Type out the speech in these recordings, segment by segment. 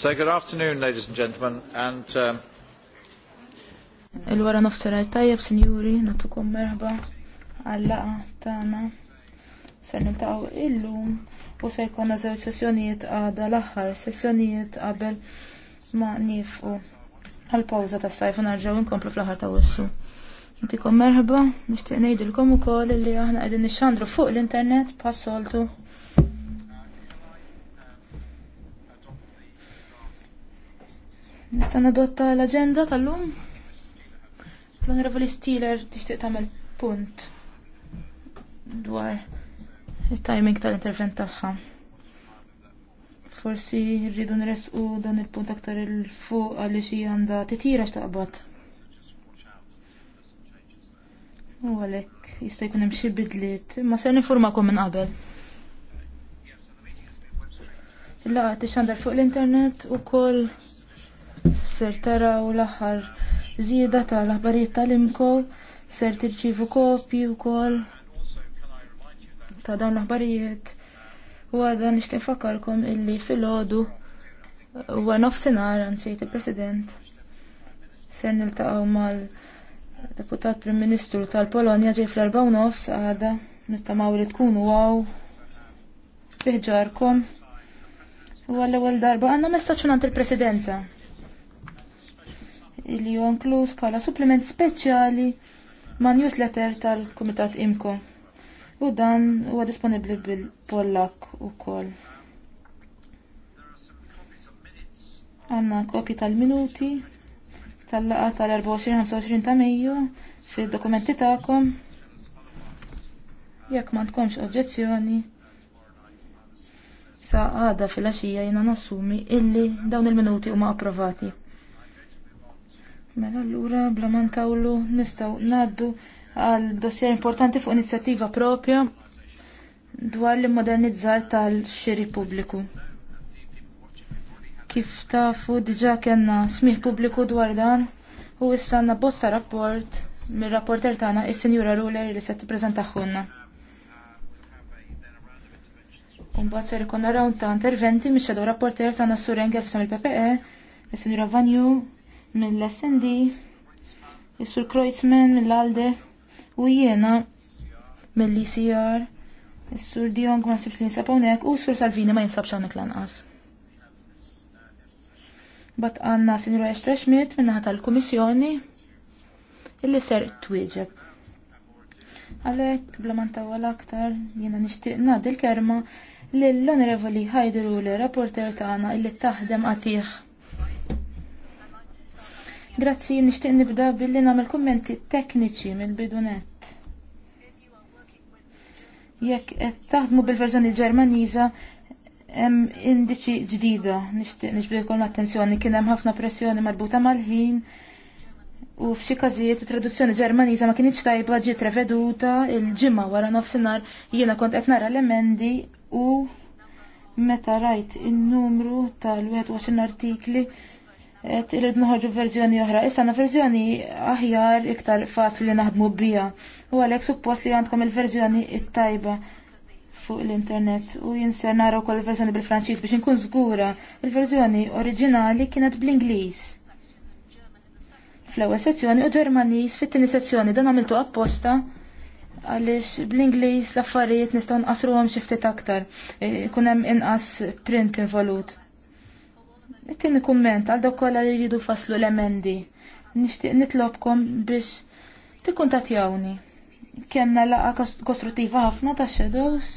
good afternoon, ladies and gentlemen, and um... Il-wara nofserar tajjeb, sinjuri, natukum merħba għallaqa tagħna. Ser niltaqgħu illum u se jkollna żewġ sessjonijiet għada l-aħħar sessjonijiet qabel ma nifqu għal pawza tas-sajf u narġgħu nkomplu fl-aħħar ta' wissu. Intikom merħba, nixtieq ngħidilkom ukoll li aħna qegħdin nixxandru fuq l-internet pa' soltu Nistan adotta l-agenda tal-lum? L-Onorevoli Steeler tixtieq tagħmel punt dwar il-timing tal-intervent tagħha. Forsi rridu nresqu dan il-punt aktar il-fuq għaliex hija għandha titira x'taqbad. U għalhekk jista' jkun hemm xi bidliet, ma se nifurmakom minn qabel. Il-laqgħa tixandar fuq l-internet ukoll ser taraw l-aħħar żieda tal-aħbarijiet tal-imko, ser tirċivu kopji wkoll ta' dawn l-aħbarijiet. U għadha nishtin fakarkom illi filgħodu huwa nofsinhar ansejt il-President. Ser niltaqgħu mal-Deputat Prim Ministru tal-Polonja ġej fl-erba' nofs għada nittamaw li tkunu għaw biħġarkom. U għall-ewwel darba għandna messaġġ il-Presidenza li jonkluż bħala supplement speċjali ma' newsletter tal-Kumitat Imko. U dan huwa disponibbli bil-Pollak ukoll. Għanna kopji tal-minuti tal-laqa tal-24-25 ta' Mejju fil-dokumenti tagħkom. Jekk ma tkomx oġġezzjoni, sa' għada fil-axija jina nassumi illi dawn il-minuti huma approvati. Mela allura bla ma ntawlu nistgħu ngħaddu għal dossier importanti fuq inizjattiva propja dwar l-modernizzar tal-xiri pubbliku. Kif tafu diġà kellna smih pubbliku dwar dan u issa għandna bosta rapport mir-rapporter tagħna is-Sinjura Ruler li se tippreżentaħħunna. Mbagħad ser ikun round ta' interventi mix-xedew rapporter tagħna Sur Engel f'sam il-PPE, is-Sinjura Vanju, mill-SND, Is-Sur Kreuzman mill-Alde u jiena mill-ICR, Is-Sur Diong ma sibx li jinsab hawnhekk u s-Sur Salvini ma jinsabx hawnhekk lanqas. Bat għanna Sinjura Eshta Schmidt għata tal-Kummissjoni illi ser twieġeb. Għalek, bla man għal aktar, jena nishtiqna dil kerma l-Onorevoli Hajderu l-rapporter tagħna illi taħdem għatiħ. Grazzi, nixtieq nibda billi nagħmel kummenti tekniċi mill-bidunet. Jekk qed taħdmu bil-verżjoni Ġermaniża hemm indiċi ġdida nixtieq nixbidilkom l-attenzjoni kien hemm ħafna pressjoni marbuta mal-ħin u f'xi każijiet it-traduzzjoni Ġermaniża ma kienx tajba ġiet reveduta il-ġimgħa wara nofsinhar jiena kont qed nara l-emendi u meta rajt in-numru tal-21 artikli Et irrid noħorġu verżjoni oħra. Issa na verżjoni aħjar iktar faċli naħdmu bija. U għalhekk suppost li għandkom il-verżjoni it-tajba fuq l-internet u jinser nara wkoll il-verżjoni bil-Franċiż biex inkun żgura. Il-verżjoni oriġinali kienet bl-Ingliż. Fl-ewwel sezzjoni u Ġermaniż fit-tieni sezzjoni dan għamiltu apposta għaliex bl-Ingliż l-affarijiet nistgħu nqasruhom xi ftit aktar. E, Kun hemm inqas print involut It-tieni kumment għal dawk kollha li jridu faslu l-emendi. Nixtieq nitlobkom biex tikkuntattjawni. Kenna laqa kostruttiva ħafna ta' shadows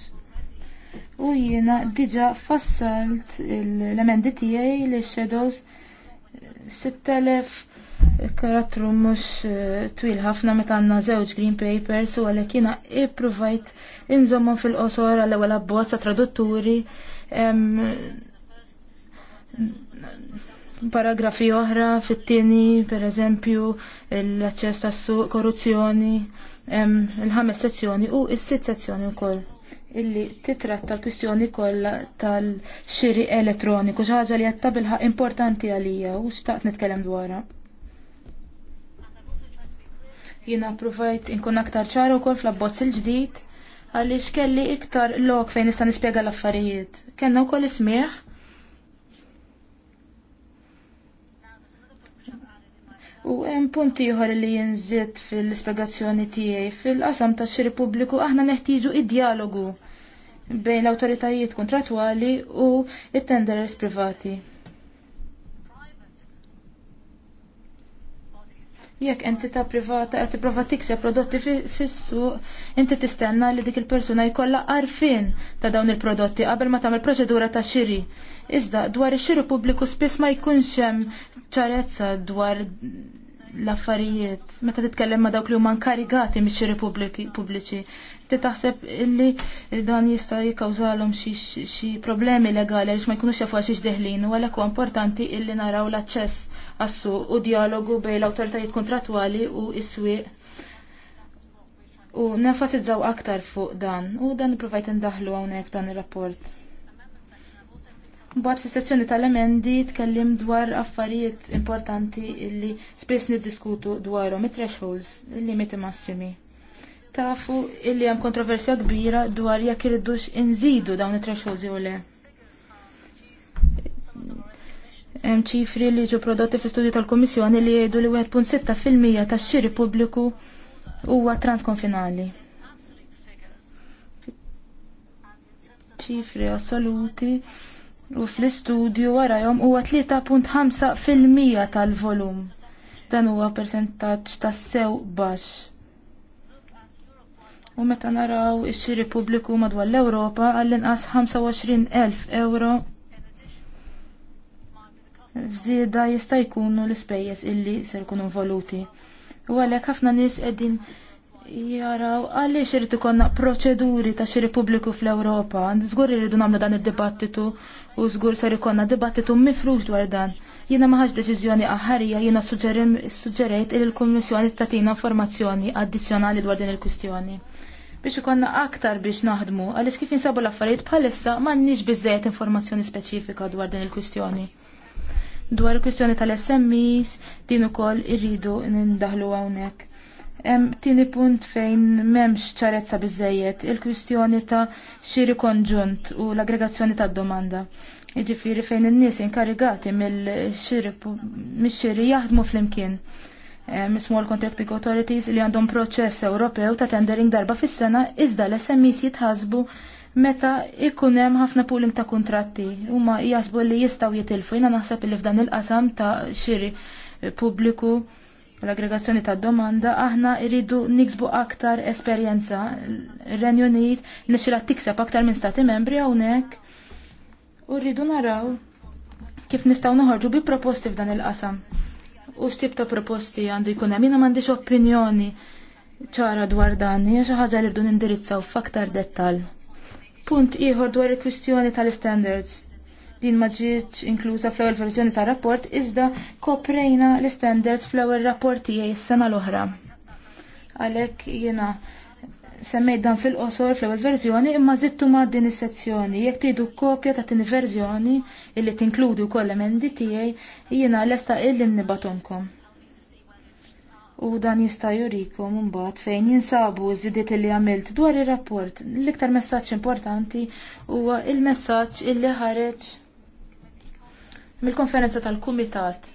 u jiena diġa fassalt l-emendi tiegħi li shadows 6000 karattru mhux eh, twil ħafna meta għandna żewġ green papers u għalhekk jiena ippruvajt inżommhom fil-qosor għall-ewwel abbozz tradutturi paragrafi oħra fit-tieni, per eżempju, l-aċċess tas-suq, korruzzjoni, il-ħames sezzjoni u s-sitt sezzjoni wkoll illi titratta l-kwistjoni kollha tal-xiri elettroniku xi ħaġa li qed tabilħaq importanti għalija u xtaqt nitkellem dwarha. Jiena provajt inkun aktar ċara wkoll fl-abbozz il-ġdid għaliex kelli iktar lok fejn nista' nispjega l-affarijiet. Kellna wkoll ismieħ U hemm punt ieħor li jinżid fil-ispjegazzjoni tiegħi fil-qasam tax-xiri pubbliku aħna neħtieġu id-dialogu bejn l-awtoritajiet kontratwali u it-tenderers privati. Jekk entità privata qed tipprova tikseb prodotti fis-suq, inti tistenna li dik il-persuna jkollha għarfien ta' dawn il-prodotti qabel ma tagħmel proċedura ta' xiri. Iżda dwar ix-xiru pubbliku spiss ma jkunx hemm ċarezza dwar l-affarijiet. Meta titkellem ma dawk li huma nkarigati mix-xiri pubbliċi, ti taħseb illi dan jista' jikkawżalhom xi problemi legali għaliex ma jkunux jafu għax deħlin u għalhekk huwa importanti illi naraw l-aċċess għassu u dialogu bejn l-awtoritajiet kontratwali u s-swieq. U nenfasizzaw aktar fuq dan u dan ipprovajt indaħlu hawnhekk f'dan ir-rapport. Mbagħad fis-sessjoni tal-emendi tkellim dwar affarijiet importanti illi spiss niddiskutu dwarhom it-thresholds, il-limiti massimi. Tafu illi hemm kontroversja kbira dwar jekk irridux inżidu dawn it-thresholds jew le. Hemm ċifri li ġew prodotti fl-istudju tal-Kummissjoni li jgħidu li 1.6 fil-mija tax-xiri pubbliku huwa transkonfinali. ċifri assoluti u fl-istudju warahom huwa 3.5 fil-mija tal-volum. Dan huwa percentaġġ tas-sew baxx. U meta naraw ix-xiri pubbliku madwar l-Ewropa għall-inqas 25,000 euro f'żieda jista' jkunu l-ispejjeż illi ser jkunu involuti. U għalhekk ħafna nies qegħdin jaraw għaliex irid ikollna proċeduri ta' xiri Publiku fl-Ewropa. Żgur irridu nagħmlu dan id-dibattitu u żgur ser ikonna dibattitu mifrux dwar dan. Jiena ma deċizjoni deċiżjoni jina jiena suġġerejt il kummissjoni tatina informazzjoni addizzjonali dwar din il-kwistjoni biex ikonna aktar biex naħdmu, għaliex kif insabu l-affarijiet bħalissa m'għandniex biżejjed informazzjoni speċifika dwar din il-kwistjoni. Dwar il-kwistjoni tal-SMEs din ukoll irridu nindaħlu hawnhekk. Hemm tieni punt fejn m'hemmx ċarezza biżżejjed il-kwistjoni ta' xiri konġunt u l-aggregazzjoni tad domanda. Jiġifieri fejn in-nies inkarigati mill-xiri jaħdmu flimkien. Mismu l contracting authorities li għandhom proċess Ewropew ta' tendering darba fis-sena iżda l-SMEs jitħasbu meta ikun hemm ħafna pooling ta' kuntratti huma jasbu li jistgħu jitilfu jiena naħseb li f'dan il-qasam ta' xiri pubbliku l-aggregazzjoni ta' domanda aħna irridu niksbu aktar esperjenza. r renju Unit nixila tikseb aktar minn stati membri hawnhekk u rridu naraw kif nistgħu noħorġu bi proposti f'dan il-qasam. U stib ta' proposti għandu jkun hemm jiena m'għandix opinjoni ċara dwar dan hija xi ħaġa li rridu nindirizzaw f'aktar dettal. Punt ieħor dwar il-kwistjoni tal-standards. Din ma ġietx inkluża fl-ewwel verżjoni tar-rapport iżda koprejna l-standards fl-ewwel rapport tiegħi s-sena l-oħra. Għalhekk jiena semmejt dan fil-qosor fl-ewwel verżjoni imma żittu ma' din is-sezzjoni. Jekk tridu kopja ta' tin verżjoni illi tinkludi wkoll emendi tiegħi jiena lesta illi nnibathomkom. u dan jista' jurikom imbagħad fejn jinsabu żidiet li għamilt dwar ir-rapport. L-iktar messaġġ importanti huwa il-messaġġ illi ħareġ mil konferenza tal-kumitat.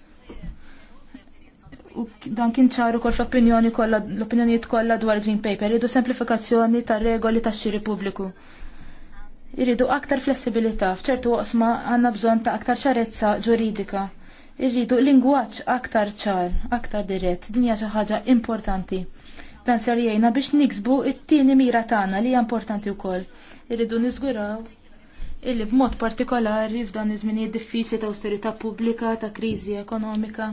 U dan kien ċaru kol fl-opinjoni kollha l-opinjonijiet kollha dwar Green Paper jridu semplifikazzjoni tar-regoli tax-xiri pubbliku. Irridu aktar flessibilità f'ċertu oqsma għandna bżonn ta' aktar ċarezza ġuridika. Irridu lingwaġġ aktar ċar, aktar dirett, din hija xi ħaġa importanti. Dan ser jgħinna biex niksbu it-tieni mira tagħna li hija importanti wkoll. Irridu niżguraw illi b'mod partikolari f'dan iż żmien diffiċli ta' awsterità pubblika, ta' kriżi ekonomika.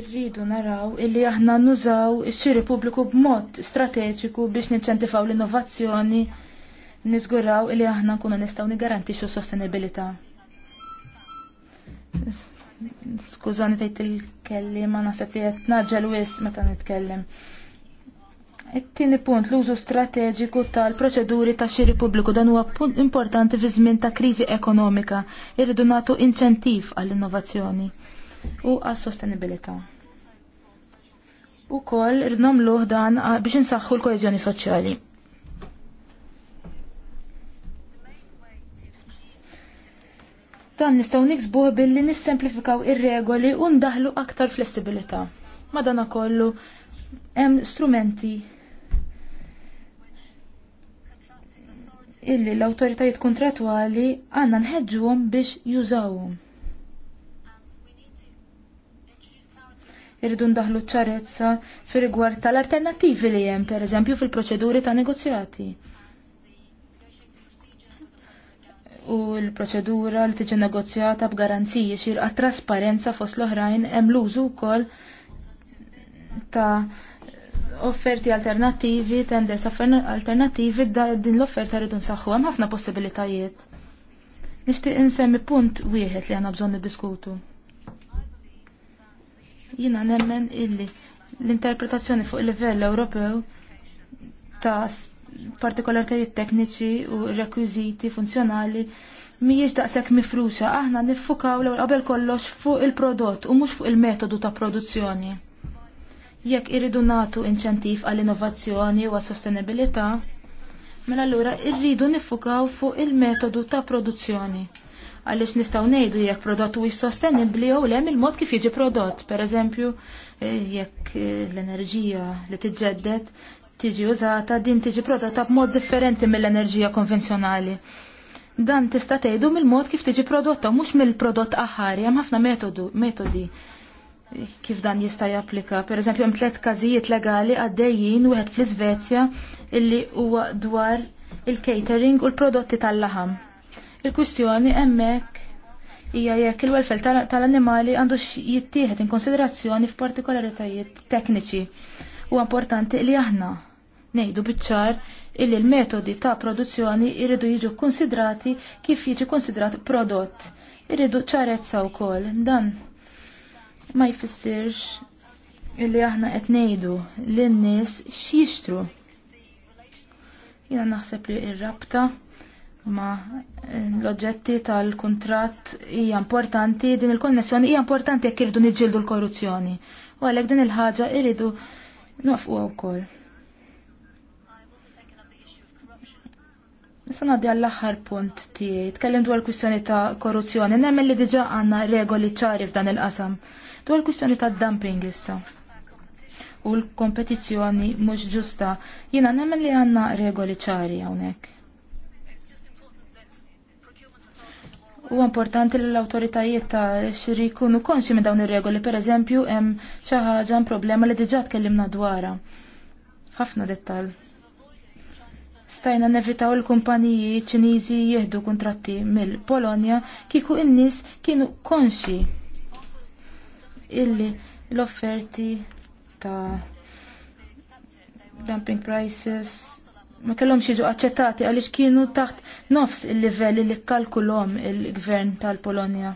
Irridu naraw illi aħna nużaw ix-xiri pubbliku b'mod strateġiku biex ninċentifaw l-innovazzjoni, niżguraw illi aħna nkunu nistgħu nigarantixxu sostenibilità. Skużani tgħid il-kelli ma naħseb li qed naġġel wisq meta nitkellem. It-tieni punt l-użu strateġiku tal-proċeduri ta' xiri pubbliku dan huwa punt importanti fi żmien ta' kriżi ekonomika irridu nagħtu inċentiv għall-innovazzjoni u għas-sostenibilità. Ukoll irridu nagħmluh dan biex insaħħu l-koeżjoni soċjali. Dan nistgħu niksbuh billi nissemplifikaw ir-regoli u ndaħlu aktar flessibilità. Madanakollu hemm strumenti illi l-autoritajiet kontratwali għanna nħedġuhom biex jużawhom. Irridu ndaħlu ċarezza fir rigward tal-alternattivi li hemm pereżempju fil-proċeduri ta' negozjati. U l-proċedura li tiġi negozjata b'garanziji xirqa trasparenza fost l-oħrajn hemm l-użu wkoll ta' offerti alternativi, tenders alternativi, din l-offerta rridu nsaħħu hemm ħafna possibilitajiet. Nixtieq insemmi punt wieħed li għandna bżonn diskutu. Jiena nemmen illi l-interpretazzjoni fuq il-livell Ewropew ta' partikolartajiet tekniċi u rekwiżiti funzjonali mhijiex daqshekk mifruxa, aħna niffukaw l-ewwel qabel kollox fuq il-prodott u mhux fuq il-metodu ta' produzzjoni. Jekk irridu natu inċentiv għall-innovazzjoni u għas-sostenibilità, mela allura irridu nifukaw fuq il-metodu ta' produzzjoni. Għaliex nistgħu ngħidu jekk prodott huwiex sostenibbli jew le il-mod kif jiġi prodott, pereżempju eh, jekk eh, l-enerġija li tiġġedded tiġi użata din tiġi prodotta b'mod differenti mill-enerġija konvenzjonali. Dan tista' tgħidu mill-mod kif tiġi prodotta mhux mill-prodott aħħar hemm ħafna metodu, metodi kif dan jista' japplika. Per eżempju, hemm tliet każijiet legali għaddejjin wieħed fl-Iżvezja illi huwa dwar il-catering u l-prodotti tal-laħam. Il-kwistjoni hemmhekk hija jekk il-welfel tal-annimali għandu jittieħed in konsiderazzjoni f'partikolaritajiet tekniċi. U importanti li aħna ngħidu biċ-ċar illi l-metodi ta' produzzjoni jridu jiġu konsidrati kif jiġi konsidrat prodott. Irridu ċarezza wkoll dan ma jfissirx illi aħna qed ngħidu lin-nies x'jixtru. Jiena naħseb li r-rabta ma eh, l-oġġetti tal-kuntratt hija importanti, din il-konnessjoni hija importanti jekk irridu niġġieldu l-korruzzjoni. U għalhekk din il-ħaġa iridu nofquha wkoll. Nisa ngħaddi għall-axar punt tiegħi, tkellem dwar kwistjoni ta' korruzzjoni, nemmen li diġa għanna regoli ċari f'dan il-qasam. Dwar kwistjoni ta' dumping issa u l-kompetizzjoni mhux ġusta, jiena nemmen li għandna regoli ċari hawnhekk. Huwa importanti li l awtoritajiet ta' xiri jkunu konxi minn dawn ir-regoli, pereżempju hemm xi ħaġa problema li diġà tkellimna dwarha. F'ħafna dettall. Stajna nevitaw il-kumpaniji Ċiniżi jieħdu kuntratti mill-Polonja kieku in-nies kienu konxi illi l-offerti ta' dumping prices ma kellhomx jiġu aċċettati għaliex kienu taħt nofs il-livelli li kkalkulhom il-gvern tal-Polonja.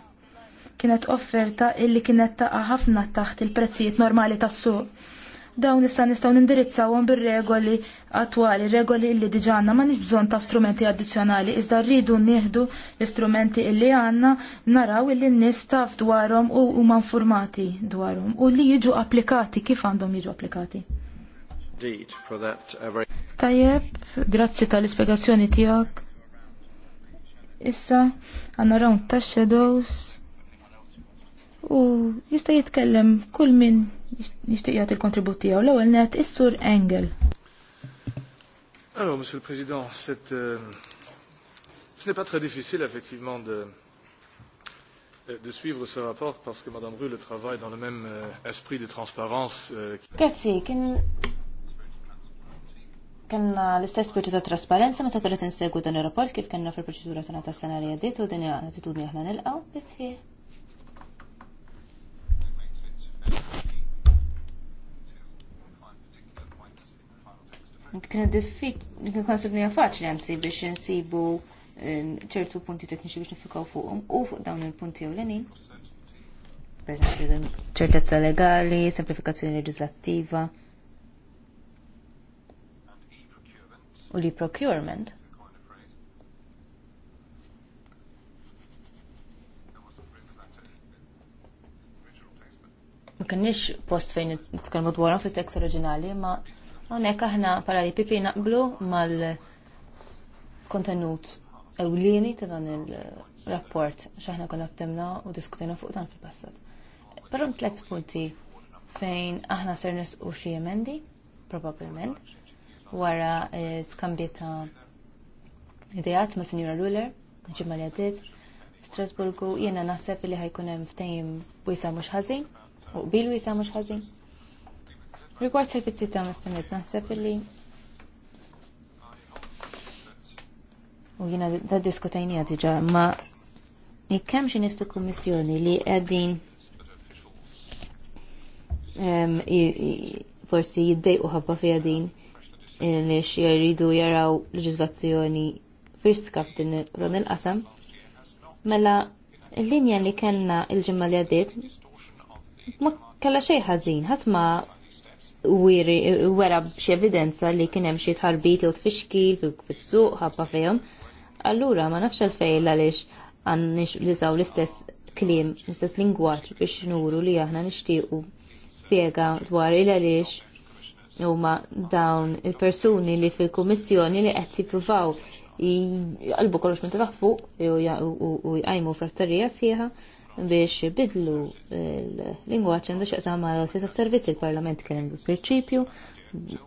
Kienet offerta illi kienet taqa' ħafna taħt il-prezzijiet normali tas-suq dawn issa nistgħu nindirizzawhom bir-regoli attwali, regoli li diġà għandna nix bżonn ta' strumenti addizzjonali, iżda rridu nieħdu l-istrumenti illi għandna naraw illi n-nies taf dwarhom u huma informati dwarhom u li jiġu applikati kif għandhom jiġu applikati. Uh, Tajjeb, grazzi tal-ispjegazzjoni tiegħek. Issa għandna rawn tax shadows u jista' jitkellem kull min jixtieq jagħti l-kontribut tiegħu l-ewwel net is-sur Engel. Alors, Monsieur le Président, cette, euh, ce n'est pas très difficile, effectivement, de, euh, de suivre ce rapport parce que Madame Rulle travaille dans le même euh, esprit de transparence. Euh, Grazie, kien kanna l-istess spiritu ta' trasparenza meta kellet insegwu dan ir-rapport kif kellna fil-proċedura tagħna tas-sena li għaddiet u din hija attitudni aħna nilqgħu isħieħ. Kien konsegni faċli għanzi biex nsibu eh, ċertu punti tekniċi biex nifikaw fuqhom u fuq dawn il-punti ewlenin. Per eżempju, ċertezza legali, semplifikazzjoni leġislattiva. U li procurement ma kienx post fejn nitkellmu dwarhom fit-tekst oriġinali, ma hawnhekk aħna bħala li pipi naqblu mal-kontenut ewlieni ta' dan il-rapport x'aħna konna ftemna u diskutejna fuq dan fil-passat. Però tliet punti fejn aħna ser nisqu xi emendi, probabbilment, wara skambji ta' idejat ma' Sinjura Ruler, ġimma li għaddit, Strasburgu jiena naħseb li ħajkunem hemm bujsa wiesa mhux u bilu jisa mux ħazin. Rigward servizzi ta' mistennet naħseb illi u jina da diskutajnija diġa ma jekkem xin istu kommissjoni li għeddin forsi jiddejqu ħabba fi din li xie jridu jaraw leġizlazzjoni friska f'din dan il-qasam. Mela, l-linja li kellna il-ġimma li għaddiet ma kalla xej ħażin, ħadd ma wiri wera b'xi evidenza li kien hemm xi tħarbit jew tfixki fis-suq ħabba fejhom. Allura ma nafx għalfejn għaliex għandniex li l-istess kliem, l-istess lingwaġġ biex nuru li aħna nixtiequ spjega dwar il għaliex huma dawn il-persuni li fil-kummissjoni li qed jippruvaw qalbu kollox minn taħt fuq u jqajmu frattarija sieħa biex bidlu l-lingwaċ għandu xaqsam ma' s servizzi il-parlament kien il-prinċipju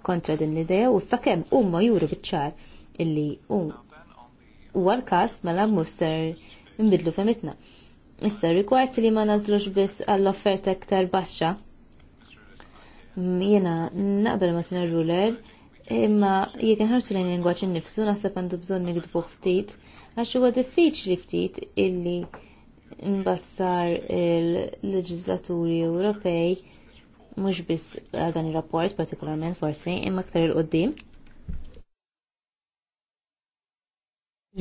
kontra din l-idea u sakemm huma juru biċ-ċar illi huwa l-każ mela muster nbidlu femitna. Issa rigward li ma nażlux biss għall-offerta iktar baxxa. Jiena naqbel ma' Sinjor Ruler imma jekk inħarsu l lingwaċ innifsu naħseb għandu bżonn nikdbuh ftit għax huwa diffiċli ftit illi imbassar il-leġislaturi Ewropej mhux biss għal dan ir-rapport partikolarment forsi imma aktar il qoddim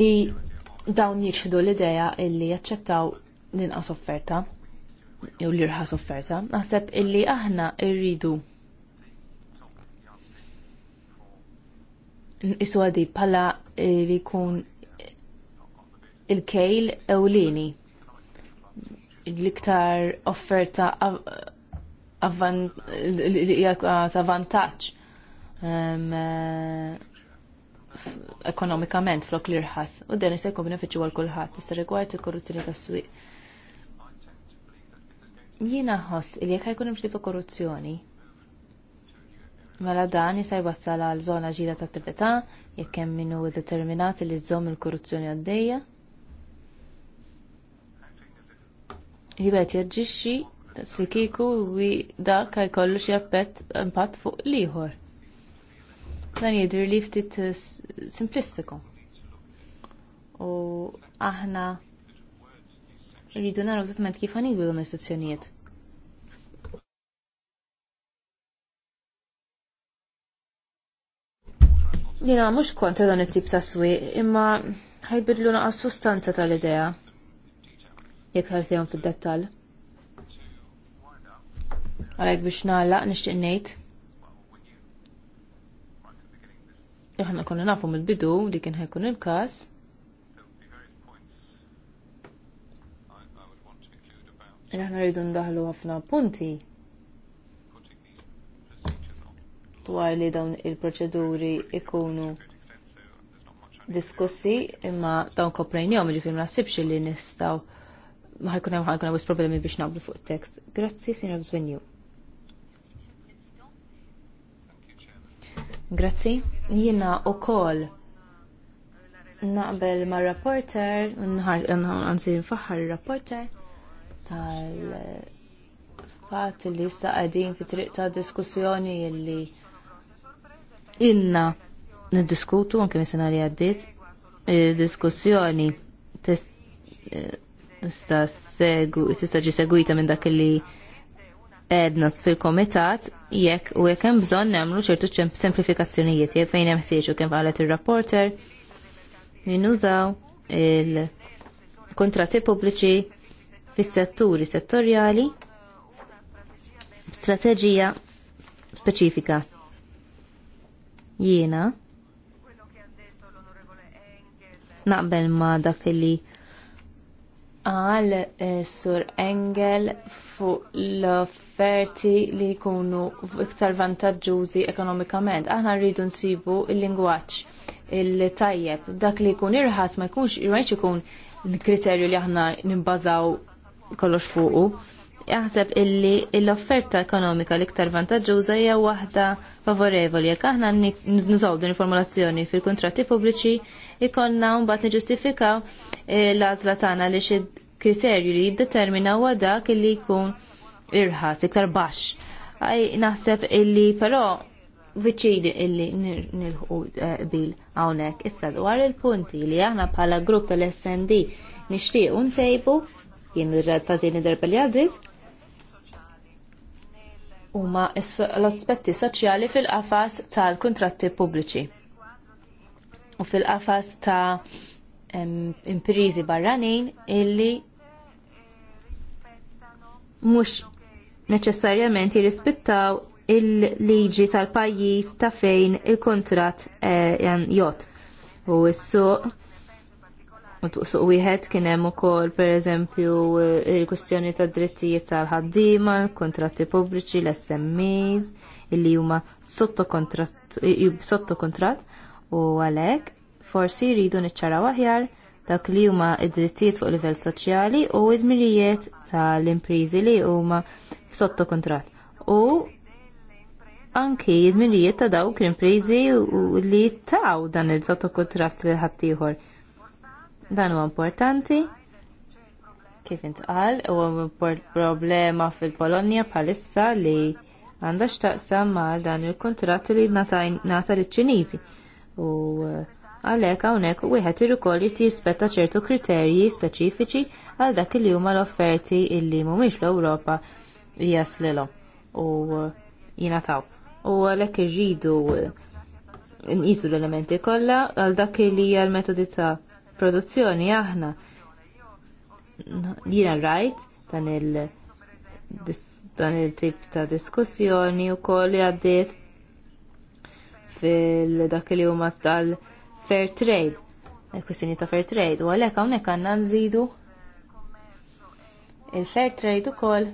li dawn jiġħdu l-idea illi jaċċettaw l-inqas offerta jew l-irħas offerta, naħseb illi aħna rridu iswadi bħala li jkun il-kejl ewlieni l-iktar offerta ta' vantaġġ eh, ekonomikament flok li rħas. U dan se jkun benefiċċju għal kulħadd issa rigward il-korruzzjoni tas-swieq. Jiena ħoss li jekk ħajkun hemm ta' korruzzjoni. Mela dan se jwassal għal żona ġira ta' attività jekk hemm minnu determinati li z-zom il-korruzzjoni għaddejja. jibet jaġġixxi tas li kieku wi dak jkollu xi effett impatt fuq l-ieħor. Dan jidhir li ftit eh, simplistiku. U aħna rridu naraw eżattament kif ħanigbu dawn l-istazzjonijiet. Jina mhux kontra dan it-tip ta' swieq, imma ħajbidlu naqas sustanza tal-idea jekk ħarsihom fid-dettall. Għalek biex nagħlaq nishtiq nejt. Iħna konna nafu mil bidu li kien ħajkun il kas Iħna rridu ndaħlu ħafna punti dwar li dawn il-proċeduri ikunu diskussi imma dawn koprejnjom ġifim nasibx li nistaw ma ħajkun hemm ħajkun problemi biex naqblu fuq it-tekst. Grazzi, Sinjor Zvenju. Grazzi. Jiena ukoll naqbel ma' rapporter, anzi nfaħħar rapporter tal-fat li issa qegħdin fi triq ta' diskussjoni li inna niddiskutu anke mis-sena li għaddiet diskussjoni tista' ġi segwita minn dak li edna fil-komitat jekk u jekk hemm bżonn nagħmlu ċertu semplifikazzjonijiet jekk fejn hemm ħtieġu kemm qalet ir-rapporter li nużaw il-kontratti pubbliċi fis-setturi settorjali strateġija speċifika. Jiena naqbel ma dak li għal eh, sur Engel fuq l-offerti li jkunu iktar vantaġġużi ekonomikament. Aħna rridu nsibu il-lingwaċ il-tajjeb. Dak li jkun irħas ma jkunx irħas ikun il-kriterju li aħna nimbazaw kollox fuqu jaħseb illi l-offerta ekonomika l-iktar vantaġġuża hija waħda favorevoli jekk aħna nużaw din il-formulazzjoni fil-kuntratti pubbliċi ikonna mbagħad niġustifikaw l-għażla tagħna li xi kriterju li jiddeterminaw dak illi jkun irħas iktar baxx. Għaj naħseb illi però viċidi illi nilħu bil għawnek. Issa dwar il-punti li aħna bħala grupp tal-SND nishtiq unsejbu jien il-realtati li darba li għadrit huma l-aspetti soċjali fil-qafas tal-kuntratti pubbliċi u fil-qafas ta' imprizi barranin illi mhux neċessarjament jirrispettaw il-liġi tal-pajjiż ta' fejn il-kontrat eh, jot u s-suq suq wieħed kien hemm ukoll pereżempju eh, il-kwestjoni tad drittijiet tal-ħaddiema, kontratti pubbliċi, l-SMEs illi huma sotto kontratt u għalhekk forsi jridu niċċaraw aħjar dak li huma id-drittijiet fuq livell soċjali u iżmirijiet tal-imprizi li huma sotto kontratt. U anki jizmirijiet ta' dawk l-imprizi li taw dan il-sotto kontrat li ħattijħor. Dan huwa importanti kif intqal huwa problema fil-Polonja bħalissa li għandha x'taqsam mal dan il-kuntratt li nata liċ-Ċiniżi. U eh, għalhekk hawnhekk wieħed irid ukoll jispetta ċertu kriterji speċifiċi għal dak li huma l-offerti illi mhumiex l-Ewropa jaslilhom u eh, jingħataw. U għalhekk irridu eh, nqisu l-elementi kollha għal dak li hija l-metodi ta' produzzjoni aħna jina rajt dan il dan il-tip ta' diskussjoni u koll għaddiet fil-dak li huma tal-fair trade, kwistjoni ta' fair trade, u għalhekk hawnhekk għandna nżidu il-fair trade ukoll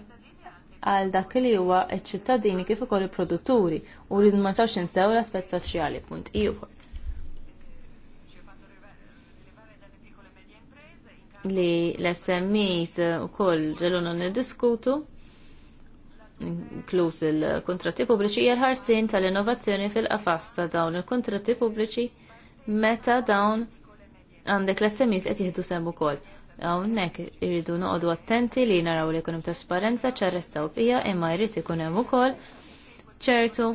għal dak li huwa ċ-ċittadini kif ukoll il-produtturi u rridu ma nistgħux insew l-aspett soċjali punt ieħor. li l-SMEs u koll ġeluna n-diskutu inkluż il-kontratti pubbliċi hija l-ħarsin tal-innovazzjoni fil-qafas ta' dawn il-kontratti pubbliċi meta dawn għandek l-SMEs qed jieħdu semmu ukoll. Hawnhekk iridu noqogħdu attenti li naraw li jkun hemm trasparenza ċarrezza u fija, imma jrid ikun hemm ukoll ċertu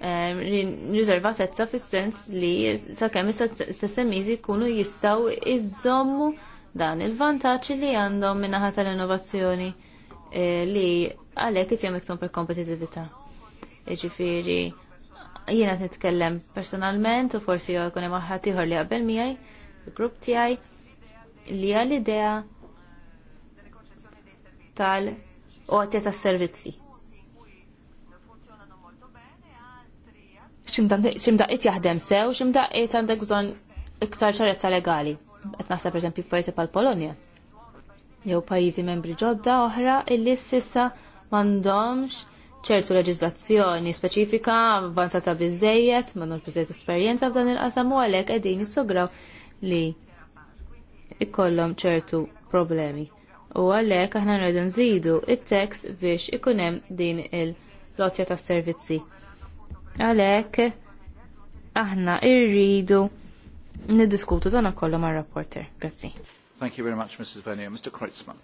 ehm, riservatezza fis-sens li sakemm is-SMEs jkunu jistgħu iżommu dan il-vantaġġ li għandhom minnaħa tal-innovazzjoni eh, li għalhekk qed jagħmel per kompetitività. Jiġifieri jiena nitkellem personalment u forsi jkun hemm ħadd ieħor li qabel miħaj, il-grupp tiegħi li hija l-idea tal-qotja tas-servizzi. ximdaqqiet jaħdem sew, ximdaqqiet għandek bżon iktar ċarezza legali qed naħseb pereżempju f'pajjiżi bħal Polonja. Jew pajjiżi membri ġodda oħra illi s'issa m'għandhomx ċertu leġislazzjoni speċifika avvanzata biżejjed, m'għandhomx biżejjed esperjenza f'dan il-qasam u għalhekk qegħdin jissograw li ikollhom ċertu problemi. U għalhekk aħna nridu nżidu it-tekst biex ikun hemm din il-lotja tas-servizzi. Għalhekk aħna irridu Nidiskutu dan kollu ma' rapporter. Grazzi. Thank you very much, Mrs. Bernier. Mr. Kreutzmann.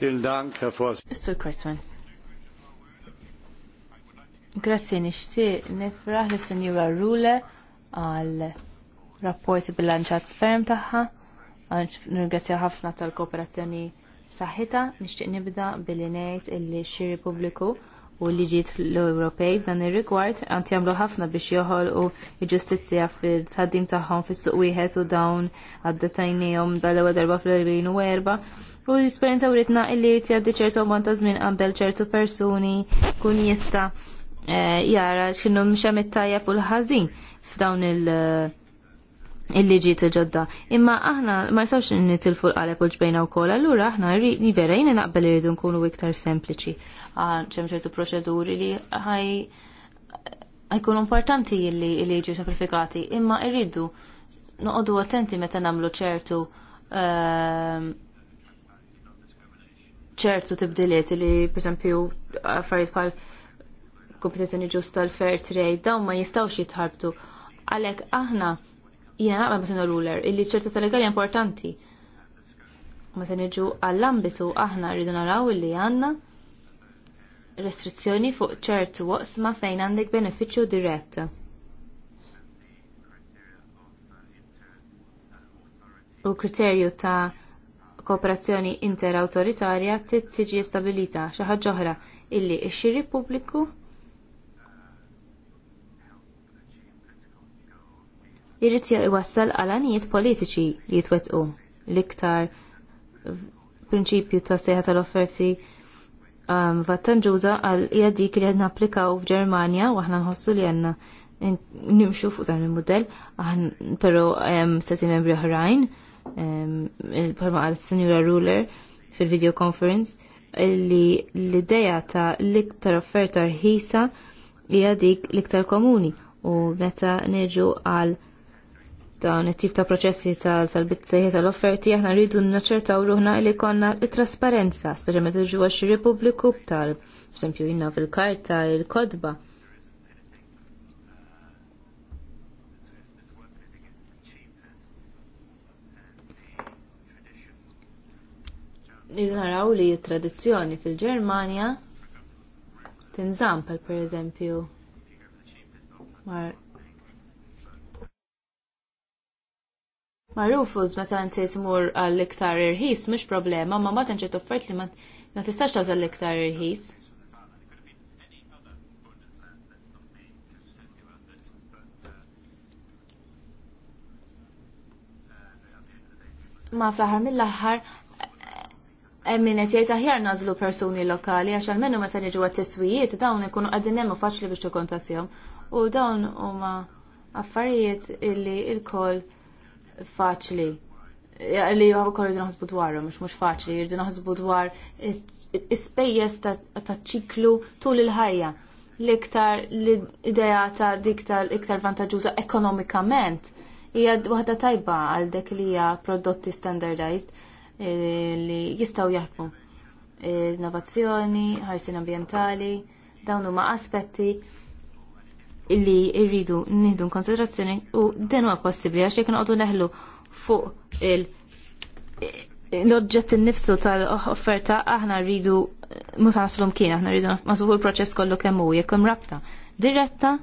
Vielen Dank, Herr Vorsitzender. Mr. Kreutzmann. Grazzi nishti. nifraħ li sinjura Rule għal rapporti bilanċat sferm tagħha. Nirgazzja ħafna tal-kooperazzjoni saħħita, Nishti nibda billi ngħid illi x-xiri publiku u l-ġiet l-Ewropej dan ir-rigward għand jagħmlu ħafna biex joħolqu l-ġustizzja fil-tħaddim tagħhom fis-suq wieħed u dawn għaddetajnihom dal-ewwel darba fl-2004 u l-esperjenza writna jrid jgħaddi ċertu ammont ta' żmien qabel ċertu persuni kun jista' eh, jara x'inhu mxemm it-tajjeb u l-ħażin f'dawn il- il-liġi ġodda. Imma aħna ma jistawx nitilfu l-qalep u ġbejna u kol, allura aħna li vera jina naqbel irridu nkunu iktar sempliċi. Ah, ċemċertu ċertu proċeduri li ħaj importanti li liġi semplifikati, imma irridu noqdu attenti meta namlu ċertu ehm, ċertu tibdiliet li, per esempio, affarijiet bħal kompetizzjoni ġusta l-fair trade, dawn ma jistawx jitħarbtu. Għalek aħna Jiena naqbel ma' sena ruler illi ċertezza legali importanti. Meta niġu għall-ambitu aħna rridu naraw illi għandna restrizzjoni fuq ċertu waqsma fejn għandek benefiċċju dirett. U kriterju ta' kooperazzjoni interautoritarja tiġi stabilita xi ħaġa oħra illi x-xiri pubbliku irrid iwassal għalanijiet politiċi li jitwettqu l-iktar prinċipju ta' sejħa tal-offerti um, vattanġuża għal hija dik li għedna applikaw f'Ġermanja u aħna nħossu li għandna nimxu fuq dan il-modell, però um, stati membri oħrajn, um, il-parma għal Senjura Ruler fil-video conference, li l-ideja ta' l-iktar offerta rħisa hija dik l-iktar komuni u meta neġu għal dan it-tip ta' proċessi tal-salbizzejja tal-offerti aħna rridu naċċertaw ruħna li konna it-trasparenza, speċjalment il-ġewwa xiri pubbliku tal eżempju jinna fil-karta il-kodba. Naraw li tradizzjoni fil germania tinżamm pal per eżempju Marrufus meta inti tmur għall-iktar irħis mhux problema, ma meta inti toffert li ma tistax tażel l-iktar irħis. Ma fl-aħħar mill-aħħar Emminet jgħid aħjar nażlu persuni lokali għax almenu meta niġu għat-tiswijiet dawn ikunu qegħdin hemm faċli biex tikkontattihom. U dawn huma affarijiet illi l-koll il faċli li jgħu kol jirdu naħsbu dwaru, mux mux faċli, jirdu naħsbu dwar ispejjes ta' ċiklu tul il-ħajja. L-iktar l-ideja ta' dik l iktar vantaġuża ekonomikament hija waħda tajba għal dek li hija prodotti standardized eh, li jistgħu jaħdmu. Eh, innovazzjoni, ħarsin ambjentali, dawn huma aspetti li rridu nieħdu konsiderazzjoni u din huwa possibbli għax jekk noqogħdu neħlu fuq il l-oġġett innifsu tal-offerta aħna rridu mhux naslu kien aħna rridu naslu fuq il-proċess kollu kemm hu jekk rabta diretta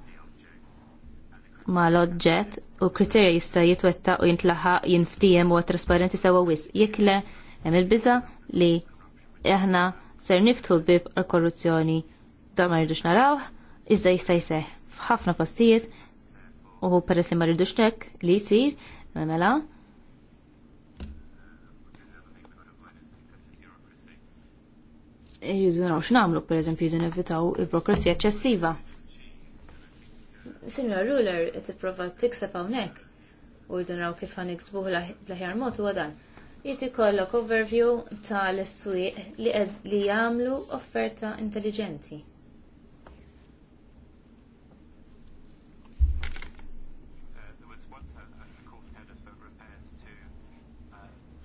ma l-oġġett u kriterja jista' jitwetta u jintlaħaq jinftijem u trasparenti sewa wis. Jekk le hemm il-biża li aħna ser niftu bib korruzzjoni da ma rridux naraw, iżda jista' jseħħ f'ħafna postijiet u peress li ma rridux li jsir mela jużunaw x'namlu pereżempju jidin evitaw il prokrasi eċċessiva. Signor Ruler qed tipprova tikseb hawnhekk u jdunaw kif għan iksbuħ laħjar mot u għadan. Jiti kollok overview tal-swieq li għamlu offerta intelligenti.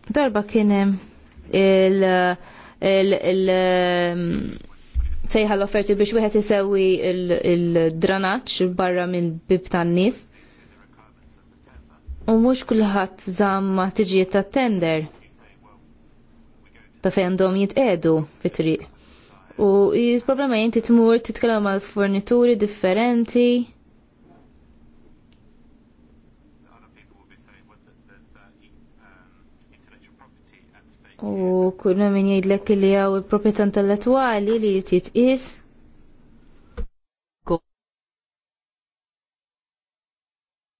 darba kien il- il- il- um, sejħa l-offerti biex wieħed isewi il-dranaċ barra minn bib tan-nies. U mhux kulħadd żamma tiġijiet tat-tender ta' fejn dom jitqedu fit-triq. U il-problema jinti tmur titkellem mal fornituri differenti U kull min jgħidlek li għaw il propietan tal intellettwali li jrid jitqies.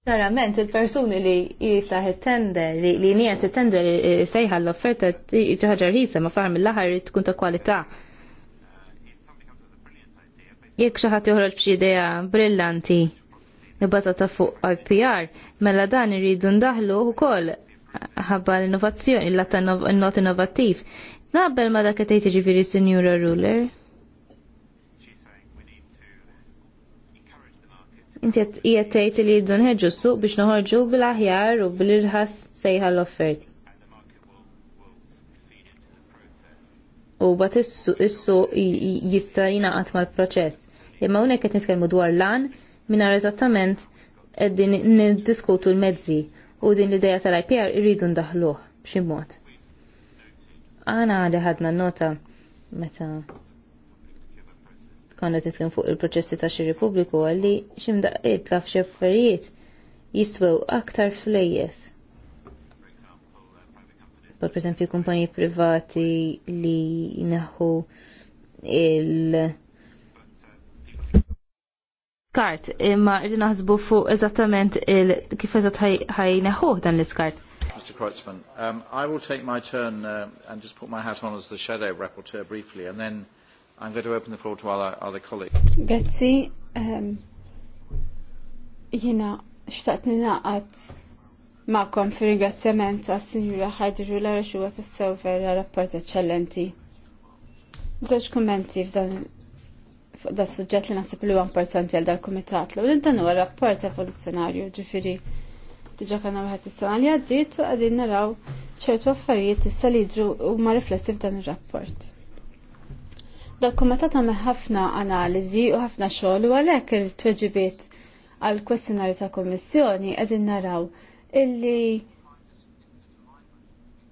Ċarament, il-persuni li jisa il-tender, li nijat il-tender eh, eh, sejħa l-offerta ċaħġa risa ma farm il laħar tkun ta' kwalità. Jek xaħat joħroġ bċi ideja brillanti, nibbata ta' fuq IPR, mela dan irridu ndaħlu u koll ħabba l-innovazzjoni, l not innovattiv. Naqbel ma dak qed jiġifieri Sinjura Ruler. Inti qed tgħid li jiddu nħeġġu suq biex noħorġu bil-aħjar u bil-irħas sejħa l-offerti. U bat is-suq jista' jingħaqad mal-proċess. Imma hawnhekk qed nitkellmu dwar lan minn eżattament qegħdin niddiskutu l-mezzi u din l-ideja tal-IPR irridu ndaħluh b'xi mod. Għana għadi ħadna nota meta konna titkin fuq il-proċessi ta' xi Repubbliku għalli ximdaqqiet taf xi affarijiet jiswew aktar flejjes. Per eżempju kumpaniji privati li jneħħu il- skart imma rridu naħsbu fuq eżattament kif eżatt ħajneħuh dan l-iskart. Mr. Kreutzmann, um, I will take my turn uh, and just put my hat on as the shadow rapporteur briefly, and then I'm going to open the floor to other, other colleagues. Grazie. um, jina xtaqt ninaqat ma'kom fi ringrazzjament għas sinjura ħajdiru l-għara għat s sew vera rapport eccellenti. Zewġ kommenti f'dan da suġġett li nasib li huwa importanti għal dal komitat l dan huwa rapport evoluzzjonarju ġifieri diġà kien wieħed is-sena li għaddiet u qegħdin naraw ċertu affarijiet issa li jidru huma riflessi f'dan ir-rapport. Dal-kumitat għamel ħafna analiżi u ħafna xogħol u għalhekk il-tweġibiet għal kwestjonarju ta' kommissjoni qegħdin naraw illi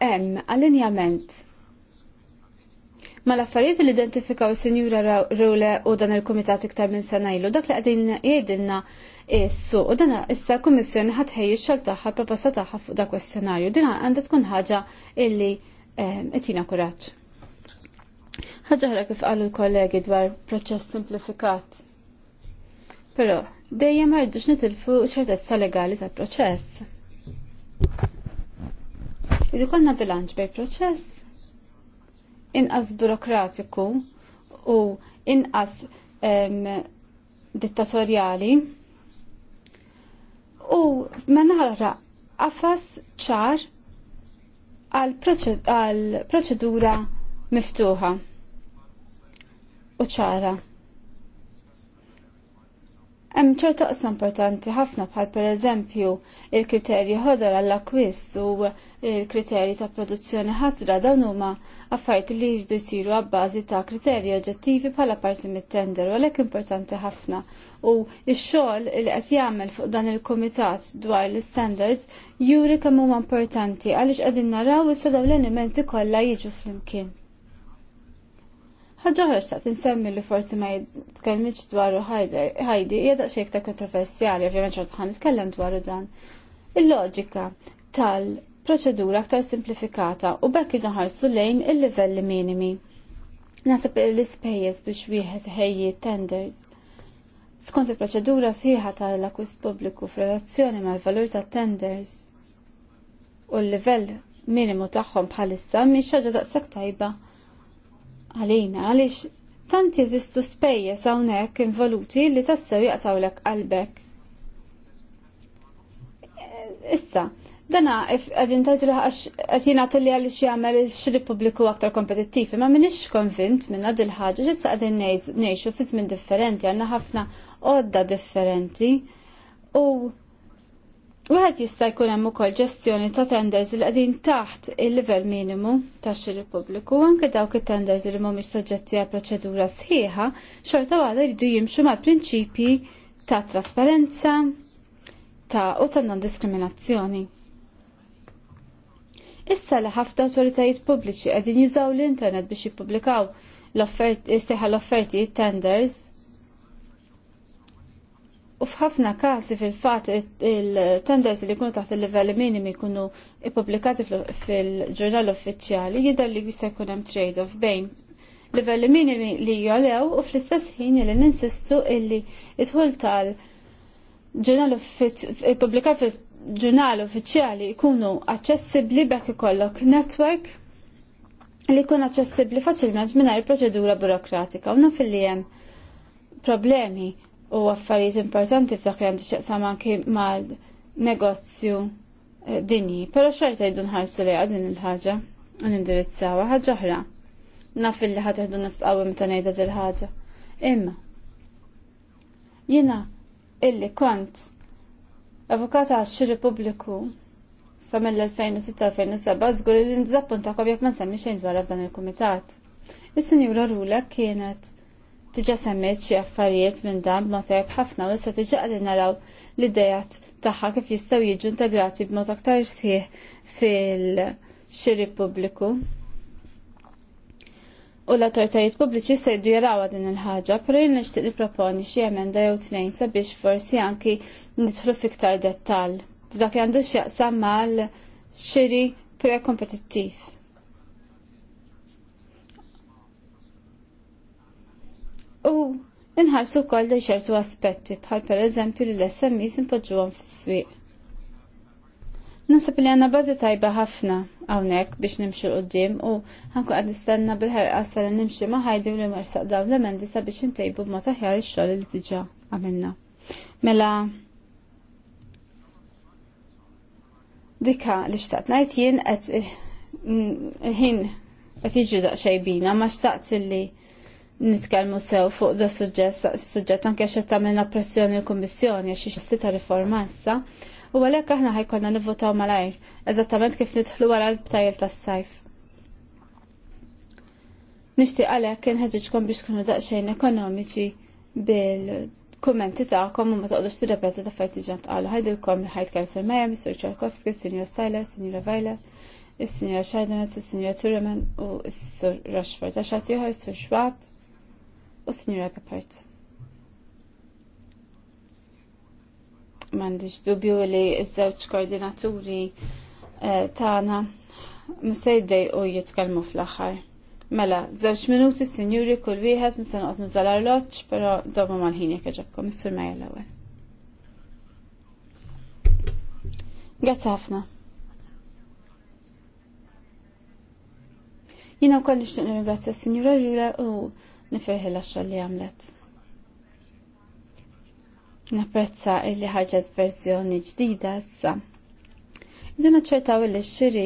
hemm allinjament ma l-affarijiet li identifikaw sinjura Rule u dan il komitat iktar minn sena ilu, dak li għadin jgħidilna issu u dana issa kummissjoni ħatħeji xol taħħa proposta taħħa fuq dak kwestjonarju. Dina għandha tkun ħaġa illi qed ehm, kuraġġ. Ħaġa ħra kif qalu l-kollegi dwar proċess simplifikat. Però dejjem ma rridux nitilfu ċertezza legali tal-proċess. Idu konna bilanċ bej proċess inqas burokratiku u inqas dittatorjali. U menħalra għafas ċar għal proċedura miftuħa u ċara. Hemm ċerta qsam importanti ħafna bħal pereżempju il-kriterji ħodar għall akwist u il-kriterji ta' produzzjoni ħatra dawn huma affarijiet li jiġdu jsiru għabbażi ta' kriterji oġġettivi bħala parti mit-tender u għalhekk importanti ħafna u x-xogħol li qed jagħmel fuq dan il-kumitat dwar l-standards juri kemm huma importanti għaliex qegħdin naraw issa dawn l-elementi kollha jiġu flimkien ħagħuħra xtaqt insemmi li forsi ma jitkelmiċ dwaru ħajdi, jeda xejk ta' kontroversjali, ovvijament xort ħan nitkellem dwaru dan. Il-loġika tal-proċedura aktar simplifikata u bekk id lejn il-livelli minimi. Nasib l-ispejjeż biex wieħed ħejji tenders skont il-proċedura sħiħa tal-akwist pubbliku f'relazzjoni mal-valur ta' tenders u l-livell minimu tagħhom bħalissa miex ħaġa daqshekk tajba għalina għaliex tant jeżistu spejjeż hawnhekk involuti li tassew jaqtawlek qalbek. Issa, dana għadin tajtu għax għatina għatilli għalli xiamel xri publiku aktar kompetittivi, ma minix konvint minna dil-ħagġa ġissa għadin nejxu fi żmien differenti, għanna ħafna odda differenti u Wieħed jista' jkun hemm ukoll ġestjoni ta' tenders li qegħdin taħt il-livell minimu tax xiri pubbliku anke dawk it-tenders li mhumiex soġġetti għal proċedura sħiħa xorta waħda jridu jimxu mal prinċipji ta' trasparenza ta' u ta' non-diskriminazzjoni. Issa li ħafna awtoritajiet pubbliċi qegħdin jużaw l-internet biex jippubblikaw l-offerti, l-offerti tenders U f'ħafna każi fil-fatt il-tenders li jkunu taħt il-livelli minimi jkunu ippubblikati fil-ġurnal uffiċjali jidher li jista' jkun hemm trade-off bejn livelli minimi li jolew u fl-istess ħin li ninsistu illi idħul tal-ġurnal uffiċjali fil-ġurnal uffiċjali jkunu aċċessibbli bekk ikollok network li jkun aċċessibbli faċilment mingħajr proċedura burokratika u naf hemm problemi u affarijiet importanti f'dak li għandu xaqsam anki mal negozju eh, dinji, pero xorta jiddu nħarsu li għadin il-ħagġa u nindirizzawa ħagġa oħra. Naf li ħatħdu nafs qawwi meta ngħidha il ħaġa. Imma jiena illi kont avukat għax Repubbliku sa mill-2006-2007 żgur li nizappuntakom jekk ma nsemmi xejn dwar f'dan il-kumitat. is senjura Rula kienet tiġa semmejt xi affarijiet minn dan b'mod ħafna u issa tiġa qegħdin naraw l-idejat tagħha kif jistgħu jiġu integrati b'mod aktar sħiħ fil-xiri pubbliku. U l-autoritajiet pubbliċi sejdu jaraw din il-ħaġa, pero jien nixtieq niproponi xi emenda jew tnejn sabiex forsi anki nidħlu fiktar dettall. F'dak li għandu x'jaqsam mal-xiri prekompetittiv. U inħarsu kol li ċertu aspetti bħal per eżempju li l-SMIs impoġġuhom fis-swieq. Nasab li għanna bazi tajba ħafna għawnek biex nimxu l-qoddim u għanku għad nistanna bil-ħarqa li nimxu maħajdi u li marsaq dawn l-emendi sabiex intajbu b'ma taħjar il-xol li diġa għamilna. Mela, dikka li xtaqt najt jien għed il-ħin eh, mm, għet xejbina daqxajbina ma xtaqt li nitkellmu sew fuq da suġġett anke xed tagħmilna pressjoni l-Kummissjoni għax xi riforma issa. U għalhekk aħna ħajkonna nivvotaw malajr, eżattament kif nidħlu wara l-btajjel tas-sajf. Nixtieq għalhekk inħeġġitkom biex tkunu daqsxejn ekonomiċi bil-kummenti tagħkom u ma toqgħodux tirrepetu ta' fejn diġà tqalu. Ħajdilkom li ħajtkellem sur-Meja, Mr. Ċarkovski, Sinjor Styler, Sinjura Vajla, is sinjura Scheidenet, is sinjura Turman u s-Sur Rashford. Għaxat jieħor, Sur Schwab, u Sinjura Kapart. M'għandix dubju li ż-żewġ koordinaturi eh, tagħna musejdej u jitkellmu fl-aħħar. Mela, żewġ minuti sinjuri kull wieħed mis-sen noqgħod nużal arloġġ, pero żomma mal-ħin jekk ġabkom, Mr. Meja l-ewwel. Grazzi ħafna. Jina wkoll nixtieq nirringrazzja s-Sinjura Rula u nifirħi l li għamlet. Napprezza illi ħarġet verżjoni ġdida issa. Dina ċertaw illi xiri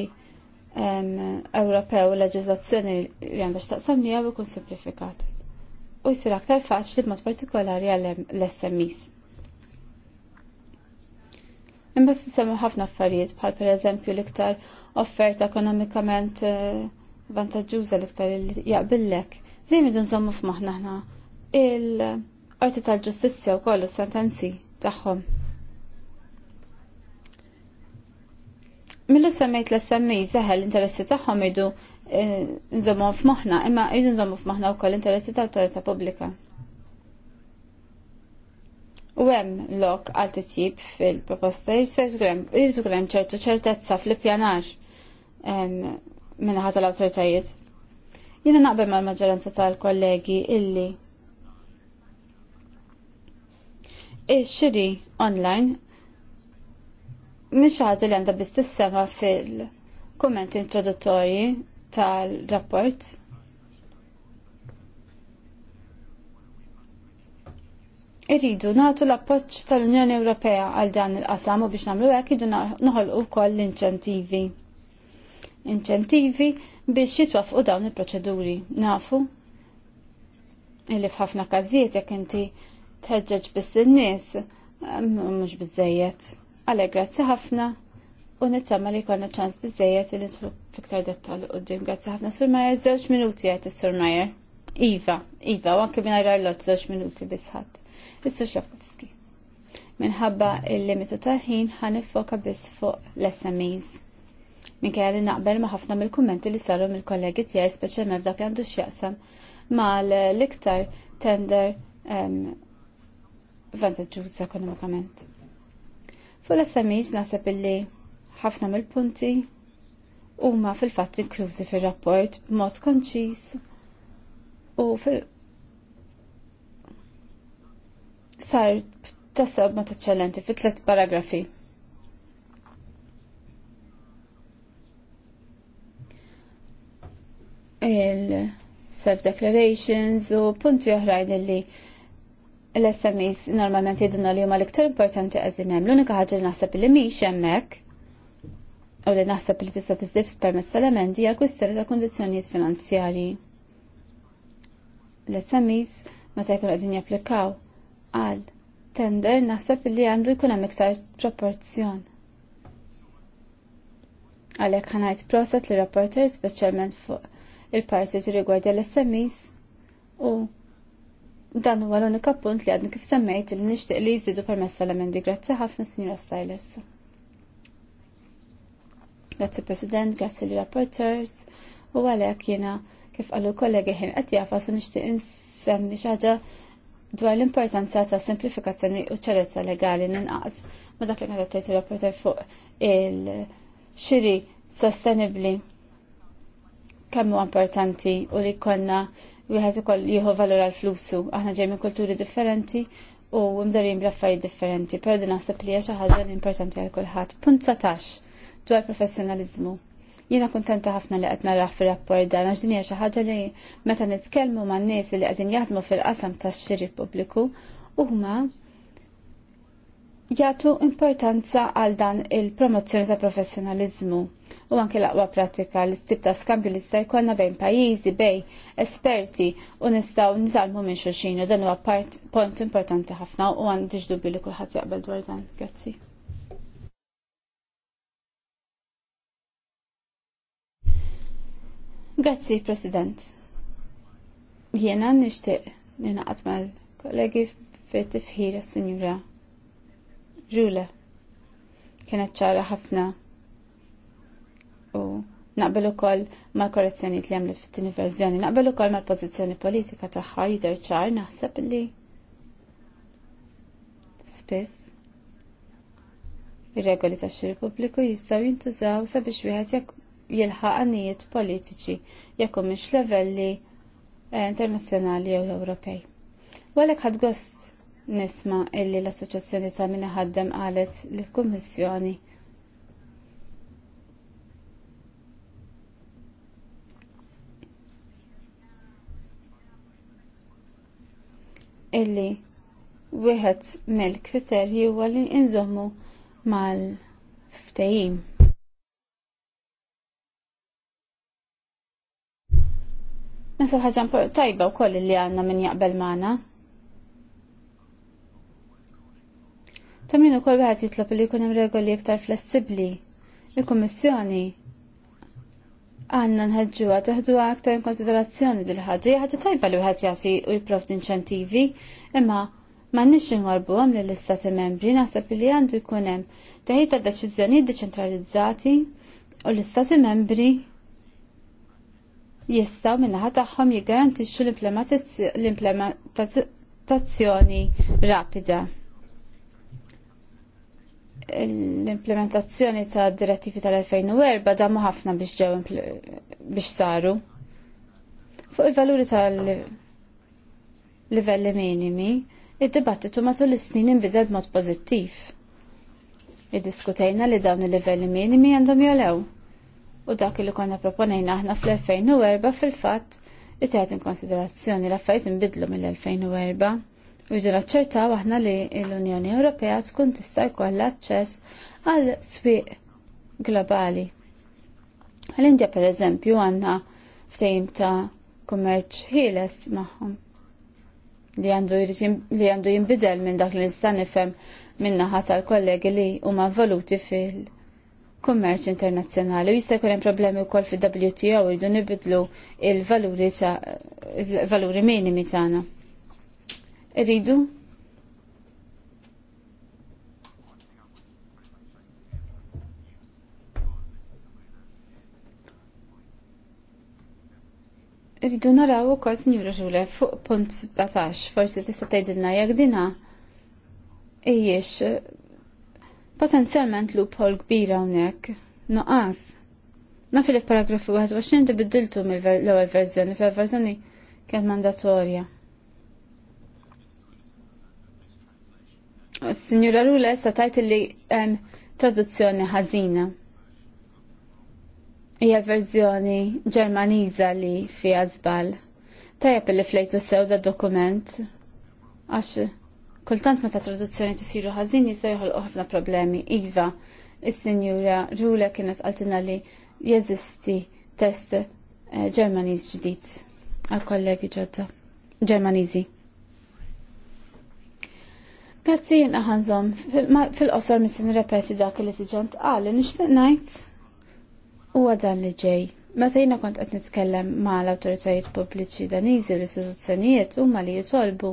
Ewropew leġizazzjoni li għandha x'taqsam li jkun simplifikat. U jsir aktar faċli b'mod partikolari għall-SMEs. Imma semmu ħafna affarijiet bħal pereżempju l-iktar offerta ekonomikament eh, vantaġġuża l-iktar li jaqbillek Dejjem idu nżommu f'moħħna ħna il-qorti tal-ġustizzja u kollu sentenzi tagħhom. Millu semmejt l-SMI seħel l-interessi tagħhom idu eh, nżommu f'moħħna, imma idu nżommu f'moħħna wkoll l-interessi tal torita pubblika. U hemm lok għal titjib fil-proposta jiżgur hemm ċertu ċertezza fl-ippjanar ħata l-awtoritajiet. Jiena naqbel mal-maġġoranza tal-kollegi illi ix-xiri online mhix ħaġa li għandha biss tissema fil-kumment introduttorji tal-rapport. Irridu nagħtu l-appoġġ tal-Unjoni Ewropea għal dan il-qasam u biex nagħmlu hekk idu noħolqu wkoll l-inċentivi inċentivi biex jitwafqu dawn il-proċeduri. Nafu illi f'ħafna każijiet jekk inti tħeġġeġ biss in-nies mhux biżejjed. Għalhekk grazzi ħafna u nittama li jkollna ċans biżejjed li tħu fiktar dettal d-dim. Grazzi ħafna Sur Majer, żewġ minuti għajt is-Sur Majer. Iva, Iva, u anke l lot żewġ minuti bisħat. is Xafkowski minħabba il-limitu taħin ħin ħanifoka biss fuq l-SMEs minkejja li naqbel ma' ħafna mill-kummenti li saru mill-kollegi tiegħi speċjalment dak li għandu x'jaqsam mal l-iktar tender vantaġġuż ekonomikament. Fuq l-SMEs naħseb illi ħafna mill-punti huma fil-fatt inklużi fir-rapport b'mod konċis u fil- sar tasab ma taċċellenti fit tliet paragrafi il-self-declarations u punti oħrajn li l-SMEs normalment jiduna li huma l-iktar importanti qegħdin hemm. L-unika ħaġa li naħseb li mhix hemmhekk u li naħseb li tista' tiżdied f'permezz tal-emendi hija kwistjoni ta' kundizzjonijiet finanzjarji. L-SMEs meta jkunu qegħdin japplikaw għal tender naħseb li għandu jkun hemm iktar proporzjon. Għalhekk ħanajt proset li rapporter speċjalment fuq il-parti rigward l-SMEs u dan huwa l-unika punt li għadni kif semmejt li nixtieq li jżidu permess tal-emendi. Grazzi ħafna, Sinjora Stylus. Grazzi President, grazzi li rapporters u għalhekk jiena kif qalu kollegi ħin qed jafas u nixtieq insemmi xi ħaġa dwar l-importanza ta' simplifikazzjoni u ċerezza legali ninqas ma dak li qed tgħid rapporter fuq il-xiri sostenibbli kemm importanti u li konna wieħed ukoll jieħu valur għal flusu. Aħna ġejmi minn kulturi differenti u mdarin bl-affarijiet differenti, però din naħseb li hija xi ħaġa li importanti għal kulħadd. Punt satax dwar professjonaliżmu. Jiena kuntenta ħafna li qed naraħ fir-rapport dan għax din hija xi ħaġa li meta nitkellmu man-nies li qegħdin jaħdmu fil-qasam tax-xiri pubbliku huma jagħtu importanza għal dan il-promozzjoni ta' professjonaliżmu u anke l-aqwa pratika li tip ta' skambju li jista' jkollna bejn pajjiżi, bejn esperti u nistgħu nitalmu minn xulxin u dan huwa part punt importanti ħafna u għandix dubju li kulħadd jaqbel dwar dan. Grazzi. Grazzi, President. Jiena nixtieq ninaqat mal-kollegi fit tifħira Signora Rula. Kienet ċara ħafna u naqbel ukoll mal-korrezzjonijiet li għamlet fit-tieni verżjoni, naqbel ukoll mal-pożizzjoni politika tagħha jidher ċar naħseb li spiss ir-regoli tax-xiri pubbliku jistgħu jintużaw sabiex wieħed jekk jilħaq għanijiet politiċi jekk mhix livelli eh, internazzjonali jew Ewropej. Walek ħad gost nisma illi l-Assoċjazzjoni ta' minna ħaddem qalet lill kummissjoni illi wieħed mill-kriterji huwa li inżommu mal-ftehim. Nasa ħaġa tajba wkoll li għandna min jaqbel magħna. Ta' min ukoll wieħed jitlob li jkun hemm regoli iktar flessibbli. Il-Kummissjoni għanna nħedġuha teħduha aktar in konsiderazzjoni dil ħaġa ħaġa tajba li wieħed jagħti u jipprovdi inċentivi, imma m'għandniex għam lill istati membri naħseb li għandu jkun hemm teħid deċiżjonijiet deċentralizzati u l-istati membri jistgħu min-naħa tagħhom jiggarantixxu l-implementazzjoni rapida l-implementazzjoni ta' direttivi tal-2004 damu ħafna biex ġew biex saru. Fuq il-valuri tal-livelli minimi, id-dibattitu matul is-snin inbidel b'mod pożittiv. Iddiskutejna li dawn il-livelli minimi għandhom jolew. U dak li konna proponejna aħna fl-2004 fil-fatt it tajt in konsiderazzjoni l fajt imbidlu mill-2004 Irridu naċċertaw aħna li l-Unjoni Ewropea tkun tista' jkollha aċċess għal swieq globali. l indja pereżempju għandna ftehim ta' kummerċ ħieles magħhom li għandu jinbidel minn dak li nista' nifhem minna ħasal kollegi li huma valuti fil-kummerċ internazzjonali. Jista' jkun hemm problemi wkoll fil-WTO jridu nibidlu il-valuri il-valuri minimi tagħna. Iridu? Ridu naraw ukoll Sinjura Xule fuq punt 17 forsi tista' tgħidilna jekk dina ejjex eh, potenzjalment loophole kbira hawnhekk noqas. Na li paragrafu 21 biddiltu mill-ewwel verżjoni, fil-verżjoni kien mandatorja. Signora Rule, sta tajt li traduzzjoni ħażina. Hija verżjoni Ġermaniża li fiha żball. Tajjeb li flejtu sew da dokument għax kultant meta traduzzjoni tisiru ħazin jista' joħolqu ħafna problemi. Iva, il sinjura Rule kienet għaltina li jeżisti test eh, Ġermaniż ġdid għal kollegi ġodda. Ġermaniżi. Grazzi jina fil-qosor misin repeti dak li tiġant għalli, nishtiq najt u għadan li ġej. Meta jina kont qed nitkellem ma' l-autoritajiet pubbliċi daniżi u l-istituzzjonijiet huma li jitolbu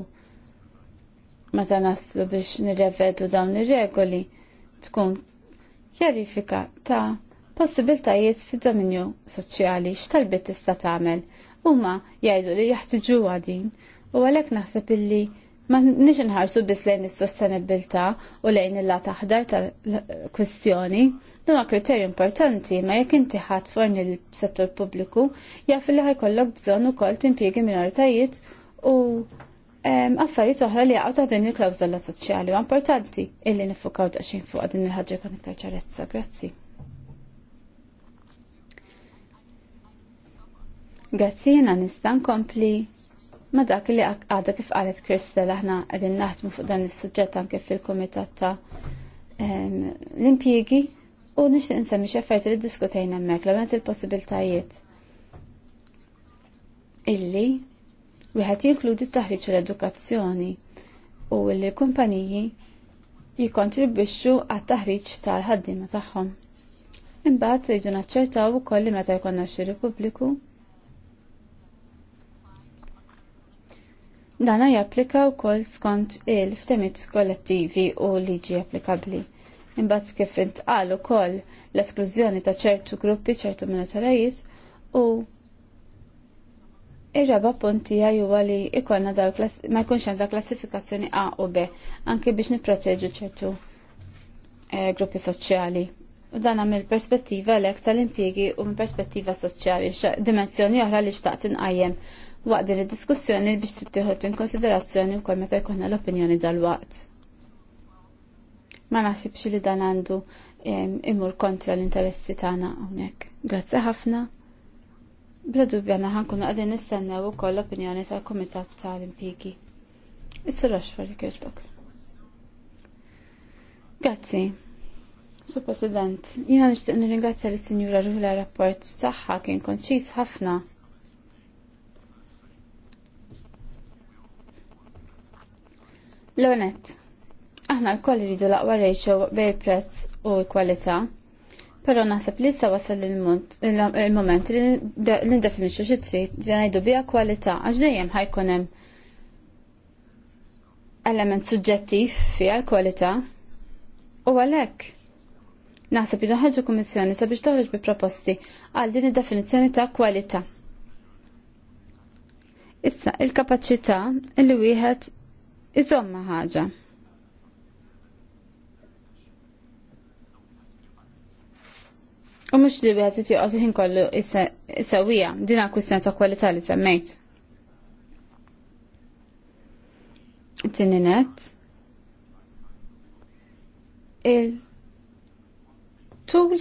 meta naslu biex nirrevedu dawn ir-regoli tkun kjarifika ta' possibiltajiet fid-dominju soċjali x'talbit tista' tagħmel huma jgħidu li jaħtiġuha din u għalhekk naħseb illi ma nix nħarsu bis lejn is-sostenibilità u lejn il la taħdar tal-kwistjoni, dan kriterju importanti ma jekk inti ħadd forni l-settur pubbliku jaf li ħajkollok bżonn ukoll timpiegi minoritajiet u affarijiet oħra li jaqgħu ta' din il-klawżola soċjali u importanti illi nifukaw daqsxejn fuq din il-ħaġa jkun iktar ċarezza. Grazzi. Grazzi jena nista' nkompli ma dak li għadha kif qalet l aħna qegħdin naħdmu fuq dan is-suġġett anke fil-kumitat ta' l-impjiegi u nixtieq insemmi xi affarijiet li ddiskutejna hemmhekk l il-possibiltajiet illi wieħed jinkludi t-taħriġ u l-edukazzjoni u li l-kumpaniji jikkontribwixxu għat-taħriġ tal-ħaddiema tagħhom. Imbagħad se jdu naċċertaw ukoll li meta jkollna xiri pubbliku Dana japplika wkoll skont il-ftemiet kollettivi u liġi applikabbli. Imbagħad kif intqal ukoll l-esklużjoni ta' ċertu gruppi ċertu minoritarijiet u Ir-raba punti huwa li ikonna ma jkunx għandha klassifikazzjoni A u B, anke biex nipproteġu ċertu eh, gruppi soċjali. U dan mill perspettiva l-ek tal-impjegi u mill perspettiva soċjali, dimensjoni oħra li xtaqt inqajjem waqt din id-diskussjoni biex tittieħed in konsiderazzjoni wkoll meta jkollna l-opinjoni dal-waqt. Ma naħsibx li dan għandu imur kontra l-interessi tagħna hawnhekk. Grazzi ħafna. Bla dubja naħan kunu għadin nistennew ukoll l-opinjoni tal-Kumitat tal impiki Is-Sur Roxfor jkieġbok. Grazzi. Sur President, jiena nixtieq nirringrazzja lis sinjura Rula rapport tagħha kien konċis ħafna L-onet, aħna l-koll rridu laqwa ratio bej prezz u l-kwalità, pero naħseb li sa wasal il-moment li nindefinixxu xi trid li ngħidu biha kwalità għax dejjem ħajkun hemm element suġġettiv fiha l-kwalità u għalhekk Naħseb li ħarġu kummissjoni sabiex toħroġ bi proposti għal din id-definizzjoni ta' kwalità. Issa, il-kapacità il wieħed ma' ħaġa. U mux li bħat jitjuqot ħin kollu jisawija, dina kwistjoni ta' kwalità li semmejt. Tininet. Il-tul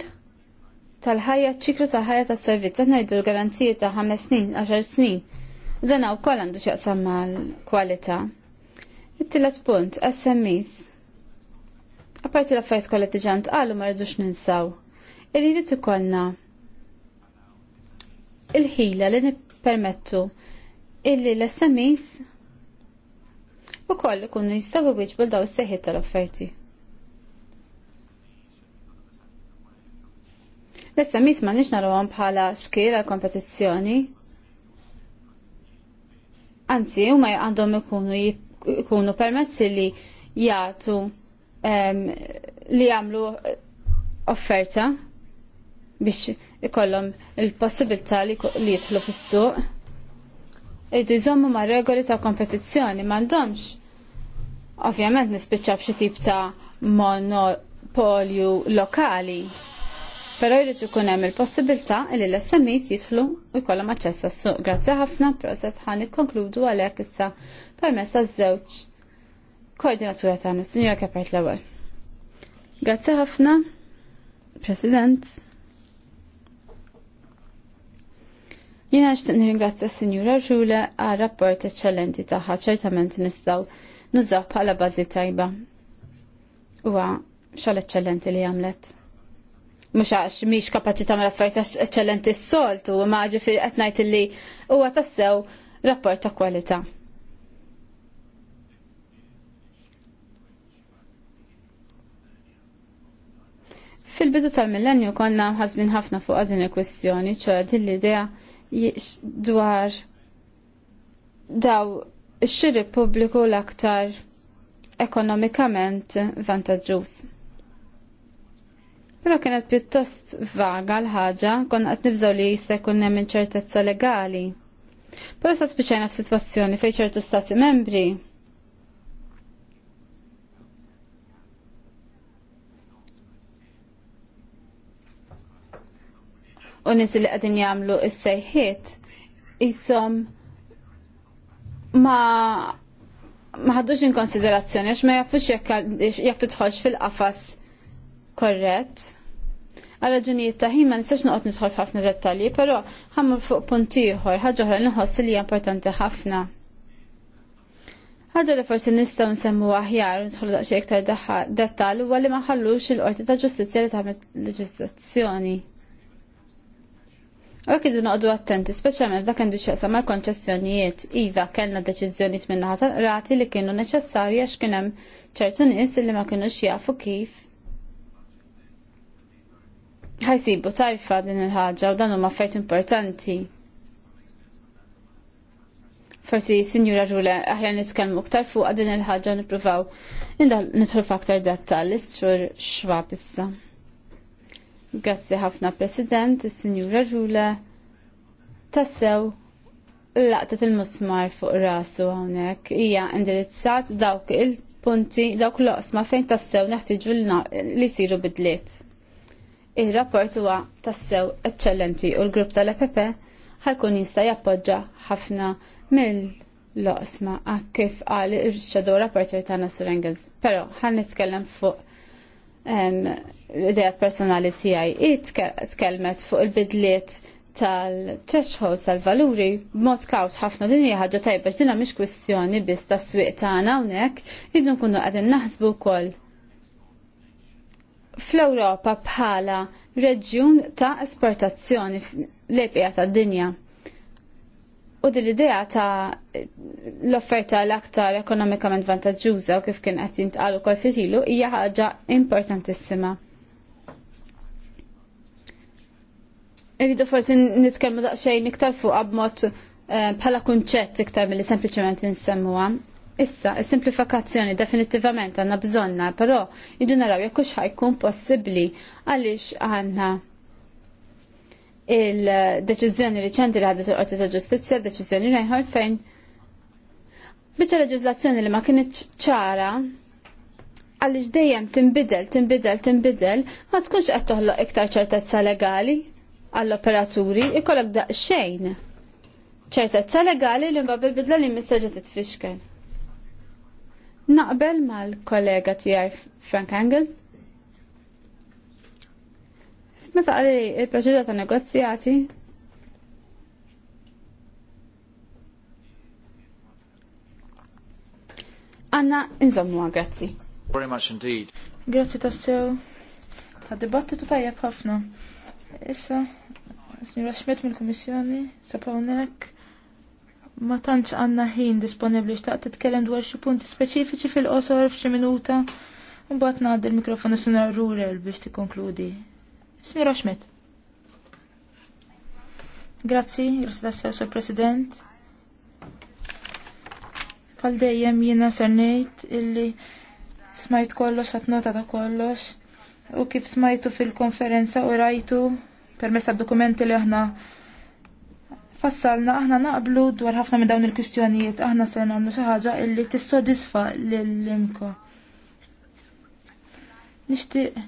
tal-ħajja, ċiklu tal-ħajja tas servizz għedna jiddu l-garanzijiet ta' 5 snin, 10 snin. Dan u koll għandu xieqsam mal-kwalità. It-tielet punt, SMEs. Apparti l-affarijiet kollha diġà ntqalu ma rridux ninsaw. Irrid ikollna il-ħila li nippermettu illi l-SMEs u koll ikunu jistawu wieġbu daw s tal-offerti. l mis ma nix narawhom bħala xkir għal kompetizzjoni. Anzi, huma għandhom ikunu jib ikunu permessi li jagħtu li jagħmlu offerta biex ikollhom il-possibilità li jidħlu fis-suq. Irdu jżommu ma' regoli ta' kompetizzjoni m'għandhomx. Ovvjament nispiċċa b'xi tip ta' monopolju lokali Però jrid ikun hemm il-possibilità li l-SMEs jidħlu u jkollhom aċċess għas-suq. Grazzi ħafna proċess ħan ikkonkludu għalhekk issa permezz taż-żewġ koordinatura tagħna, Sinjor Kepert l-ewwel. Grazzi ħafna, President. Jiena nixtieq nirringrazzja s-Sinjura Rule għal rapport eċċellenti tagħha ċertament nistgħu nużaw bħala bażi tajba. Huwa xogħol eċċellenti li għamlet mux għax miex kapaċi tagħmel affarijiet eċċellenti s-soltu, ma ġifieri qed ngħid illi huwa tassew rapport ta' kwalità. Fil-bidu tal-millenju konna mħazbin ħafna fuq din il-kwestjoni, ċoħ din l-idea dwar daw xirri xiri pubbliku l-aktar ekonomikament vantaġġuż. Pero kienet pjuttost vaga l-ħaġa, kon għat nibżaw li jista' jkun hemm inċertezza legali. Pero sa spiċajna f'sitwazzjoni fejn ċertu stati membri u nis li għadin jamlu s-sejħiet, jisom ma ma ħaddux in konsiderazzjoni għax ma jaffux jekk tidħolx fil-qafas korrett. Għala ġunijiet ta' ma nistax noqgħod nidħol f'ħafna dettalji, però ħammur fuq punt ieħor, ħaġa oħra nħoss li hija importanti ħafna. Ħaġa li forsi nistgħu nsemmu aħjar nidħol daqsxejn iktar dettall huwa li ma ħallux il-qorti ta' ġustizzja li tagħmel leġiżlazzjoni. U jek idu noqdu attenti, speċjalment f'dak għandu xieqsa ma' konċessjonijiet, iva kellna deċiżjonijiet minnaħa tal-rati li kienu neċessarji għax kien hemm ċertu nies li ma kienux jafu kif ħajsibu tarfa din il-ħagġa u dan huma affert importanti. Forsi, Sinjura Rule, aħjar nitkellmu ktar fuq din il-ħagġa nippruvaw nidħol faktar dettall, l-istur xwab issa. Grazzi ħafna President, Sinjura Rule, tassew laqtet il-musmar fuq rasu hawnhekk hija indirizzat dawk il-punti dawk l-oqsma fejn tassew neħtieġu li jsiru bidliet. Il-rapport huwa tassew eccellenti u l-grupp tal-EPP ħajkun jista' jappoġġa ħafna mill-loqsma għak kif għal ir rapporti rapporter tagħna Sur Engels. Però ħan nitkellem fuq l-idejat personali tiegħi. I tkellmet fuq il-bidliet tal-threshold tal-valuri b'mod kawt ħafna din ħagġa ħaġa tajba x'dinha mhix kwistjoni biss tas-swieq tagħna hawnhekk, jridu nkunu qegħdin naħsbu wkoll fl-Ewropa bħala reġjun ta' esportazzjoni l-ebqija ta' dinja. U din l-idea ta' l-offerta l-aktar ekonomikament vantaġġuża u kif kien qed jintqal ukoll fitilu hija ħaġa importantissima. Irridu forsi nitkellmu daqsxejn iktar fuq b'mod eh, bħala kunċett iktar milli sempliċement insemmuha. Issa, simplifikazzjoni definitivament għanna bżonna, però jiġu naraw jekk hux ħajkun possibbli għaliex għandna il-deċiżjoni riċenti li ħadet il-Qorti tal-Ġustizzja, deċiżjoni Reinhard fejn biċċa leġizlazzjoni li ma kienet ċara għaliex dejjem tinbidel, tinbidel, tinbidel, ma tkunx qed toħloq iktar ċertezza legali għall-operaturi, ikollok daqsxejn ċertezza legali li mbabbil bidla li mistaġa titfixkel. Naqbel mal-kollega tiegħi Frank Engel. Meta qali il-proċedura ta' negozjati Anna, inżommu grazzi. Very much indeed. Grazzi tassew. Ta' dibattitu tajjeb ħafna. Issa, Signora Schmidt mill-Kummissjoni, sapawnek ma tantx għanna ħin disponibli xtaqt titkellem dwar xi punti speċifiċi fil-qosor f'xi minuta. Mbagħad ngħaddi l-mikrofonu sinra Rural biex tikkonkludi. Sinra Schmidt. Grazzi, Rosita Sew President. Pal dejjem jiena ser illi smajt kollox ħadd nota ta' kollox u kif smajtu fil-konferenza u rajtu permezz tad-dokumenti li aħna fassalna aħna naqblu dwar ħafna minn dawn il-kwistjonijiet aħna se nagħmlu xi ħaġa illi tissodisfa lill-imko. Nixtieq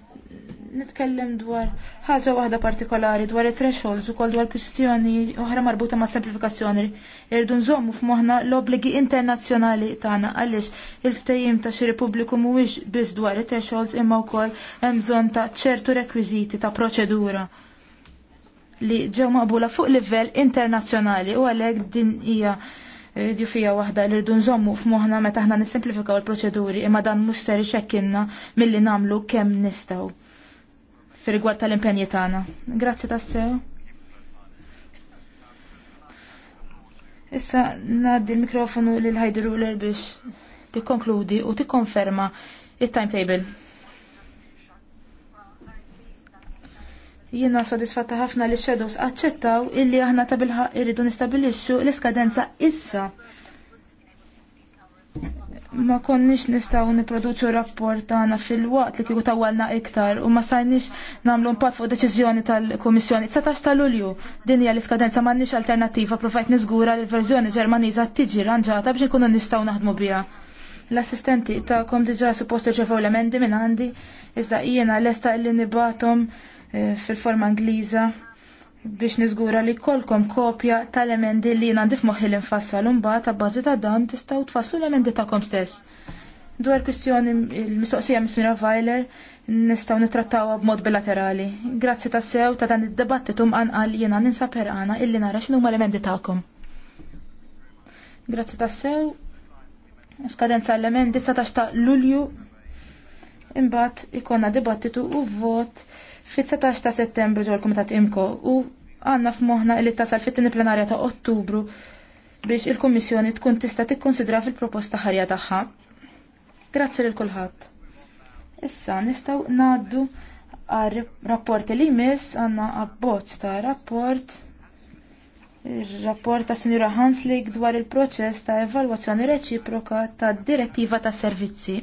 nitkellem dwar ħaġa waħda partikolari dwar it-thresholds ukoll dwar kwistjoni oħra marbuta ma' semplifikazzjoni irdu nżommu f'moħħna l-obbligi internazzjonali tagħna għaliex il-ftehim ta' xi Repubbliku mhuwiex biss dwar it-thresholds imma wkoll hemm bżonn ta' ċertu rekwiżiti ta' proċedura li ġew maqbula fuq livell internazzjonali u għalhekk din hija ġufija eh, waħda li rridu nżommu f'moħħna meta aħna nisimplifikaw il-proċeduri imma dan mhux ser ixekkilna milli nagħmlu kemm nistgħu fir-rigward tal-impenji tagħna. Grazzi tassew. Issa ngħaddi l-mikrofonu lil Ħajdi Ruler biex tikkonkludi u tikkonferma it-timetable. Jiena sodisfatta ħafna li shadows aċċettaw illi aħna ta' bilħaq irridu nistabilixxu l-iskadenza issa. Ma konniex nistgħu nipproduċu rapport tagħna fil-waqt li kieku tawalna iktar u ma sajniex nagħmlu impatt fuq deċiżjoni tal-Kummissjoni. 19 ta' Lulju din hija l-iskadenza m'għandniex alternattiva provajt niżgura li l-verżjoni Ġermaniża tiġi ranġata biex inkunu nistgħu naħdmu biha. L-assistenti kom diġà suppost irċevew l-emendi minn għandi iżda jiena lesta li nibatom Eh, fil-forma Ingliża biex niżgura li kolkom kopja tal-emendi li jina ndif moħi l-infassal mbagħad ta' bażi ta' dan tistgħu tfasslu l-emendi tagħkom stess. Dwar kwistjoni l-mistoqsija mis-Mira Weiler nistgħu nittrattawha b'mod bilaterali. Grazzi ta' sew ta' dan id debattitu mqanqal jiena ninsa għana illi nara x'inhuma l-emendi tagħkom. Grazzi ta' sew. Skadenza l-emendi 19 ta' Lulju imbagħad ikonna dibattitu u vot fit 16 ta' settembru ġol komitat imko u għanna f'moħna li tasal fit tieni plenarja ta' ottubru biex il-Kommissjoni tkun tista' tikkonsidra fil-proposta ħarja tagħha. Grazzi lil kulħadd. Issa nistgħu ngħaddu għar rapporti li jmiss għandna abbozz ta' rapport il-rapport ta' Sinjura Hanslik dwar il-proċess ta' evalwazzjoni reċiproka ta' direttiva ta' servizzi.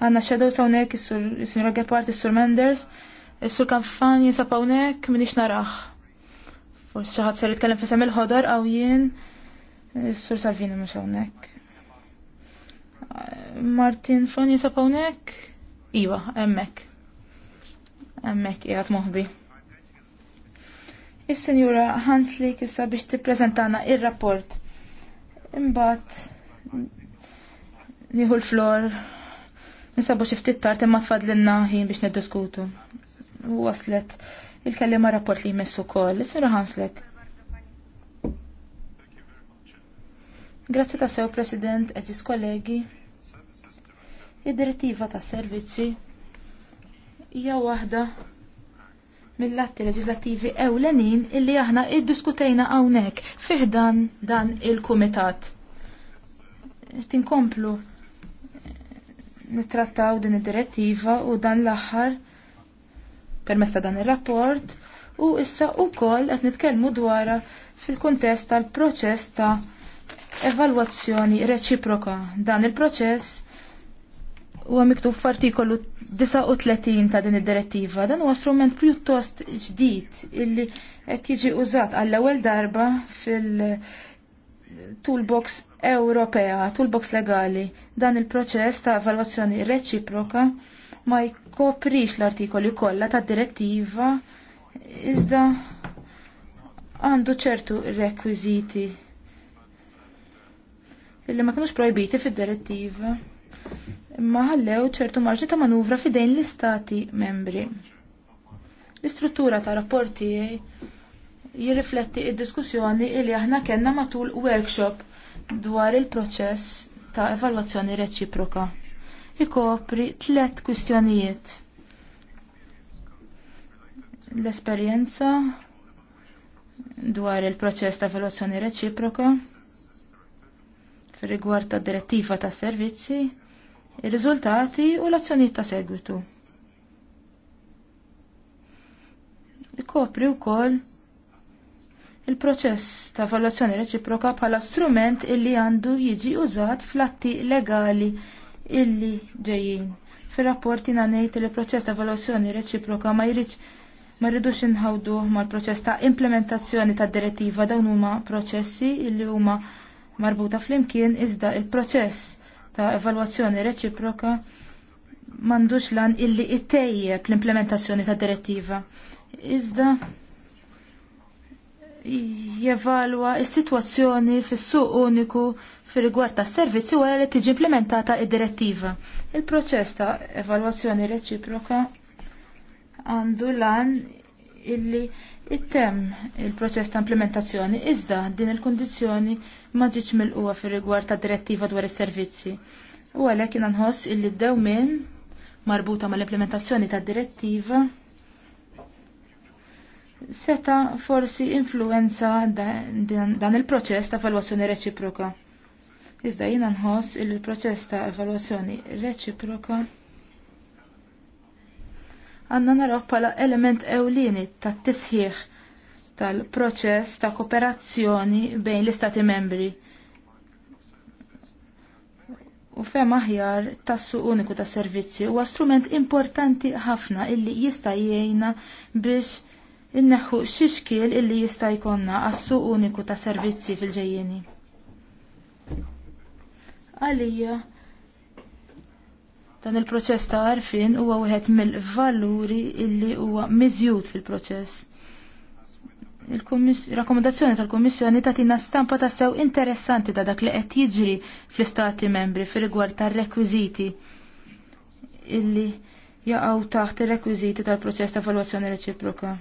Għanna xedow sawnek il-Sinjura Gepard, il-Sur Menders, Is-sur kanfan jisapawnek hawnhekk minix narax. Forsi xaħat ħadd ser jitkellem fisem il ħodar għaw jien. Is-sur Salvini mhux hawnhekk. Martin Fon jisapawnek? hawnhekk? Iva, hemmhekk. Hemmhekk qiegħed moħbi. Is-Sinjura Hansli issa biex tippreżentana il rapport Imbagħad nieħu l-flor Nisabu xiftit tart imma tfadlinna ħin biex niddiskutu u waslet il-kellima rapport li jmessu kol. Sira Hanslek. Grazzi ta' sew, President, eżis kollegi. Id-direttiva ta' servizzi hija waħda mill-atti leġislattivi ewlenin illi aħna iddiskutejna hawnhekk fiħdan dan il-kumitat. Tinkomplu nittrattaw din id-direttiva u dan l-aħħar permezz ta' dan ir-rapport u issa wkoll qed nitkellmu dwarha fil-kuntest tal-proċess ta' evalwazzjoni reċiproka. Dan il-proċess huwa miktub f'artikolu 39 ta' din id-direttiva. Dan huwa strument pjuttost ġdid illi qed jiġi użat għall-ewwel darba fil- toolbox Ewropea, toolbox legali, dan il-proċess ta' evalwazzjoni reċiproka ma kopriċ l-artikoli kollha tad-direttiva iżda għandu ċertu rekwiżiti illi ma kienux projbiti fid-direttiva imma ħallew ċertu marġni ta' manuvra fidejn l-istati membri. L-istruttura ta' rapporti jirrifletti id-diskussjoni illi aħna kellna matul workshop dwar il-proċess ta' evalwazzjoni reċiproka ikopri tlet kwistjonijiet. L-esperjenza dwar il-proċess ta' evaluazzjoni reċiproka fir rigward ta' direttiva ta' servizzi, ir-riżultati u l-azzjonijiet ta' segwitu. Ikopri wkoll il-proċess ta' evaluazzjoni reċiproka bħala strument illi għandu jiġi użat fl-atti legali illi ġejjin. Fir-rapport jiena ngħid li proċess ta' evaluazzjoni reċiproka ma jridx ma rridux inħawdu mal-proċess ta' implementazzjoni ta' direttiva dawn huma proċessi illi huma marbuta flimkien iżda il-proċess ta' evalwazzjoni reċiproka m'għandux lan illi ittejjeb l-implementazzjoni ta' direttiva. Iżda jevalwa s-sitwazzjoni fis-suq uniku fir-rigward tas-servizzi wara li tiġi implementata id-direttiva. Il-proċess ta' evalwazzjoni reċiproka għandu lan illi it-tem il-proċess ta' implementazzjoni iżda din il-kondizzjoni ma ġietx milquha fir-rigward ta' direttiva dwar is-servizzi. U għalhekk jina nħoss illi d-dewmien marbuta mal-implementazzjoni tad direttiva seta forsi influenza dan il-proċess ta' evalwazzjoni reċiproka. Iżda jiena nħoss il proċess ta' evalwazzjoni reċiproka għandna naraw bħala element ewlieni tat tisħiħ tal-proċess ta' kooperazzjoni bejn l-istati membri u fem aħjar tas-suq uniku tas servizzi huwa strument importanti ħafna illi jista' jgħinna biex inneħħu xiexkiel illi jista' jkollna għas-suq uniku ta' servizzi fil-ġejjeni. Għalija, dan il-proċess ta' għarfien huwa wieħed mill-valuri illi huwa miżjud fil-proċess. Il-rakkomandazzjoni tal-Kummissjoni tagħtina stampa ta' sew interessanti ta' dak li qed jiġri fl-istati membri fir-rigward tar-rekwiżiti illi jaqgħu taħt ir-rekwiżiti tal-proċess ta' evalwazzjoni reċiproka.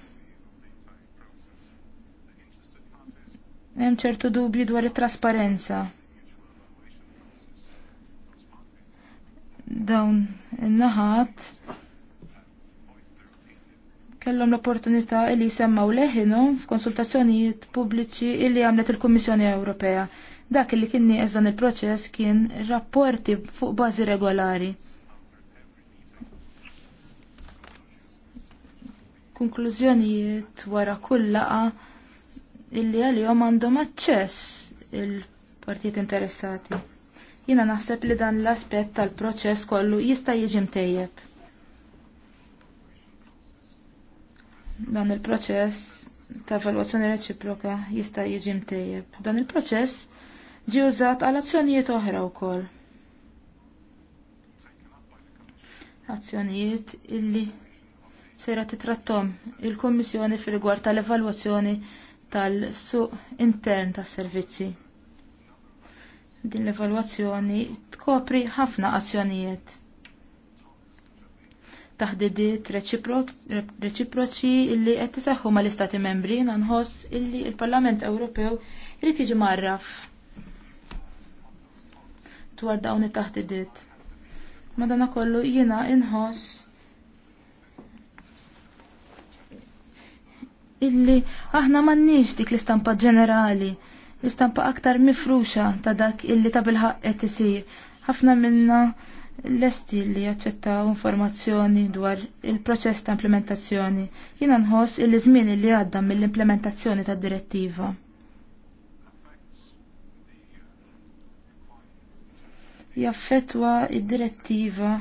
Hemm ċertu dubju dwar it-trasparenza. Dawn in-naħat kellhom l-opportunità li jsemmaw leħinhom f'konsultazzjonijiet pubbliċi illi għamlet il-Kummissjoni Ewropea. Dak li kien nieqes dan il-proċess kien rapporti fuq bażi regolari. Konklużjonijiet wara kull laqa' illi għalihom għandhom aċċess il-partijiet interessati. Jiena naħseb li dan l-aspett tal-proċess kollu jista' jiġi mtejjeb. Dan il-proċess ta' evalwazzjoni reċiproka jista' jiġi mtejjeb. Dan il-proċess ġie użat għal azzjonijiet oħra wkoll. Azzjonijiet illi sejra titrattom il-Kommissjoni fil-rigward tal-evalwazzjoni tal-suq intern tas-servizzi. Din l-evalwazzjoni tkopri ħafna azzjonijiet. Taħdidiet reċiproċi illi qed tisaħħu mal-Istati Membri nħoss illi l il parlament Ewropew irid jiġi marraf dwar dawn it-taħdidiet. Madankollu jiena inħoss illi aħna m'għandniex dik l-istampa ġenerali, l-istampa aktar mifruxa ta' dak illi ta' bilħaq qed isir. Ħafna minna lesti li jaċċettaw informazzjoni dwar il-proċess ta' implementazzjoni. Jiena nħoss illi żmien li għadda mill-implementazzjoni tad direttiva. Jaffetwa id-direttiva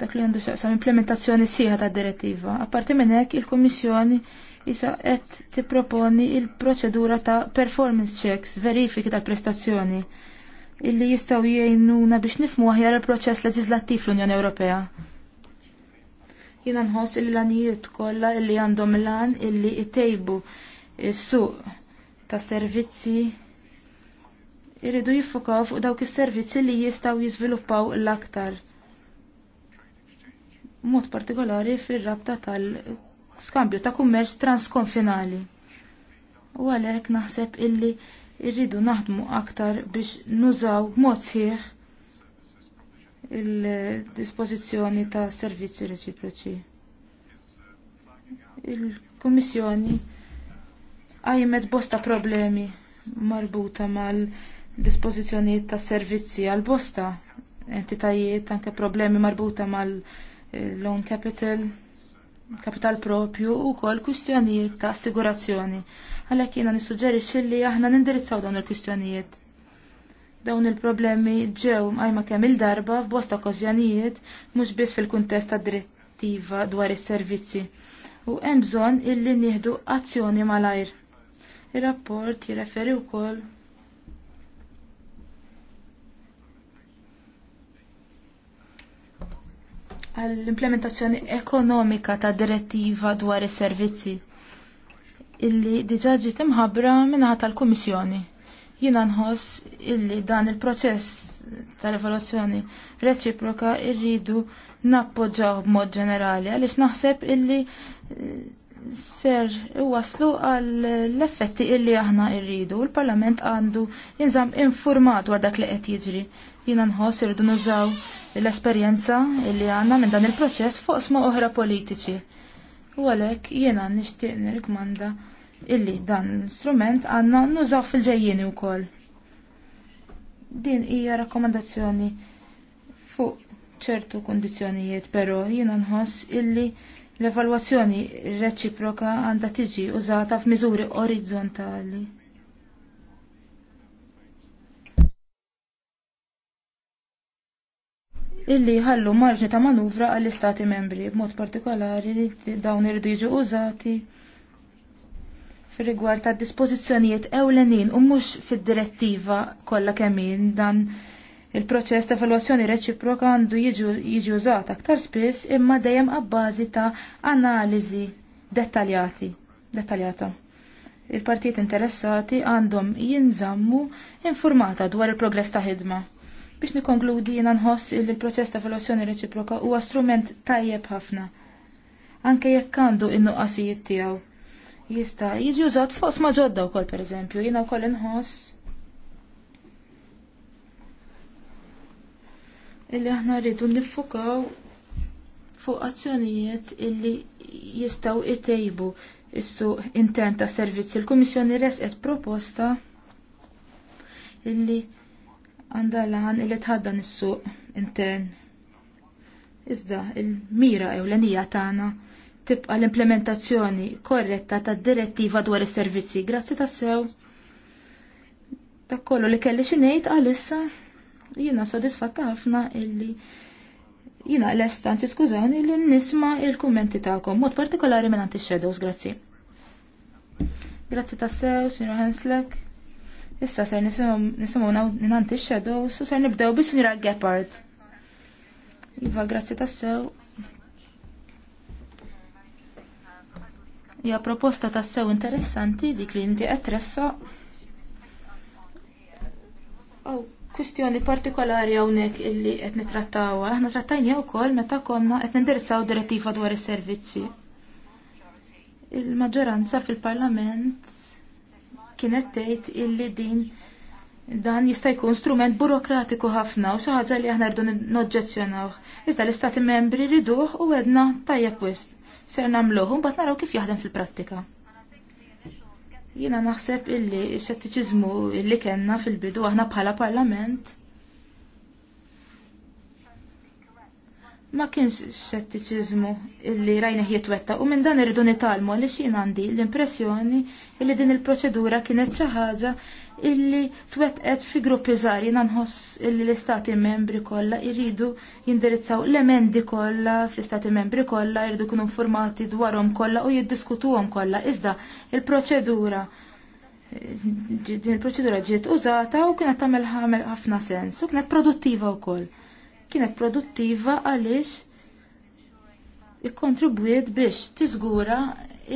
dak li għandu xaqsam implementazzjoni siħa tad direttiva. Apparti minn hekk il-Kummissjoni Issa qed tipproponi l proċedura ta' performance checks, verifiki ta' prestazzjoni illi jistgħu jgħinuna biex nifhmu aħjar il-proċess leġislattiv fl-Unjoni Ewropea. Jiena nħoss il lanijiet kollha illi għandhom lan illi jtejbu is-suq ta' servizzi irridu jiffukaw fuq dawk is-servizzi li jistgħu jiżviluppaw l-aktar. Mod partikolari fir-rabta tal skambju ta' kummerċ transkonfinali. U għalhekk naħseb illi irridu naħdmu aktar biex nużaw mod sħiħ il-dispożizzjoni ta' servizzi reċiproċi. Il-Kummissjoni għajmet bosta problemi marbuta mal-dispożizzjonijiet ta' servizzi għal bosta entitajiet anke problemi marbuta mal-loan capital kapital propju u kol kustjonijiet ta' assigurazzjoni. Għalek jena nissuġġerixxi li aħna nindirizzaw dawn il-kustjonijiet. Dawn il-problemi ġew għajma kemm il-darba f'bosta okkażjonijiet mhux biss fil-kuntest ta' direttiva dwar is-servizzi. U hemm bżonn illi nieħdu azzjoni malajr. Ir-rapport jirreferi wkoll għall-implementazzjoni ekonomika ta' direttiva dwar is-servizzi illi diġa ġiet imħabbra minnaħa tal-Kummissjoni. Jiena nħoss illi dan il-proċess tal-evoluzzjoni reċiproka irridu nappoġġaw b'mod ġenerali għaliex naħseb illi eh, ser waslu għall effetti illi aħna rridu. l parlament għandu jinżamm infurmat dwar dak li qed jiġri Jiena nħoss irridu nużaw l-esperjenza li għandna minn dan il-proċess fuq sma oħra politiċi. U għalhekk jiena nixtieq nirikmanda illi dan l-instrument għandna nużaw fil u wkoll. Din hija rakkomandazzjoni fuq ċertu kundizzjonijiet, però jiena nħoss illi l-evalwazzjoni reċiproka għandha tiġi użata f'miżuri orizzontali. illi ħallu marġni ta' manuvra għall-istati membri, b'mod partikolari li dawn irridu jiġu użati fil-rigward ta' dispożizzjonijiet ewlenin u mhux fid-direttiva kollha kemmin dan il-proċess ta' evaluazzjoni reċiproka għandu jiġi użat aktar spiss imma dejjem għabbażi ta' analiżi dettaljati, dettaljata. Il-partijiet interessati għandhom jinżammu informata dwar il-progress ta' ħidma. Biex nikonkludi jena nħoss il proċess ta' evoluzzjoni reċiproka huwa strument tajjeb ħafna. Anke jekk għandu in-nuqqasijiet tiegħu. Jista' jiġi użat fuq ma ġodda wkoll pereżempju, jiena wkoll inħoss illi aħna rridu niffukaw fuq azzjonijiet illi jistgħu itejbu is-suq intern tas servizzi. Il-Kummissjoni resqet proposta illi għandha lan illi tħaddan is-suq intern. Iżda il-mira ewlenija tagħna tibqa l-implementazzjoni korretta tad direttiva dwar is-servizzi. Grazzi tas-sew. Dak kollu li kelli xi ngħid għalissa jiena sodisfatta ħafna illi jina l anzi skużawni li nisma il kummenti ta'kom, mod partikolari minn anti shadows grazzi. Grazzi tassew, Sinu Henslek. Issa ser nisimgħu nanti x-shadow, su ser nibdew bis nira Gepard. Iva, grazzi tassew. Ja proposta tassew interessanti dik li inti għetressa. Oh, kustjoni partikolari hawnhekk illi għet nitrattaw. Aħna trattajni wkoll kol meta konna għet nindirizzaw direttiva dwar is-servizzi. Il-maġġoranza fil-parlament kienet tgħid illi din dan jista' jkun strument burokratiku ħafna u xi ħaġa li aħna rridu noġġezzjonaw. Iżda l-istati membri riduh u għedna tajjeb wisq. Ser nagħmluh u mbagħad naraw kif jaħdem fil-prattika. Jiena naħseb illi x-xettiċiżmu illi kellna fil-bidu aħna bħala parlament ma kienx xettiċiżmu illi rajna jitwetta u minn dan irridu nitalmu li xin għandi l-impressjoni illi din il-proċedura kienet xi ħaġa illi twettqet fi gruppi żgħar jina nħoss illi l-istati membri kollha jridu jindirizzaw l-emendi kollha fl-istati membri kollha jridu kunu informati dwarhom kollha u jiddiskutuhom kollha iżda il-proċedura din il-proċedura ġiet użata u kienet tagħmel ħafna sens u kienet produttiva wkoll kienet produttiva għaliex ikkontribwiet biex tiżgura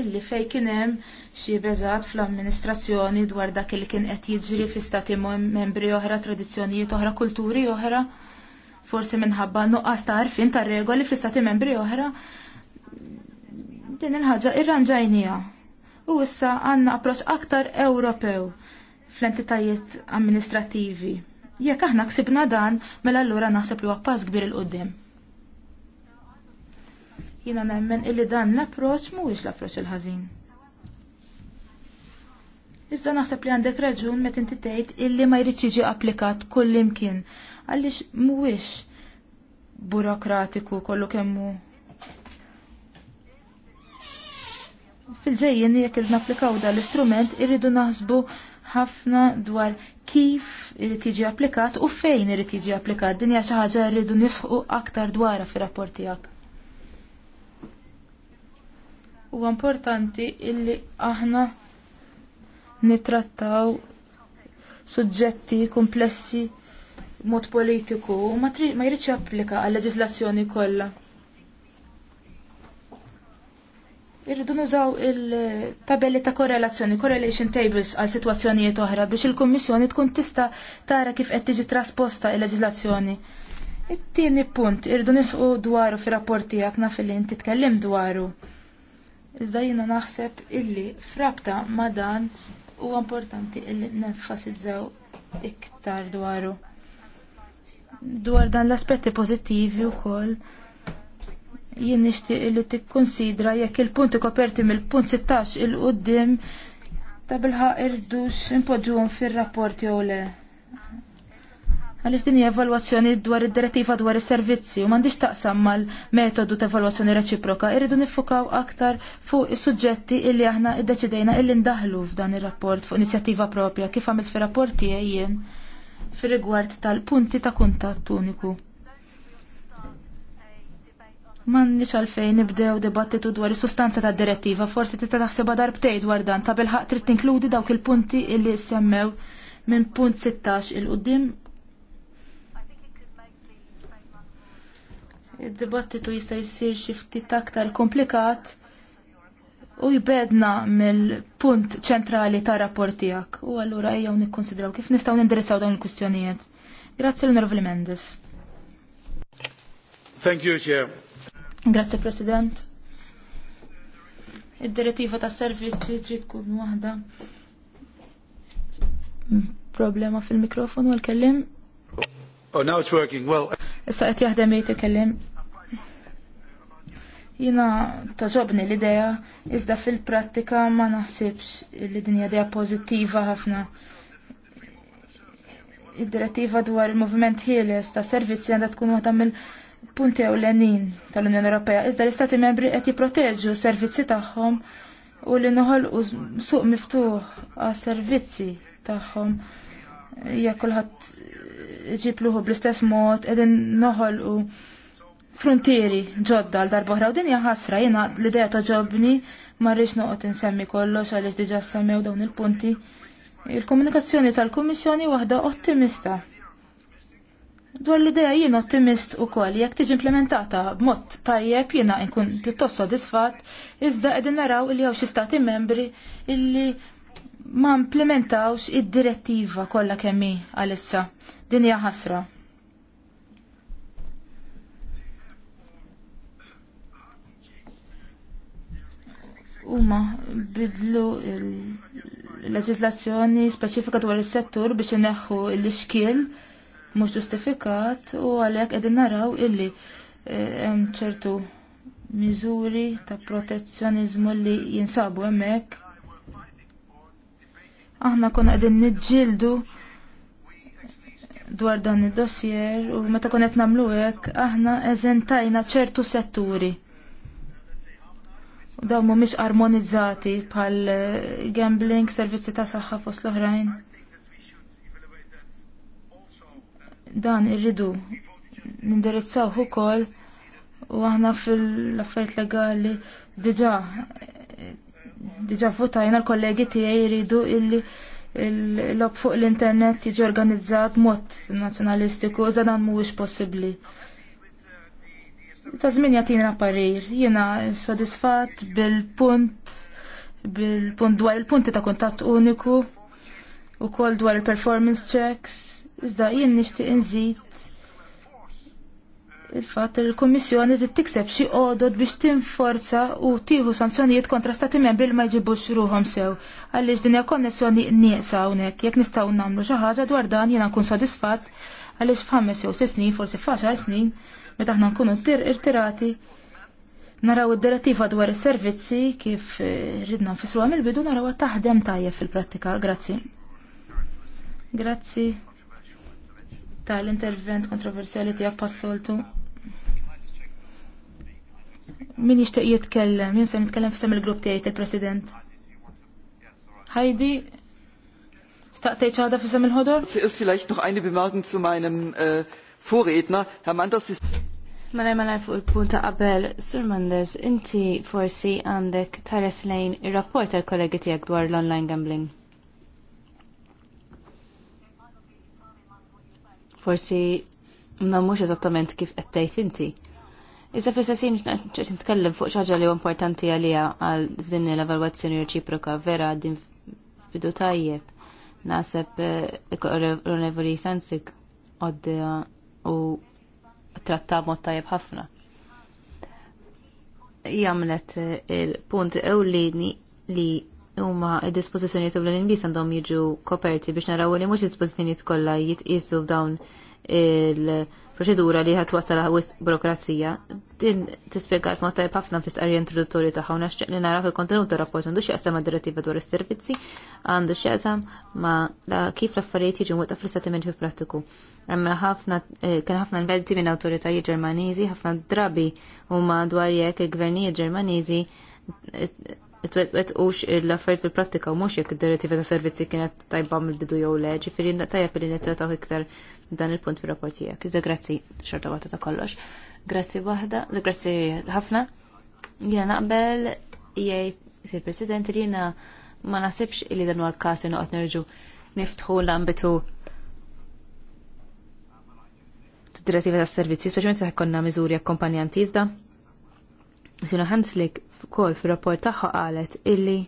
illi fej kien hemm xi beżat fl-amministrazzjoni dwar dak li kien qed jiġri fi stati membri oħra, tradizzjonijiet oħra, kulturi oħra, forsi minħabba nuqqas ta' għarfien ta' regoli fl-istati membri oħra, din il-ħaġa irranġajnija. U issa għandna approċċ aktar Ewropew fl-entitajiet amministrativi. Jekk aħna ksibna dan, mela allura naħseb li huwa pass kbir il qudiem Jiena nemmen illi dan l-approċċ mhuwiex l-approċċ il-ħażin. Iżda naħseb li għandek raġun meta inti tgħid illi ma jridx jiġi applikat kull imkien għaliex mhuwiex burokratiku kollu kemm hu. fil ġejjin jekk irid napplikaw dan l-istrument irridu naħsbu ħafna dwar kif irid tiġi applikat u fejn irid tiġi applikat. Din hija xi ħaġa rridu nisħu aktar dwarha fir-rapport tiegħek. Huwa importanti illi aħna nitrattaw suġġetti komplessi mod politiku u ma, ma jridx japplika għal leġislazzjoni kollha. Irridu nużaw il-tabelli ta' korrelazzjoni, correlation tables għal situazzjonijiet oħra biex il-Kummissjoni tkun tista' tara kif qed tiġi trasposta il leġislazzjoni It-tieni punt irridu nisqu dwaru fir-rapport tiegħek naf li inti tkellim dwaru. Iżda jiena naħseb illi frabta ma' dan huwa importanti illi nenfasizzaw iktar dwaru dwar dan l-aspetti pożittivi wkoll jien nixtieq li tikkonsidra jekk il-punti koperti mill-punt 16 il quddiem ta' bilħa irdux impoġġuhom fir-rapport jew le. Għaliex din hija evalwazzjoni dwar id-direttiva dwar is-servizzi u m'għandix taqsam mal-metodu ta' evalwazzjoni reċiproka, irridu niffukaw aktar fuq is-suġġetti illi aħna iddeċidejna illi ndaħlu f'dan ir-rapport fuq inizjattiva propja kif għamilt fir-rapport tiegħi jien fir-rigward tal-punti ta' kuntatt uniku. Mannix għalfejn nibdew dibattitu dwar is-sustanza tad direttiva, forsi tista' taħsebha darbtej dwar dan ta' bilħaq trid tinkludi dawk il-punti illi semmew minn punt 16 il qudiem Id-dibattitu jista' jsir xi ftit aktar komplikat u jbedna mill-punt ċentrali ta' rapport tiegħek. U allura ejjew nikkonsidraw kif nistgħu nindirizzaw dawn il kustjonijiet Grazzi l-Onorevoli Mendes. Thank you, Chair. Grazie President. Id-direttiva ta' servizzi trid tkun waħda. Problema fil-mikrofon u l-kellim. Oh, now it's working well. Issa qed jaħdem jgħid ikellim. Jiena toġobni l-idea, iżda fil-prattika ma naħsibx li din idea pożittiva ħafna id-direttiva dwar il-movement ħieles ta' servizzi għandha tkun waħda mill- punti ewlenin tal-Unjoni Ewropea, iżda l-Istati membri qed jipproteġu s-servizzi tagħhom u li noħolqu suq miftuħ għas-servizzi tagħhom jekk kulħadd iġib luħu bl-istess mod qegħdin noħolqu frontieri ġodda għal darbohra u din hija ħasra jiena l-idea toġobni ma rridx noqgħod insemmi kollox għaliex diġà semmew dawn il-punti. Il-komunikazzjoni tal-Kummissjoni waħda ottimista Dwar l-ideja jien ottimist u koll, jek tiġi implementata b'mod tajjeb jiena nkun pjuttost sodisfat, iżda qegħdin naraw li hawn xi stati membri illi ma implementawx id-direttiva kollha kemm hi għalissa. Din hija ħasra. Huma bidlu l-leġislazzjoni speċifika dwar is-settur biex ineħħu l-iskil mhux ġustifikat u għalhekk qegħdin naraw illi eh, hemm ċertu miżuri ta' protezzjoniżmu li jinsabu hemmhekk. Aħna konna qegħdin niġġieldu dwar dan id-dossier u meta kon qed nagħmlu hekk aħna eżentajna ċertu setturi U dawn mhumiex armonizzati bħal eh, gambling, servizzi ta' saħħa fost l-oħrajn. dan irridu nindirizzawh ukoll u aħna fil-affarijiet legali diġà diġà votajna l-kollegi tiegħi jridu illi l-lob fuq l-internet jiġi organizzat mod nazzjonalistiku iżda dan mhuwiex possibbli. Ta' żmien jagħtina parir, jiena sodisfatt bil-punt bil-punt dwar il-punti ta' kuntatt uniku u kol dwar il-performance checks Iżda jien nixtieq inżid il-fatt li l-Kummissjoni trid tikseb xi qodod biex tinforza u tieħu sanzjonijiet kontra stati membri li ma jġibux ruhom sew. Għaliex din hija konnessjoni nieqsa hawnhekk, jekk nistgħu nagħmlu xi ħaġa dwar dan jiena nkun sodisfatt għaliex f'ħames jew sitt snin, forsi f'għaxar snin, meta aħna nkunu irtirati naraw id-direttiva dwar is-servizzi kif ridna nfisruha mill-bidu naraw taħdem tajjeb fil-prattika. Grazzi. Grazzi tal-intervent kontroversjali tiegħek passoltu. Min jixtieq jitkellem, jien se nitkellem f'sem il-grupp tiegħi il-President. Heidi, staqtejt ċada f'sem il-ħodor? Zuerst filajt noħ eine bimarkin zu majnem äh, Vorredner, Herr Manders ist Malaj malaj fuq il-punt ta' qabel, Sir Manders, inti forsi għandek tares lejn ir-rapport tal-kollegi tiegħek dwar l-online gambling. Forsi mhux eżattament kif qed tgħid inti. Iżda fl-istessin ċert nitkellem fuq xaġa li importanti għalija għal f'din l-evalwazzjoni reċiproka vera din bidu tajjeb. Naseb l-Onevoli eh, Sansik eh, u trattab mod tajjeb ħafna. Jamlet eh, il-punt ewlieni li huma id-dispożizzjonijiet u l-inbis għandhom jiġu koperti biex naraw li mhux dispożizzjonijiet kollha jitqisu f'dawn il-proċedura li ħat wasal wisq burokrazija. Din tispjega mod tajb ħafna fis-qarja introduttorju tagħha u naxtieq li naraw il kontenut tar-rapport għandu x'jaqsam mad-direttiva dwar is-servizzi, għandu x'jaqsam ma' kif l-affarijiet jiġu mwettaq fl-istatiment fil-prattiku. Għamma ħafna eh, kien ħafna nvedti minn awtoritajiet Ġermaniżi, ħafna drabi huma dwar jekk il-gvernijiet Ġermaniżi eh, it-wetqux l-affarijiet fil-prattika u mhux jekk id-direttiva ta' servizzi kienet tajba mill-bidu jew le, ġifieri tajjeb li nittrataw iktar dan il-punt fir-rapport tiegħek. Iżda grazzi xorta waħda ta' kollox. Grazzi waħda, grazzi ħafna. Jiena naqbel jgħid sir President li jiena ma nasibx li dan huwa każ li noqgħod nerġu niftħu l-ambitu direttiva tas servizzi, speċjalment se konna miżuri akkompanjanti iżda. Sina ħanslik kol fil rapport tagħha qalet illi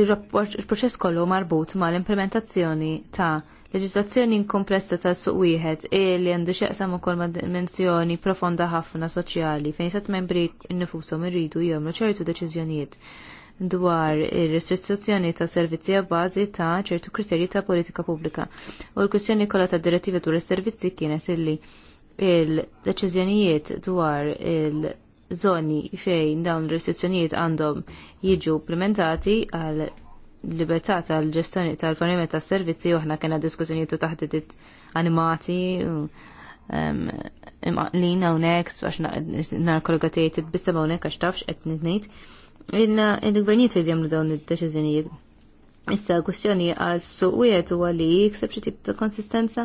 il-proċess kollu marbut ma l-implementazzjoni ta' leġislazzjoni inkomplessa ta' suq wieħed illi għandu xeqsam ukoll ma' dimensjoni profonda ħafna soċjali fejn sat membri nnifushom irridu jomlu ċertu deċiżjonijiet dwar ir-restrizzjoni ta' servizzi bażi ta' ċertu kriterji ta' politika pubblika. U l-kwistjoni kollha ta' direttivi dwar is-servizzi kienet illi il-deċiżjonijiet dwar il-, -deċizjonijiet dwar il zoni fejn dawn il-restrizzjonijiet għandhom jiġu implementati għal libertà tal-ġestjoni tal-fornimet tas servizzi u aħna kena diskussjonijiet u taħdidiet animati imqaqlin hawnhekk għax nar kollega bissa ma' hawnhekk għax tafx qed inna Il-gvernijiet jridu jagħmlu dawn id-deċiżjonijiet. Issa kwestjoni għal suq wieħed huwa li jikseb xi tip ta' konsistenza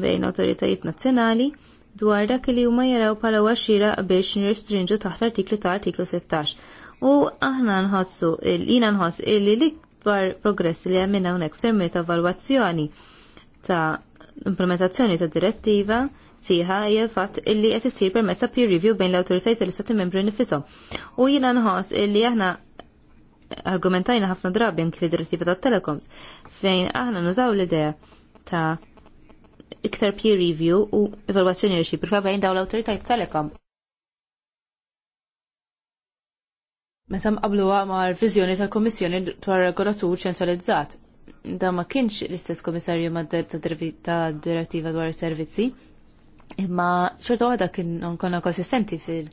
bejn awtoritajiet nazzjonali dwar dak li huma jaraw bħala waxxira biex nirstrinġu taħt artiklu ta' artiklu 16. U aħna nħossu, jina nħoss li l-ikbar progress li għamilna unek f'termini ta' valwazzjoni ta' implementazzjoni ta' direttiva siħa hija fatt illi qed isir permezz peer review bejn l-awtoritajiet tal-istati membri nifisom. U jiena nħoss illi aħna argumentajna ħafna drabi kif id-direttiva tat-telecoms fejn aħna nużaw l-idea ta' iktar peer review u evalwazzjoni reċiproka bejn dawn l-awtoritajiet telekom. Meta mqablu ma' l-viżjoni tal kummissjoni dwar regolatur ċentralizzat. Da ma kienx l-istess komissarju ma' ta' direttiva dwar is-servizzi, imma ċertu għada kien konna konsistenti fil-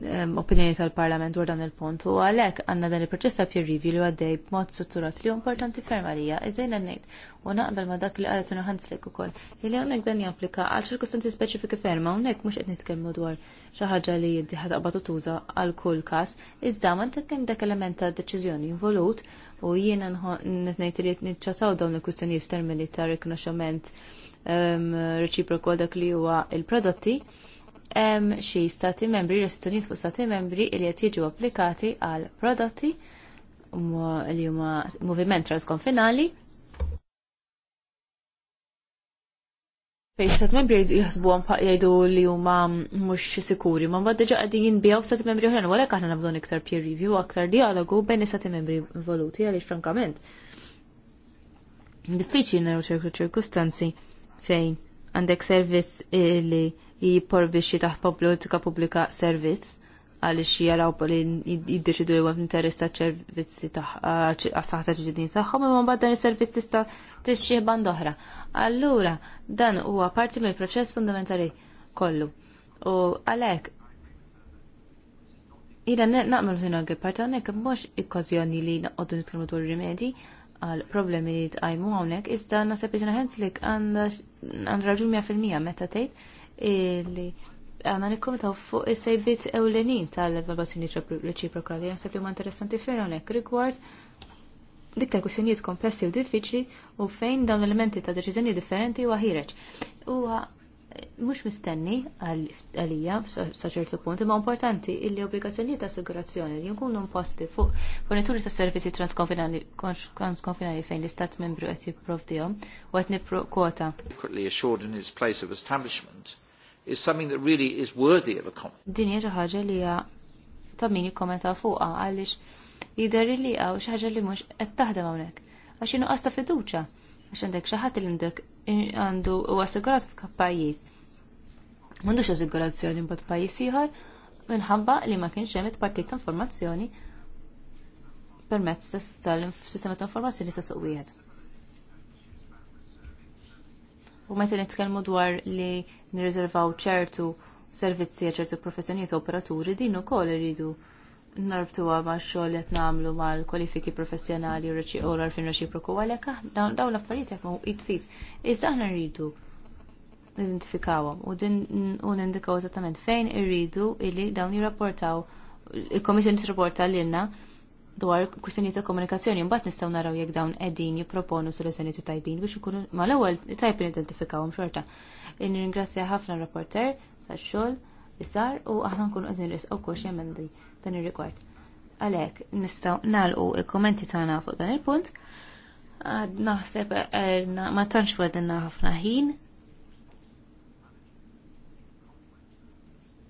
Um, opinjoni tal-Parlament dwar dan il-punt u għalhekk għandna dan il-proċess ta' peer review li għaddej b'mod strutturat li importanti fermarija, għalija iżejn ngħid u naqbel ma' dak li qalet inhu ħanslek ukoll li hawnhekk dan japplika għal ċirkostanzi speċifiki ferma hawnhekk mhux qed nitkellmu dwar xi ħaġa li inti ħataqbad tuża għal kull każ iżda ma kemm dak element ta' deċiżjoni involut u jiena ngħid li niċċataw dawn il-kwistjonijiet f'termini ta' rikonoxxament um, reċiproku dak li huwa il-prodotti hemm xi stati membri, restrizzjonijiet fuq stati membri li qed jiġu applikati għal prodotti um, li huma moviment transkonfinali Fejn stati membri jaħsbuhom jgħidu li huma mhux sikuri, ma mbagħad diġà qegħdin jinbjaw stati membri oħrajn, u għalhekk aħna nabżon iktar peer review, aktar dialogu bejn is-stati membri involuti għaliex frankament. Diffiċli nagħmlu ċerku ċirkustanzi fejn għandek servizz li jipporvixxi taħt politika pubblika servizz għaliex jaraw li jiddeċidu li għem interess ta' ċervizzi għas-saħħa ta' ġidin tagħhom imma ma' dan is-servizz tista' t band oħra. Allura dan huwa parti mill-proċess fundamentali kollu. U għalhekk Ira naqmel għagħi għi partanek mux ikkozjoni li naqqoddu nitkrimu dwar rimedi għal problemi li t hawnhekk iżda nasab iġna ħenslik għandha raġun fil-mija meta tgħid li għanna nikkomitaw fuq is-sejbit ewlenin tal-evalvazzjoni reċiproka li jansab li huma interessanti fejn hawnhekk rigward dik tal-kwistjonijiet komplessi u diffiċli u fejn dawn l-elementi ta' deċiżjoni differenti huwa għahireċ. Huwa mhux mistenni għalija sa ċertu punt, imma importanti illi obbligazzjonijiet ta' assigurazzjoni li jkunu imposti fuq fornituri ta' servizzi transkonfinali fejn l-istat membru qed jipprovdihom u qed nippru kwota is something that really is worthy of a comment. Din hija ħaġa li hija ta' min jikkommenta fuqha għaliex jidher li hawn xi ħaġa li mhux qed taħdem hawnhekk. Għax inhu qasta fiduċja għax għandek xi ħadd li għandek għandu u assigurat f'pajjiż. M'għandux assigurazzjoni mbagħad pajjiż ieħor minħabba li ma kienx hemm it-partit ta' informazzjoni permezz tal-sistema ta' informazzjoni sa' suq wieħed. U meta nitkellmu dwar li nirriservaw ċertu servizzi għal ċertu professjonijiet operaturi din ukoll iridu narbtuha għax xogħol qed nagħmlu mal-kwalifiki professjonali u l-għar fin reċiproku għalhekk dawn l-affarijiet jekk ma' issa Iżda aħna rridu nidentifikawhom u din u nindikaw eżattament fejn irridu illi dawn jirrapportaw il-Komissjoni tirrapporta lilna dwar kwistjonijiet ta' komunikazzjoni mbagħad nistgħu naraw jekk dawn qegħdin jipproponu ta' tajbin biex ikunu mal-ewwel tajbin identifikawhom xorta. Inringrazzja ħafna rapporter tax-xogħol li sar u aħna nkunu qegħdin nisqgħu kux jemendi dan ir-rigward. Għalhekk nistgħu nagħlqu il-kommenti tagħna fuq dan il-punt. Naħseb ma tantx wedinna ħafna ħin.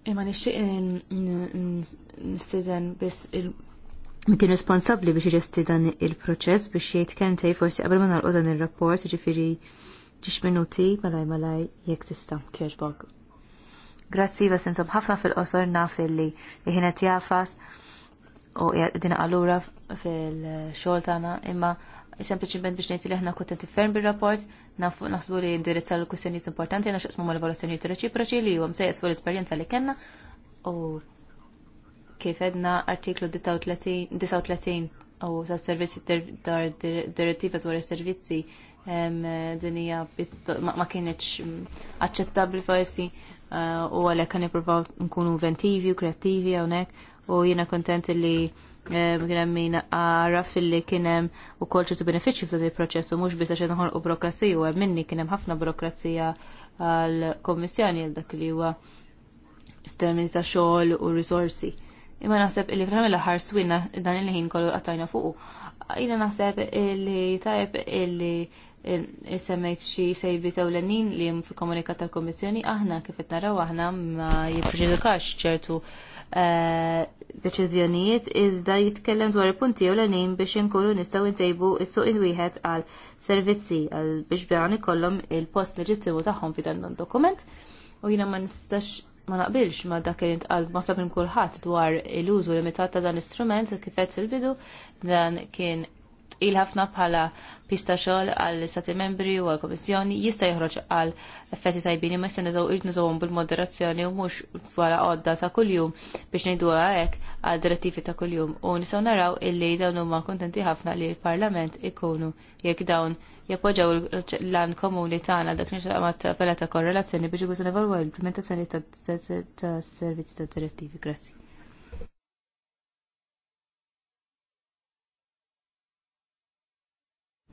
Imma nixtieq nistiden biss il- Min kien responsabbli biex iġesti dan il-proċess biex jgħid kentej forsi qabel ma nagħlqu dan ir-rapport, jiġifieri ġiex minuti malaj malaj jekk tista' kieġbok. Grazzi va sensom ħafna fil-qosor naf illi jħinet jafas u jgħadina għallura fil-xogħol tagħna imma sempliċiment biex ngħid li aħna kuntenti ferm bir-rapport, naħsbu li ndirizza l-kwistjonijiet importanti għandna x'qsmu mal-valutazzjonijiet reċiproċi li huwa msejjes fuq l-esperjenza li kellna u kif edna artiklu 39 u ta' servizzi dar direttiva dwar is-servizzi din hija ma kienx mm, aċċettabbli forsi eh, u għalhekk kan nippruvaw nkunu inventivi u kreattivi hawnhekk u jiena kontent li kien hemm min għaraf illi kien hemm ukoll ċertu benefiċċju f'dan il-proċess u mhux biss għax inħolqu burokrazija u hemm minni kien hemm ħafna burokrazija għall kummissjoni għal dak li huwa f'termini ta' xogħol u risorsi imma naħseb li fl l ħar swinna dan il-ħin kollu qattajna fuqu. Jina naħseb li tajb li semmejt xi sejbi l-nin li jem fil-komunikat tal-Komissjoni aħna kif naraw aħna ma jippreġudikax ċertu eh, deċiżjonijiet iżda jitkellem dwar il-punti ewlenin biex inkunu nistgħu ntejbu s suq il-wieħed għal servizzi għal biex bjani kollhom il-post leġittimu tagħhom dan dokument u jina ma nistax ma naqbilx ma dak li ntqal ma sabin kulħadd dwar il-użu limitat ta' dan l-istrument kif fil-bidu dan kien il ħafna bħala pista xogħol għall istati membri u għall komissjoni jista' joħroġ għal effetti tajbini ma se niżgħu irnużawhom bil-moderazzjoni u mhux wara għodda ta' kuljum biex ngħidulha hekk għal direttivi ta' kuljum u nistgħu naraw illi dawn huma kontenti ħafna li l-Parlament ikunu jekk dawn jappoġġaw l-lan komuni tagħna dak nixtaqma tappella ta' korrelazzjoni biex ikun evalwa l-implementazzjoni ta' servizzi ta' direttivi. Grazzi.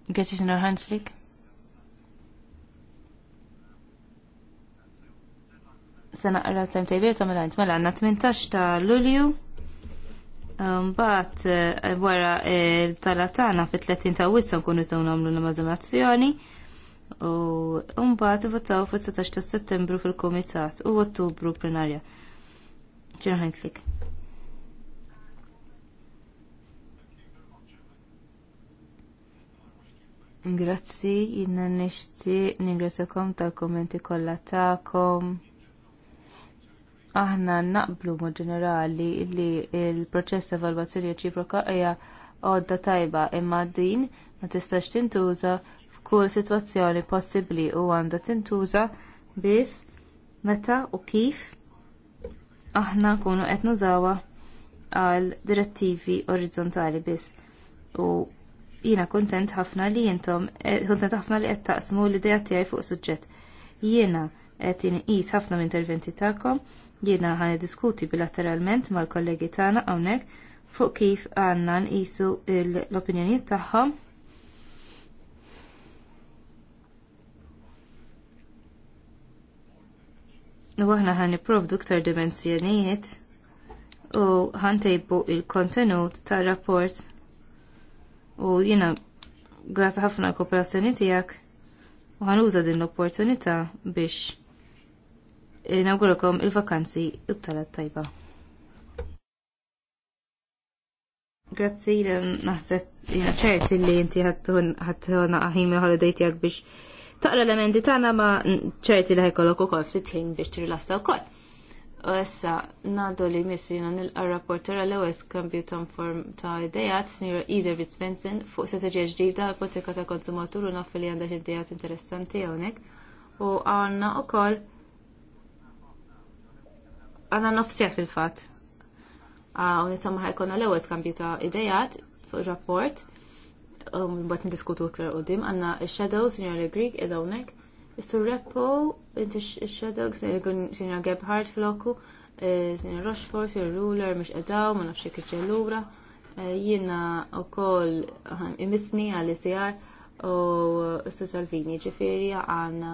Grazzi, Sinor Hanslik. Sena naqra tajm tajbiet għamil għajnt mela, mela għanna 18 ta' Lulju. Mbaħt, eh, wara eh, l-talatana fit-30 ta' wissa nkunu nistgħu nagħmlu l-mażolazzjoni u mbagħad votaw fit-16 ta' Settembru fil-Kumitat u Ottubru plenarja. Ġena ħajslik. Grazzi, jinnan nishti, ningrazzakom tal-kommenti kollha tagħkom aħna naqblu mod ġenerali li l proċess ta' evalwazzjoni reċiproka hija għodda tajba imma din ma tistax tintuża f'kull sitwazzjoni possibbli u għandha tintuża biss meta u kif aħna nkunu qed nużawha għal direttivi orizzontali biss. U jiena kuntent ħafna li intom eh, kuntent ħafna li qed taqsmu l-idea tiegħi fuq suġġett. Jiena qed inqis ħafna minn interventi tagħkom Jiena ħan diskuti bilateralment mal-kollegi tagħna hawnhekk fuq kif għandna nqisu l-opinjonijiet tagħhom u aħna ħan niprovdu ktar dimensjonijiet u ħan tejbu il-kontenut tar rapport u jiena grata ħafna l-kooperazzjoni tiegħek u ħan uża din l-opportunità biex nawgurkom il-vakanzi ibtalet tajba. Grazzi li naħseb jina ċerti li inti ħattuna ħimi holiday tijak biex taqra l-emendi tagħna ma ċerti li ħajkollok ukoll ftit ħin biex t wkoll. U issa nagħdu li missi jina qar rapporter għal ewwel skambju ta' form ta' idejat snira Ider Svensson fuq strateġija ġdida ipoteka ta' konsumatur u naf li għandha xi idejat interessanti hawnhekk. U u wkoll għana nofsija fil-fat. U nittam maħi konna l-ewel skambju ta' idejat fuq il-rapport, bat nidiskutu ktar u dim, għanna il-shadow, Signor Le Grieg, id-għonek, Repo, inti il-shadow, Signor Gebhardt fil-okku, eh, Signor Rochefort, Signor Ruler, mish edaw, ma nafxie kħiċellura, jina u koll imisni għal-ICR u Istur Salvini, ġifiri għanna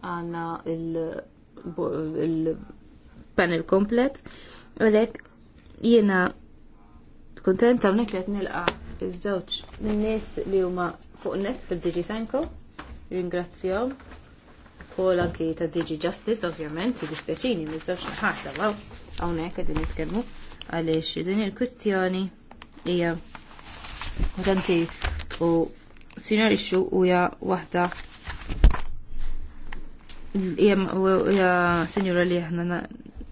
għanna il- panel komplet, u għalek jena kontenta unek li nilqa iż-żewġ n-nies li huma fuq net fil-Digi Sanko, ringrazzjom, Paul anki ta' Digi Justice, ovvjament, dispjaċini, miż-żewġ naħasa, waw, għawnek għedin nitkellmu għaliex din il-kwistjoni hija għanti, u sinjor ixxu u hija waħda hija sinjura li aħna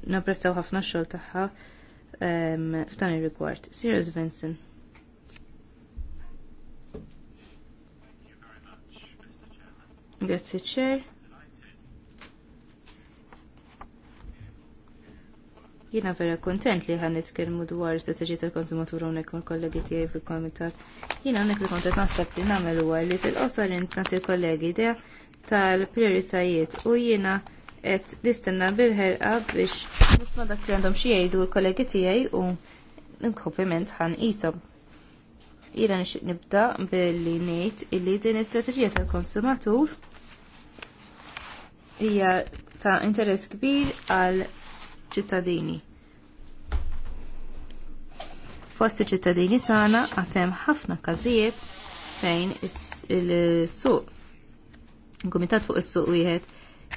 Naprezzaw ħafna x-xogħol tagħha f'dan ir-rigward. Sirius Vincent. Grazie Chair. Jiena vera kontent li ħan nitkelmu dwar strateġija tal-konsumatur hawnhekk mal-kollegi tiegħi fil-komitat. Jiena hawnhekk li kontent nasab li nagħmel għalli li fil qosar nagħti kollegi idea tal-prioritajiet u jiena qed nistenna bil-ħerqa biex nisma' dak li għandhom xi jgħidu l-kollegi tiegħi u nkopiment ħan qishom. Ira nixtieq nibda billi ngħid illi din l-istrateġija tal-konsumatur hija ta' interess kbir għal ċittadini. Fost iċ-ċittadini tagħna għad hemm ħafna każijiet fejn is-suq il-kumitat fuq is-suq wieħed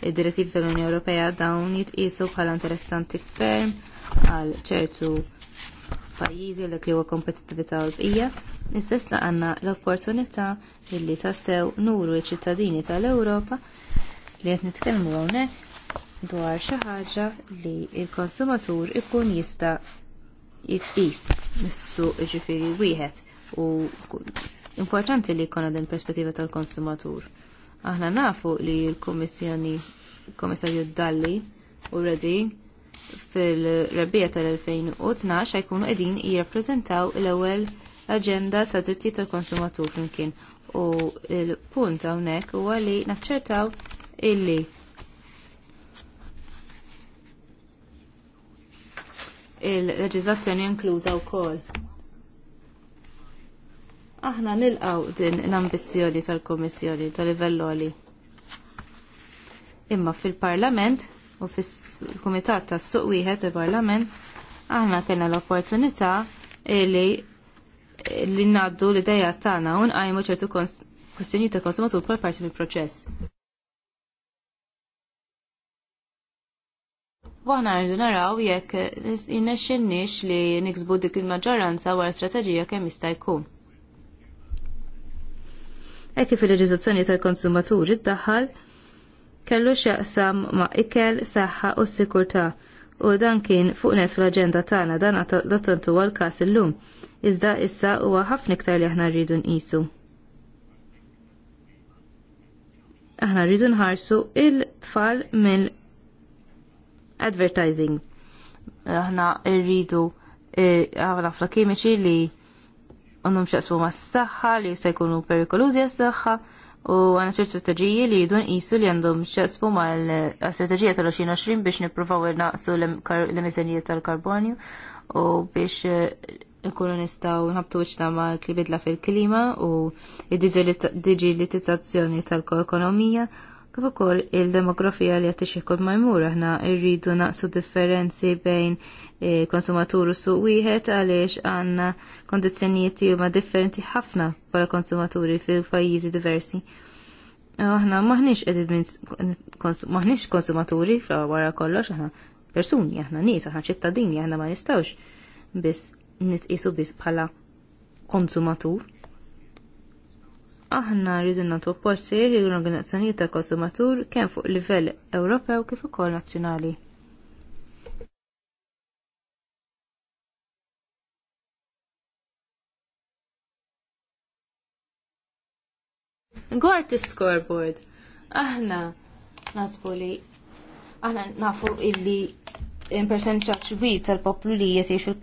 id-direttiv tal-Unjoni Ewropea dawn jitqisu bħala interessanti ferm għal ċertu pajjiżi li huwa kompetittività Ewropija. Istessa għandna l-opportunità illi tassew nuru ċ-ċittadini tal-Ewropa li qed nitkellmu hawnhekk dwar xi ħaġa li l-konsumatur ikun jista' jitqis mis-suq jiġifieri wieħed u importanti li jkun din perspettiva tal-konsumatur. Aħna nafu li l-Kummissjoni Komissarju Dalli u Reding fil rebbija tal-2012 ħajkunu qegħdin jirrappreżentaw l-ewwel aġenda ta' dritti tal-konsumatur flimkien. U l-punt hawnhekk huwa li naċċertaw illi il-leġiżlazzjoni inkluża wkoll Aħna nilqaw din l-ambizzjoni tal-Komissjoni tal-livell oli. Imma fil-Parlament u fil-Kumitat tas suq wieħed il-Parlament aħna kena l-opportunità li li naddu l-ideja tagħna u nqajmu ċertu kwestjonijiet ta' konsumatur bħal parti mill-proċess. Waħna rridu naraw jekk jinnexxinniex li niksbu dik il-maġġoranza wara strateġija kemm jista' jkun e kif il reġizzazzjoni tal-konsumaturi d-daħħal kellu xaqsam ma' ikel, saħħa u sikurtà u dan kien fuq net fl-aġenda tagħna dan datantu għal każ illum. Iżda issa huwa ħafna iktar li aħna rridu nqisu. Aħna rridu nħarsu il-tfal mill advertising. Aħna rridu eh, għavla fl kimiċi li għandhom ma s saħħa li jista' jkunu perikolużi għas-saħħa u għana ċertu strateġiji li jidun qisu li għandhom ma mal-strateġija tal-2020 biex nippruvaw naqsu l-emissjonijiet tal-karbonju u biex eh, nkunu nistaw nħabtu ma l klibidla fil-klima u id-diġilitizzazzjoni tal-ekonomija kif ukoll il-demografija li qed ixekol ma jmur aħna rridu naqsu differenzi bejn eh, konsumatur u suq wieħed għaliex għandna kondizzjonijiet li huma differenti ħafna bħala konsumaturi fil-pajjiżi diversi. Aħna maħniex qegħdin maħniex konsumaturi wara kollox aħna persuni, aħna nies, aħna ċittadini, aħna ma nistgħux biss nitqisu biss bħala konsumatur aħna rridu nagħtu porsir l-organizzazzjonijiet tal konsumatur kemm fuq livell Ewropew kif ukoll nazzjonali. Gort scoreboard. Aħna nasbu li aħna nafu illi in percentage tal-poplu li jgħet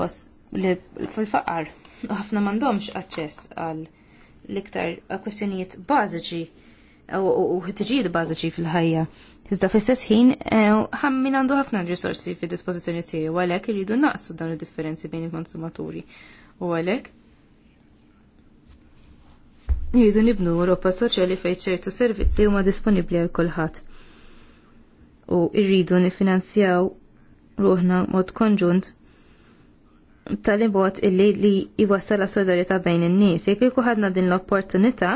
fil-faqar. Aħna m'għandhomx aċċess għal l-iktar uh, kwestjonijiet bażiċi uh, u ħtiġijiet bażiċi fil-ħajja. Iżda fl-istess ħin, uh, ħammin għandu ħafna risorsi fi dispożizzjoni u għalhekk irridu naqsu dawn id-differenzi bejn il-konsumaturi. U għalhekk iridu nibnu Ewropa soċjali fejn ċertu servizzi huma disponibbli għal kulħadd. U rridu nifinanzjaw ruħna mod konġunt tal-ibot illi li jwassal la solidarieta bejn in-nies. Jekk kieku ħadna din l-opportunità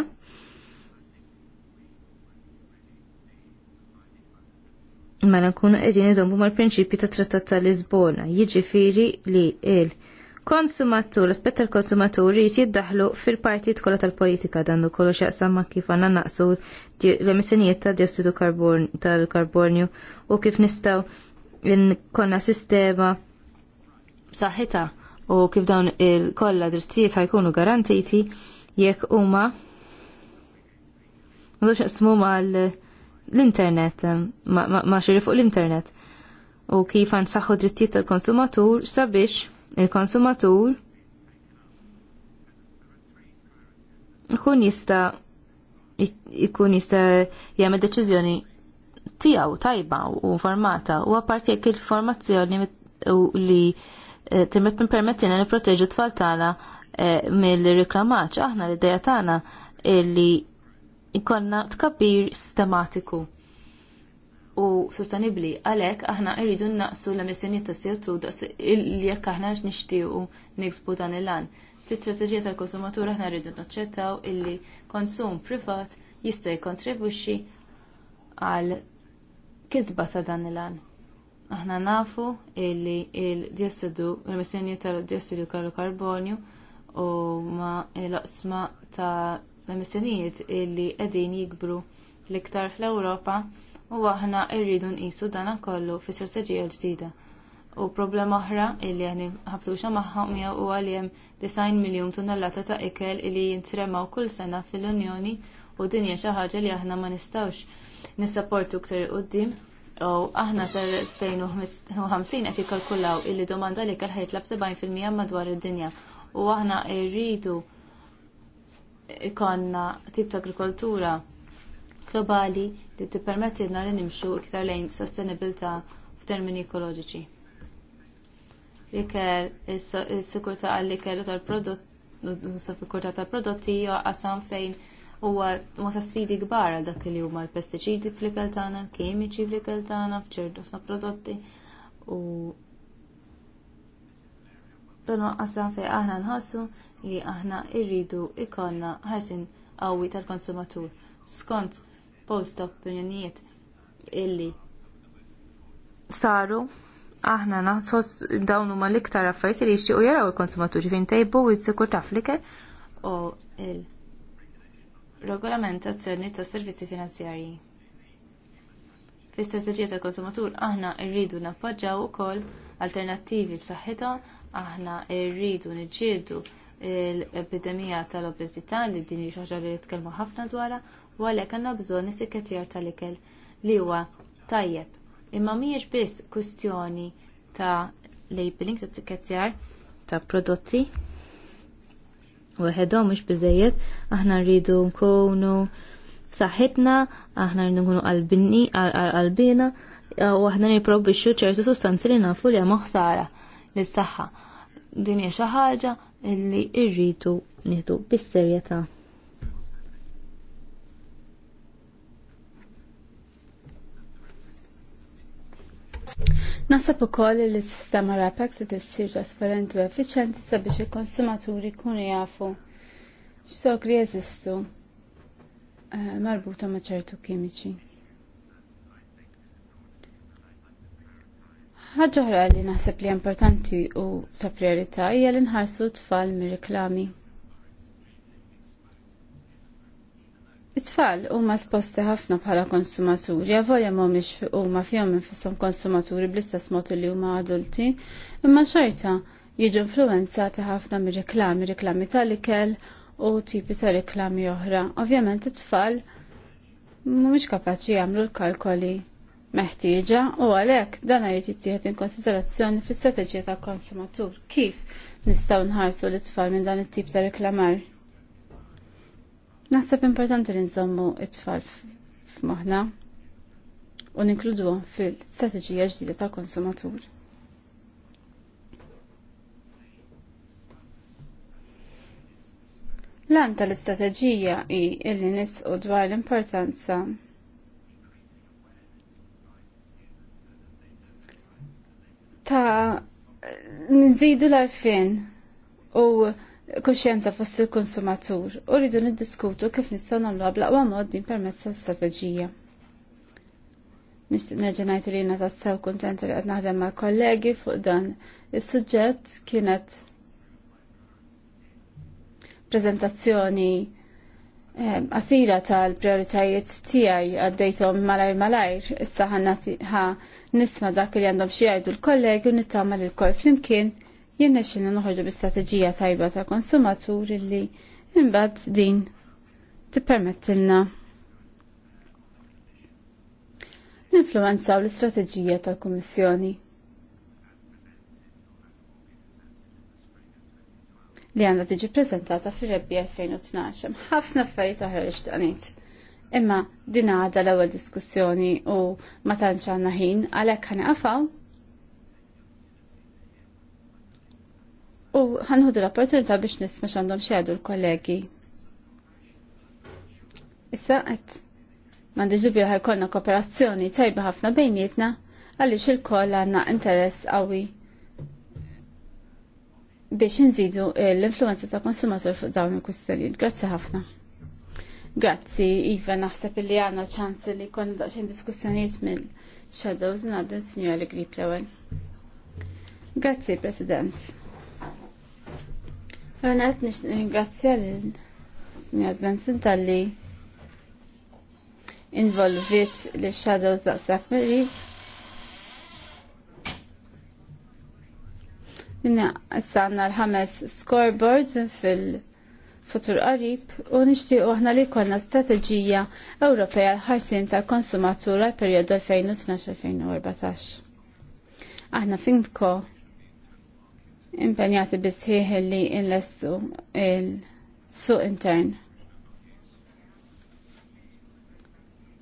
mela nkunu qegħdin iżommu mal-prinċipji ta' Trattat tal Lisbona, jiġifieri li il konsumatur, l-aspett tal-konsumatur jrid jiddaħlu fil-partit kollha tal-politika dan kollox jaqsam ma' kif għandna naqsu l-emissjonijiet ta' diossidu tal-karbonju u kif nistgħu konna sistema saħħita u kif dawn il-kollha drittijiet ħajkunu garantiti jekk huma Mdux naqsmu mal l-internet, ma xiri fuq l-internet. U kif għan saħħu drittijiet tal-konsumatur sabiex il-konsumatur ikun jista ikun jista jagħmel deċiżjoni tiegħu tajba u formata u apparti jekk il-formazzjoni li timmet permettina li proteġu tfal tagħna eh, mill-riklamaċ. Aħna l-ideja tagħna li ikonna tkabbir sistematiku u sostenibli għalhekk aħna rridu naqsu l-emissjonijiet ta' CO2 daqs li jekk aħna nixtiequ niksbu dan il lan Fit-strateġija tal-konsumatur aħna rridu naċċettaw illi konsum privat jista' jikkontribwixxi għal kisba ta' dan il-għan aħna nafu illi il-diassidu, il-missjoni tal-diassidu karbonju u ma l-oqsma ta' l-emissjonijiet illi qegħdin jikbru l-iktar fl-Ewropa u aħna rridu nqisu dana kollu fi l ġdida. U problema oħra illi għani xa maħħom hija u għaljem 90 miljum tunnellata ta' ikel illi jintremaw kull sena fil-Unjoni u dinja xi ħaġa li aħna ma nistawx nissapportu ktar qudiem u aħna sal-2050 qed jikkalkulaw illi domanda li kell ħajtlab 70% madwar id-dinja u aħna rridu ikonna tip ta' agrikoltura globali li tippermettilna li nimxu iktar lejn sostenibilità f'termini ekoloġiċi. Ikel is-sikurtà għall-ikel tal-prodotti s tal-prodotti għasam fejn huwa ma sfidi kbar għal dak li huma l-pestiċidi fl-ikel tagħna, l-kimiċi fl-ikel tagħna, f'ċertu ħafna prodotti u dan qasam fejn aħna nħassu li aħna irridu ikollna ħarsin qawwi tal-konsumatur skont post opinjonijiet illi saru aħna naħsos dawn huma l-iktar affarijiet li jixtiequ jaraw il konsumatur ġifin tejbu u s-sikur u il- regolamentazzjoni tas servizzi finanzjarji. Fl-istrateġija tal konsumatur aħna rridu nappoġġaw ukoll alternattivi b'saħħitha, aħna rridu niġġieldu l-epidemija tal-obeżità li din hi ħaġa li nitkellmu ħafna dwarha u għalhekk għandna bżonn istikketjar tal-ikel li huwa tajjeb. Imma mhijiex biss kwistjoni ta' labeling ta' tikketjar ta' prodotti weħedhom mhux biżejjed, aħna rridu nkunu f'saħħitna, aħna rridu nkunu qalbina u aħna nipprobixxu ċertu sustanzi li nafu li hemm ħsara lis-saħħa. Din hija xi ħaġa li rridu nieħdu bis-serjetà. Nasab ukoll li s-sistema Rapex se tissir trasparenti u effiċjenti sabiex il-konsumaturi jkunu jafu x'sok li jesistu eh, marbuta ma' ċertu kimiċi. ħaġa oħra li naħseb li importanti u ta' priorità hija li nħarsu tfal mir-reklami. It-tfal huma sposti ħafna bħala konsumaturi, għavolja mhumiex huma fihom infusom konsumaturi bl-istess mod li huma adulti, imma xorta jiġu influenzati ħafna mir-reklami, reklami tal-ikel u tipi ta' reklami oħra. Ovvjament it-tfal mhumiex kapaċi jagħmlu l-kalkoli meħtieġa u għalhekk dan jrid jittieħed in konsiderazzjoni fi strateġija tal-konsumatur. Kif nistgħu nħarsu l-itfal minn dan it-tip ta' reklamar? Naħseb importanti li nżommu it-tfal f'moħħna u ninkluduhom fil-strateġija ġdida tal konsumatur. Lan tal-istrateġija i illi nisqu dwar l-importanza ta' nżidu l-arfin u kuxjenza fost il-konsumatur u rridu niddiskutu kif nistgħu nagħmluha blaqwa mod din permezz tal-istrateġija. Nixtieq nerġa' ngħid li jiena tassew kuntent li qed naħdem ma' kollegi fuq dan is-suġġett kienet prezentazzjoni Għasira eh, tal-prioritajiet tijaj għaddejtom malajr malajr, issa ħa nisma dak li għandhom xie għajdu l-kollegi u nittama lil l-kol flimkien jenna xina noħorġu bi-strategija tajba ta' konsumatur illi imbagħad din tippermettilna ninfluenzaw l-istrateġija tal-Kummissjoni. li għandha tiġi prezentata fir-rebbi 2012 ħafna affarijiet oħra li xtaqnit. Imma din għadha l-ewwel diskussjoni u ma tantx għandna ħin għalhekk ħaniqafgħu U ħanħud l-opportunità biex nisma xandom xedu l-kollegi. Issa għet, mandi ġubju ħajkonna kooperazzjoni tajba ħafna bejnietna għalix il-koll għanna interess għawi biex nżidu l-influenza ta' konsumatur fuq dawn il-kustjonijiet. Grazzi ħafna. Grazzi, Iva, naħseb li għanna ċans li konna daċċin diskussjonijiet mill Shadows, naħdin signora li grip l-ewel. Grazzi, President. Għana għet nix ringrazzja l-Sinjor Benson tal-li involvit li shadows daqsak mirri. Minna għassamna l-ħames scoreboard fil-futur qarib u nishtiqu aħna li konna strategija Ewropea l-ħarsin tal-konsumatura l-periodu 2012-2014. Aħna finko impenjati bisħiħ li inlestu il-suq intern.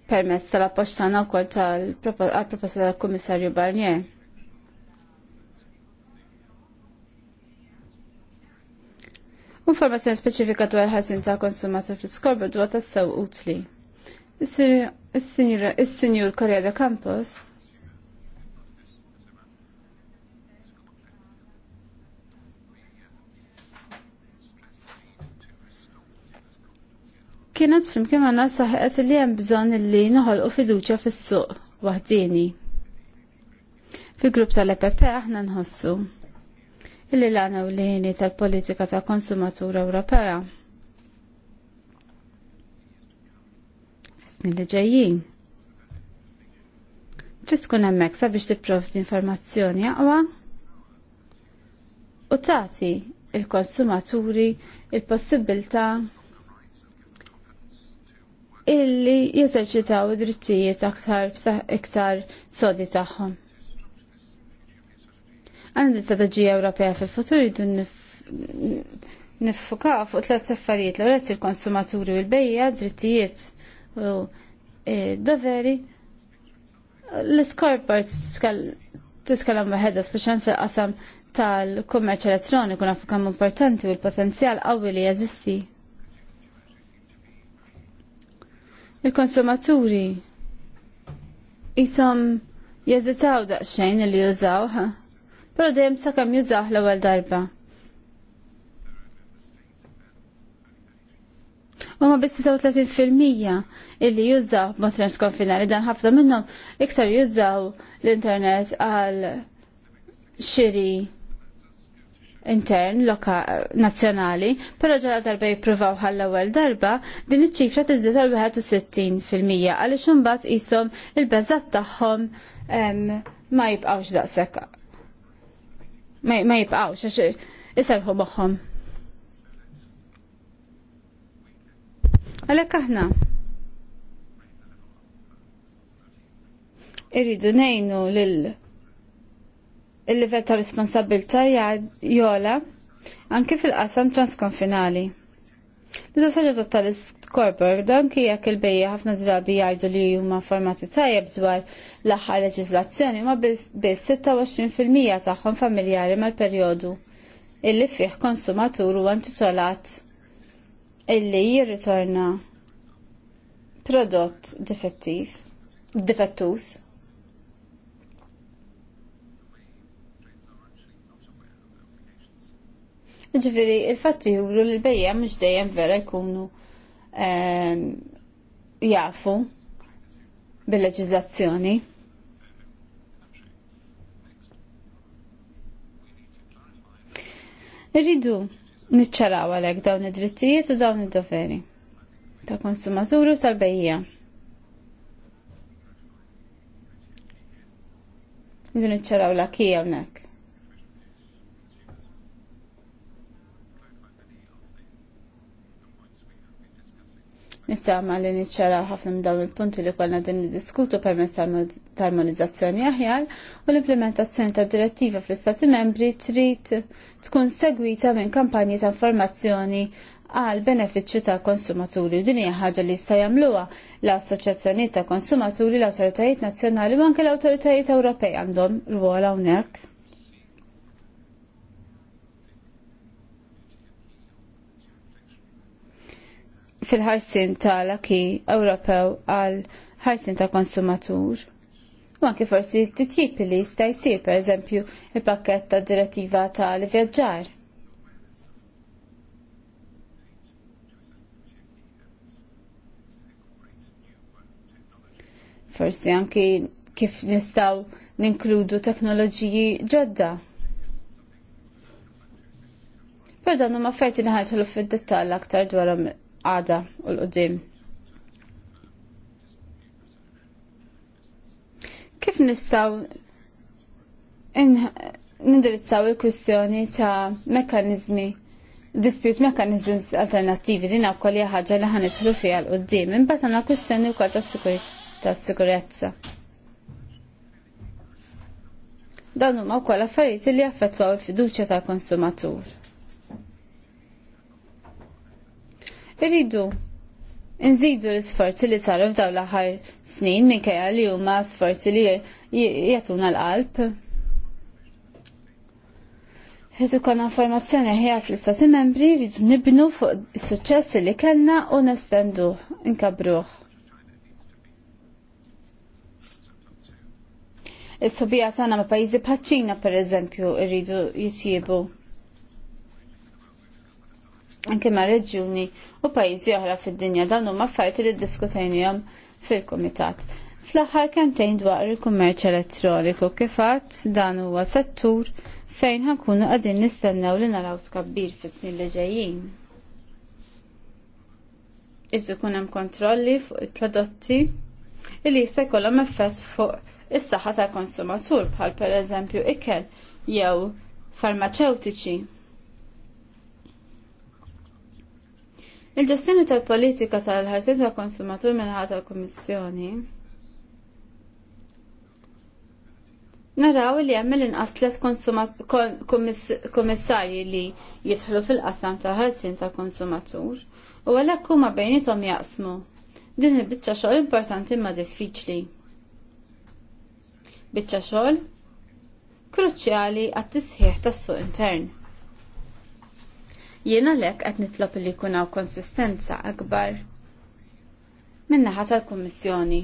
Permezz tal appoċtana u wkoll tal-proposta tal-Kummissarju Barnier. Informazzjoni speċifika dwar ħażin ta' konsumatur fl dwar huwa sew utli. Is-Sinjur Korea de Campos kienet flimkien ma' nas saħqet li hemm bżonn li noħolqu fiduċja fis-suq waħdini. Fil-grupp tal-EPP aħna nħossu illi l-għana u l tal-politika ta' konsumatur Ewropea. Fisni li ġejjin. Trid tkun hemmhekk sabiex tipprovdi informazzjoni aqwa u tagħti il-konsumaturi il-possibilità il konsumaturi il possibilità il konsumaturi il illi jeżerċitaw drittijiet aktar iktar sodi tagħhom. Għandi strategija Ewropea fil-futur jiddu nifuka fuq tliet affarijiet l għalet il-konsumaturi u l-bejja, drittijiet u e, doveri. L-scoreboard tiskalam waħedha speċjal fil-qasam tal-kummerċ elettroniku nafu kam importanti u l-potenzjal qawwi li jeżisti il-konsumaturi jisom jeżitaw daqxejn li jużawha, pero dejjem sakemm jużawh l-ewwel darba. Huma biss 33% illi jużaw konfina transkonfinali dan ħafna minnhom iktar jużaw l-internet għal xiri intern loka nazzjonali, però ġala darba jippruvaw ħall-ewwel darba din iċ-ċifra tiżdied għal 61% għaliex imbagħad qishom il-beżat tagħhom ehm, ma jibqgħux daqshekk. Ma jibqgħux għax iselħu moħħhom. Għalhekk aħna irridu ngħinu lil il-livell ta' responsabilta jola anke fil-qasam transkonfinali. Nisa saġa l skorpor dan kijak il-bejja ħafna drabi jgħidu li huma formati tajjeb dwar l-aħħar leġislazzjoni ma bil-26% tagħhom familjari mal-perjodu illi fih konsumatur u antitolat illi jirritorna prodott difettiv, defettus. Ġifiri, il-fatti juru li l-bejja mux dejjem vera jkunu ehm, jafu bil-leġizlazzjoni. Irridu niċċaraw għalek dawn id-drittijiet u dawn id-doveri ta' konsumaturu tal-bejja. Idu niċċaraw l-akija unnek. Nittama li nitxara ħafna minn dawn il-punti li kolna din diskutu permezz tal-armonizzazzjoni aħjar u l-implementazzjoni ta' direttiva fl-Istati membri trid tkun segwita minn kampanji ta' informazzjoni għal beneficju ta' konsumaturi u din hija ħaġa li jista' jagħmluha l-assoċjazzjonijiet ta' konsumaturi, l-awtoritajiet nazzjonali u anke l-awtoritajiet Ewropej għandhom rwol hawnhekk. fil-ħarsin tal-aki Ewropew għal ħarsin ta' konsumatur. U anke forsi titjib li jista' jsir pereżempju il-pakket ta' direttiva tal-vjaġġar. Forsi anki kif nistaw ninkludu teknoloġiji ġodda. Pero dan huma ferti li ħajtħlu fid-dettall aktar dwarhom għada u l-qoddim. Kif nistaw nindirizzaw il-kwistjoni ta' mekanizmi dispute mekanizmi alternativi li għaw kolli ħagġa li ħan idħlu fija l-qoddim, imbat għanna kwistjoni wkoll ta' sikurezza. Dan huma wkoll affarijiet li affettwaw il-fiduċja tal-konsumatur. Irridu nżidu l-isforzi li saru f'daw l-aħħar snin minkejja li huma sforzi li jagħtuna l-qalb. Rrid ukoll informazzjoni ħjar fl-Istati Membri rridu nibnu fuq is-suċċessi li kellna u nestendu nkabruh. Is-subija tagħna ma' pajjiżi bħaċ-Ċina pereżempju rridu jisjibu anke ma' reġjuni u pajjiżi oħra fid-dinja dan huma affarijiet li ddiskutejnihom fil-kumitat. Fl-aħħar kemtejn dwar il-kummerċ elettroniku kif għadd dan huwa settur fejn ħankunu qegħdin nistennew li naraw tkabbir fis-snin li ġejjin. Iżu kun hemm kontrolli fuq il-prodotti li jista' jkollhom effett fuq is-saħħa tal-konsumatur bħal pereżempju ikel jew farmaceutiċi Il-ġestjoni tal-politika tal ħarsiet tal-konsumatur minnħat tal komissjoni Naraw li hemm l-inqas tliet kummissarji li jidħlu fil-qasam tal-ħarsin tal-konsumatur u għalhekk huma bejnietom jaqsmu. Din il-biċċa xogħol importanti ma diffiċli. Biċċa xogħol kruċjali għat-tisħiħ tas-suq intern. Jiena lek qed nitlob li jkun hawn konsistenza akbar min-naħa tal-Kummissjoni.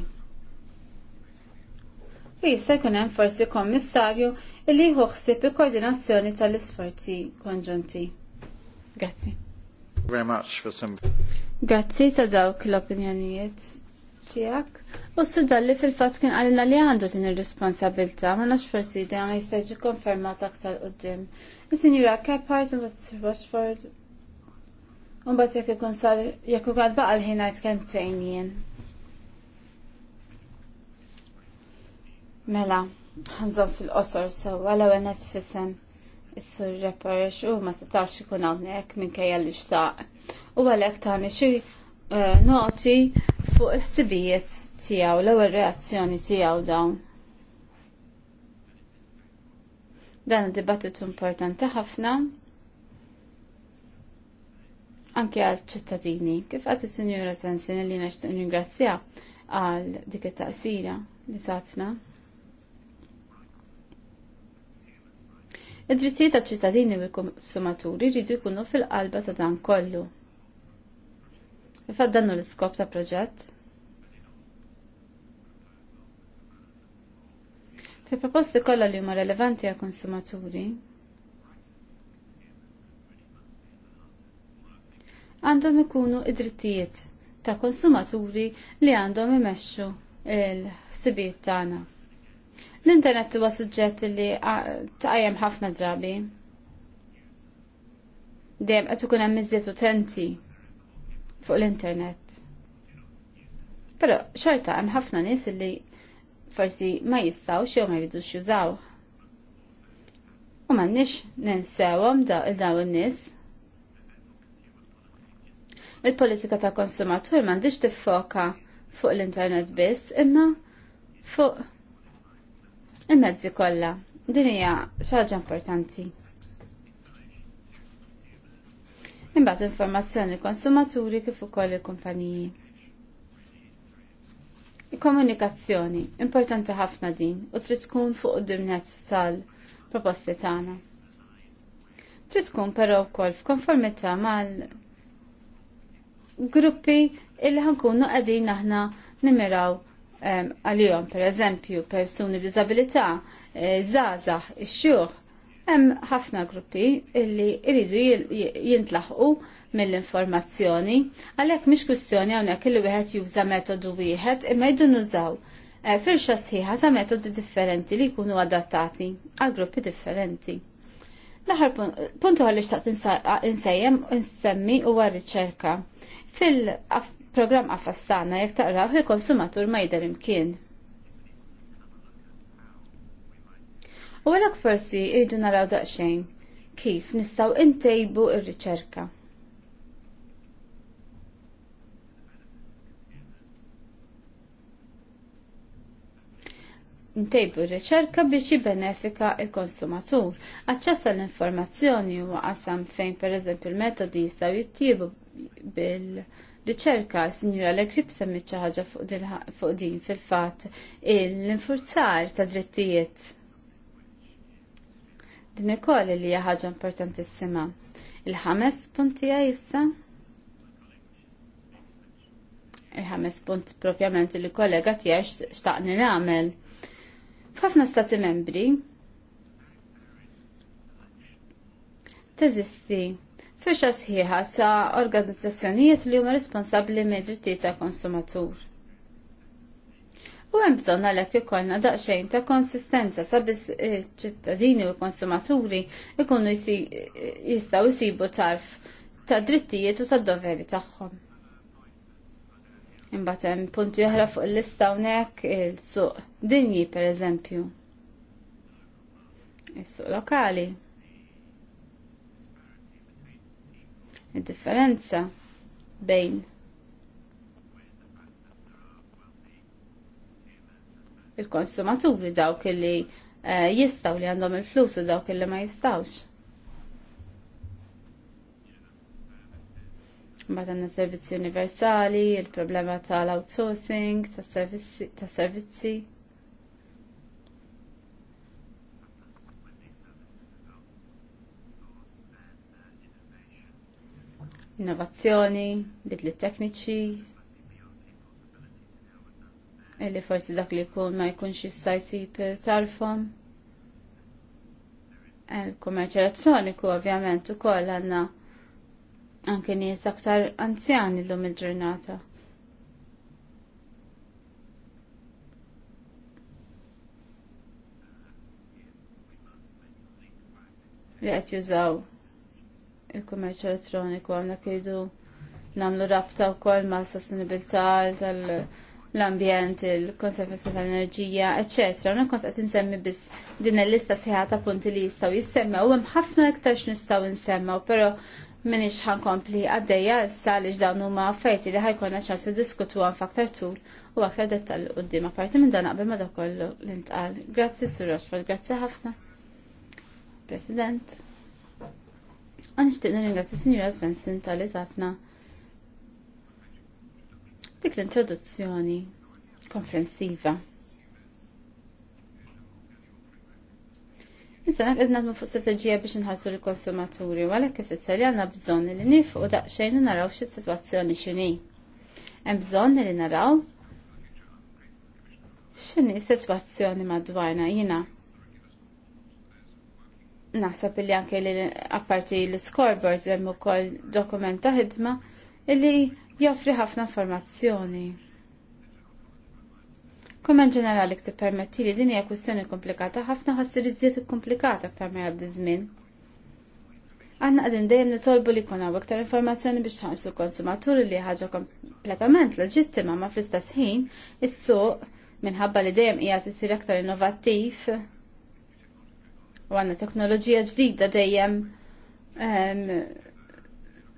U jista' jkun hemm forsi kommissarju li jħuħsib il-koordinazzjoni tal-isforzi konġunti. Grazzi. Very much for some... Grazzi ta' dawk l-opinjonijiet tijak. U s-sudalli fil-fat kien għalina li għandu din il-responsabilta, ma nax forsi di għan jistajġi konfermat aktar qoddim. Il-Sinjura Kephart bat Sir Rochford. Un bat jek ikun sal, jek ikun baqa l-ħin għajt kem tejnien. Mela, għanżom fil-qosor so għala ewwel fisem is-sur reparex u ma setax ikun hawnhekk minkejja li xtaq. U għalhekk tani xi eh, noti fuq il-ħsibijiet tiegħu l-ewwel reazzjoni tiegħu dawn. Dan id-dibattitu importanti ħafna anke għal ċittadini. Kif għat il-Sinjura Sensin li naċtaq ringrazzja għal dik it-taqsira li satna. Id-drittijiet għal ċittadini u konsumaturi rridu jkunu fil-qalba ta' dan kollu. Ifaddannu l-iskop ta' proġett. Fi proposti kollha li huma relevanti għal konsumaturi, għandhom ikunu id-drittijiet ta' konsumaturi li għandhom imexxu l sibiet tagħna. L-internet huwa suġġett li tqajjem ħafna drabi. Dejjem qed ikun hemm iżjed utenti fuq l-internet. Pero xorta hemm ħafna nies li forsi ma jistgħux jew ma jridux jużaw. U m'għandniex ninsewhom daw in-nies. Il-politika ta' konsumatur m'għandix tiffoka fuq l-internet biss, imma fuq il-mezzi kollha. Din hija xi ħaġa importanti. imbagħad informazzjoni konsumaturi kif ukoll il-kumpaniji. Il-komunikazzjoni importanti ħafna din u trid tkun fuq id-dimnet sal-proposti tagħna. Trid tkun però wkoll f'konformità mal-gruppi illi ħankunu qegħdin aħna nimiraw ehm, għalihom, per eżempju, persuni b'disabilità, eh, zazax, ix-xjuħ, Hemm ħafna gruppi li iridu jintlaħqu mill-informazzjoni, għalhekk mhix kwistjoni hawnhekk li wieħed juża metodu wieħed imma jdu nużaw eh, firxa sħiħa ta' metodi differenti li jkunu adattati għal gruppi differenti. L-aħħar punt għalli xtaqt insejjem insemmi u għar riċerka. fil programm għafastana jekk taqraw il konsumatur ma jidher imkien. U għalhekk forsi jridu naraw daqsxejn kif nistgħu intejbu r-riċerka. Ntejbu r-riċerka biex jibbenefika il-konsumatur. Aċċessa l-informazzjoni huwa qasam fejn eżempju il-metodi jistgħu jittibu bil- riċerka, signora Legrib semmi ħaġa fuq din fil fatt l-infurzar ta' drittijiet Din ukoll li hija ħaġa importantissima. Il-ħames punti issa. Il-ħames punt propjament li kollega tiegħi xtaqni nagħmel. F'ħafna stati membri teżisti firxa sħiħa sa organizzazzjonijiet li huma responsabbli mid-drittijiet tal-konsumatur u hemm bżonn għalhekk ikollna daqsxejn ta' konsistenza sabiex iċ ċittadini u l-konsumaturi ikunu jistgħu jsibu tarf ta' drittijiet u ta' doveri tagħhom. Imbagħad hemm punti oħra fuq il-lista hawnhekk il-suq dinji pereżempju. Is-suq lokali. Id-differenza bejn il-konsumaturi dawk li eh, jistaw li għandhom il-flus u dawk li ma jistawx. Mbagħad għandna servizzi universali, il-problema tal-outsourcing, tas servizzi. Innovazzjoni, bidli tekniċi, li forsi dak li jkun ma jkunx jista' jsib eh, tarfhom. Il-kummerċ eh, elettroniku ovvjament ukoll għandna anke nies aktar anzjani llum il-ġurnata. li qed jużaw il-kummerċ elettroniku għandna kienu nagħmlu rabta wkoll ma' sostenibilità tal- l-ambjent, il-konservenza tal-enerġija, ecc. Unna kont qed insemmi biss din il-lista sħiħa ta' punti li jistgħu jissemmew hemm ħafna iktar x'nistgħu nsemmew, però m'iniex ħankompli għaddejja issa għaliex dawn huma affarijiet li ħajkonna ċans diskutu għan faktar tul u aktar dettal qudiem apparti minn dan qabel ma kollu l-intqal. Grazzi Sur Rochford, grazzi ħafna. President. Għan ixtiqna nirringrazzja Sinjura Svensson tal izatna dik l-introduzzjoni konfrensiva. Nisa, għedna għedna fuq strategija biex inħarsu l-konsumaturi, wara kif s li għandna bżonn li nifqu daqsxejn naraw x'is-sitwazzjoni x'inhi. Hemm bżonn li naraw x'inhi s-sitwazzjoni madwarna jiena. Naħseb li anke li apparti l-scoreboard hemm ukoll dokumenta ħidma illi joffri ħafna informazzjoni. Kumment ġenerali ktib permetti li din hija kwistjoni komplikata ħafna ħassir iżjed komplikata aktar ma jgħaddi żmien. Għanna għadin dejjem nitolbu li kuna iktar informazzjoni biex tħansu l-konsumaturi li ħaġa kompletament leġittima ma fl-istess ħin is-suq minħabba li dejjem hija tisir aktar innovattiv u għanna teknoloġija ġdida dejjem ehm,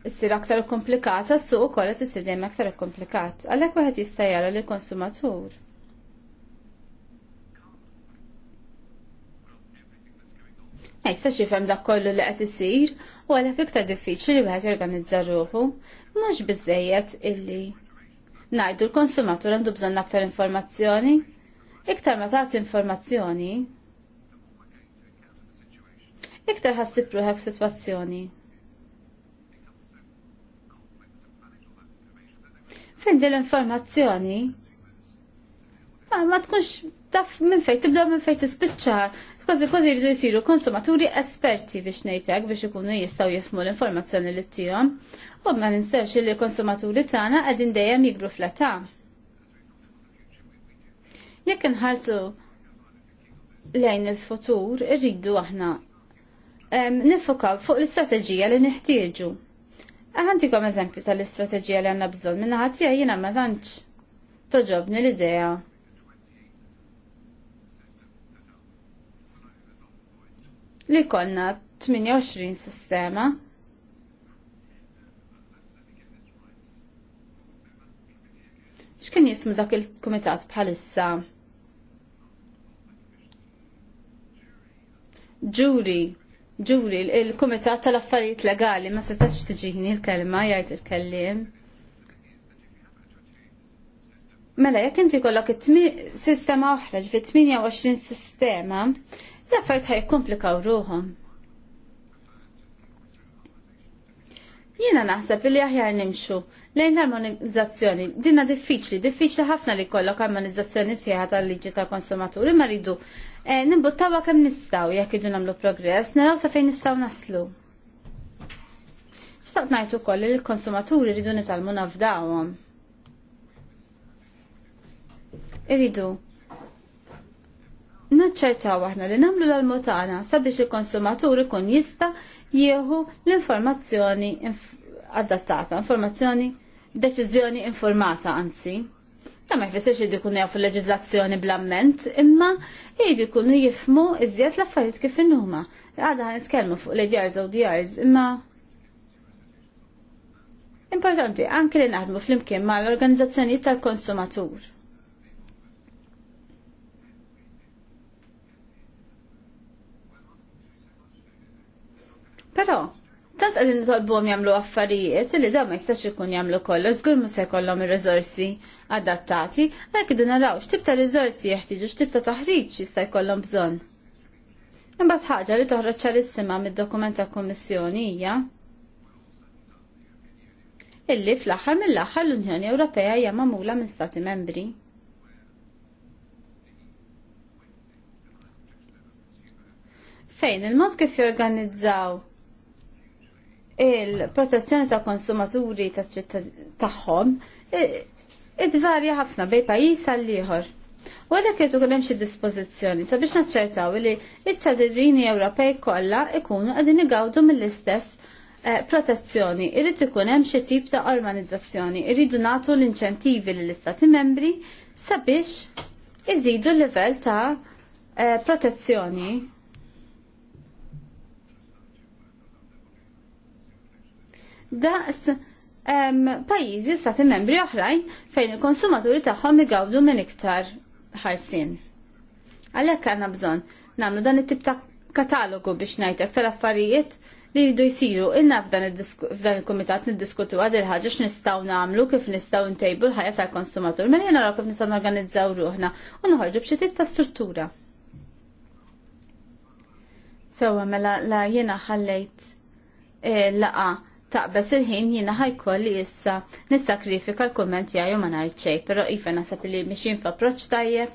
issir aktar komplikata, s-suq ukoll qed issir dejjem aktar komplikat. Għalhekk wieħed jista' jara li konsumatur Ma jistax jifhem dak kollu li qed isir u għalhekk iktar diffiċli li wieħed jorganizza ruħu mhux biżejjed illi ngħidu l-konsumatur għandu bżonn aktar informazzjoni. Iktar ma taħt informazzjoni, iktar ħassib ruħek situazzjoni. Fejn din l-informazzjoni? Ma, ma tkunx taf minn fejn tibda minn fejn tispiċċa. Kważi kważi jridu jsiru konsumaturi esperti biex ngħidlek biex ikunu jistgħu jifmu l-informazzjoni li tihom. U ma ninsewx li l-konsumaturi tagħna qegħdin dejjem jikbru fl-età. Jekk inħarsu lejn il-futur irridu aħna nifokaw fuq l-istrateġija li neħtieġu. Għantikom eżempju tal-istrateġija li għanna bżon minna ħatija jina ma tantx toġobni l-idea. Li konna 28 sistema x'kien jismu dak il-kumitat bħalissa? Jury Ġuri, il-Kumitat tal-Affarijiet Legali ma setax tiġini l-kelma jgħid il-kellim. Mela, jekk inti kollok sistema oħra, ġifi 28 sistema, l-affarijiet ħajkomplikaw ruhom. Jiena naħseb li aħjar nimxu lejn armonizzazzjoni. Dinna diffiċli, diffiċli ħafna li kollok armonizzazzjoni sieħa tal-liġi tal-konsumaturi ma rridu e, eh, nimbuttawa kemm nistgħu jekk idu nagħmlu progress, naraw sa fejn nistgħu naslu. Xtaqt ngħid ukoll li l-konsumaturi rridu nitalmu nafdawhom. Iridu naċċertaw aħna li namlu l-motana sabiex il-konsumatur ikun jista jieħu l-informazzjoni adattata, informazzjoni deċiżjoni informata anzi. Ta' ma jfessirx li dikun jafu leġizlazzjoni bl-amment, imma jgħidu jkunu jifmu iżjed l-affarijiet kif innuma. Għada għan nitkellmu fuq l-DRs u DRs, imma Importanti, anke li naħdmu fl-imkien ma l-organizzazzjoni tal-konsumatur. Però, tant għadin nitolbom jamlu affarijiet li da ma jistax ikun jamlu kollox, zgur ma se jkollhom ir-riżorsi adattati, għalhekk idu naraw xtibta ta' jħtiġu, xtibta taħriċ ta' taħriġ jista' jkollhom bżonn. Imbagħad ħaġa li toħroġ ċarissima mid-dokument ta' kummissjoni hija illi fl-aħħar mill-aħħar l-Unjoni Ewropea hija magħmula minn Stati Membri. Fejn il-mod kif jorganizzaw il-protezzjoni ta' konsumaturi tagħhom id-varja ħafna bej pajjiż għall ieħor. U għadha kietu kien hemm xi dispożizzjoni sabiex naċċertaw li iċ-ċadeżini Ewropej kollha ikunu qegħdin igawdu mill-istess eh, protezzjoni, irrid ikun hemm xi tip ta' organizzazzjoni, irridu nagħtu l-inċentivi lill istati membri sabiex iżidu l-livell ta' eh, protezzjoni daqs pajjiżi stati membri oħrajn fejn il-konsumaturi tagħhom igawdu minn iktar ħarsin. Għalhekk għandna bżonn nagħmlu dan it-tip ta' katalogu biex ngħidlek tal-affarijiet li jridu jisiru inna f'dan il-komitat niddiskutu għad il-ħagġa x'nistgħu nagħmlu kif nistgħu ntejbu l-ħajja tal-konsumatur. Mela jena naraw kif nistgħu norganizzaw ruħna u noħorġu bċi tip ta' struttura. Sewa mela la jiena ħallejt eh, laqa taqbes il-ħin jina li issa nissakrifika l-komment jgħu ma ngħid xejn, però iva nasab li mixin f'approċċ tajjeb.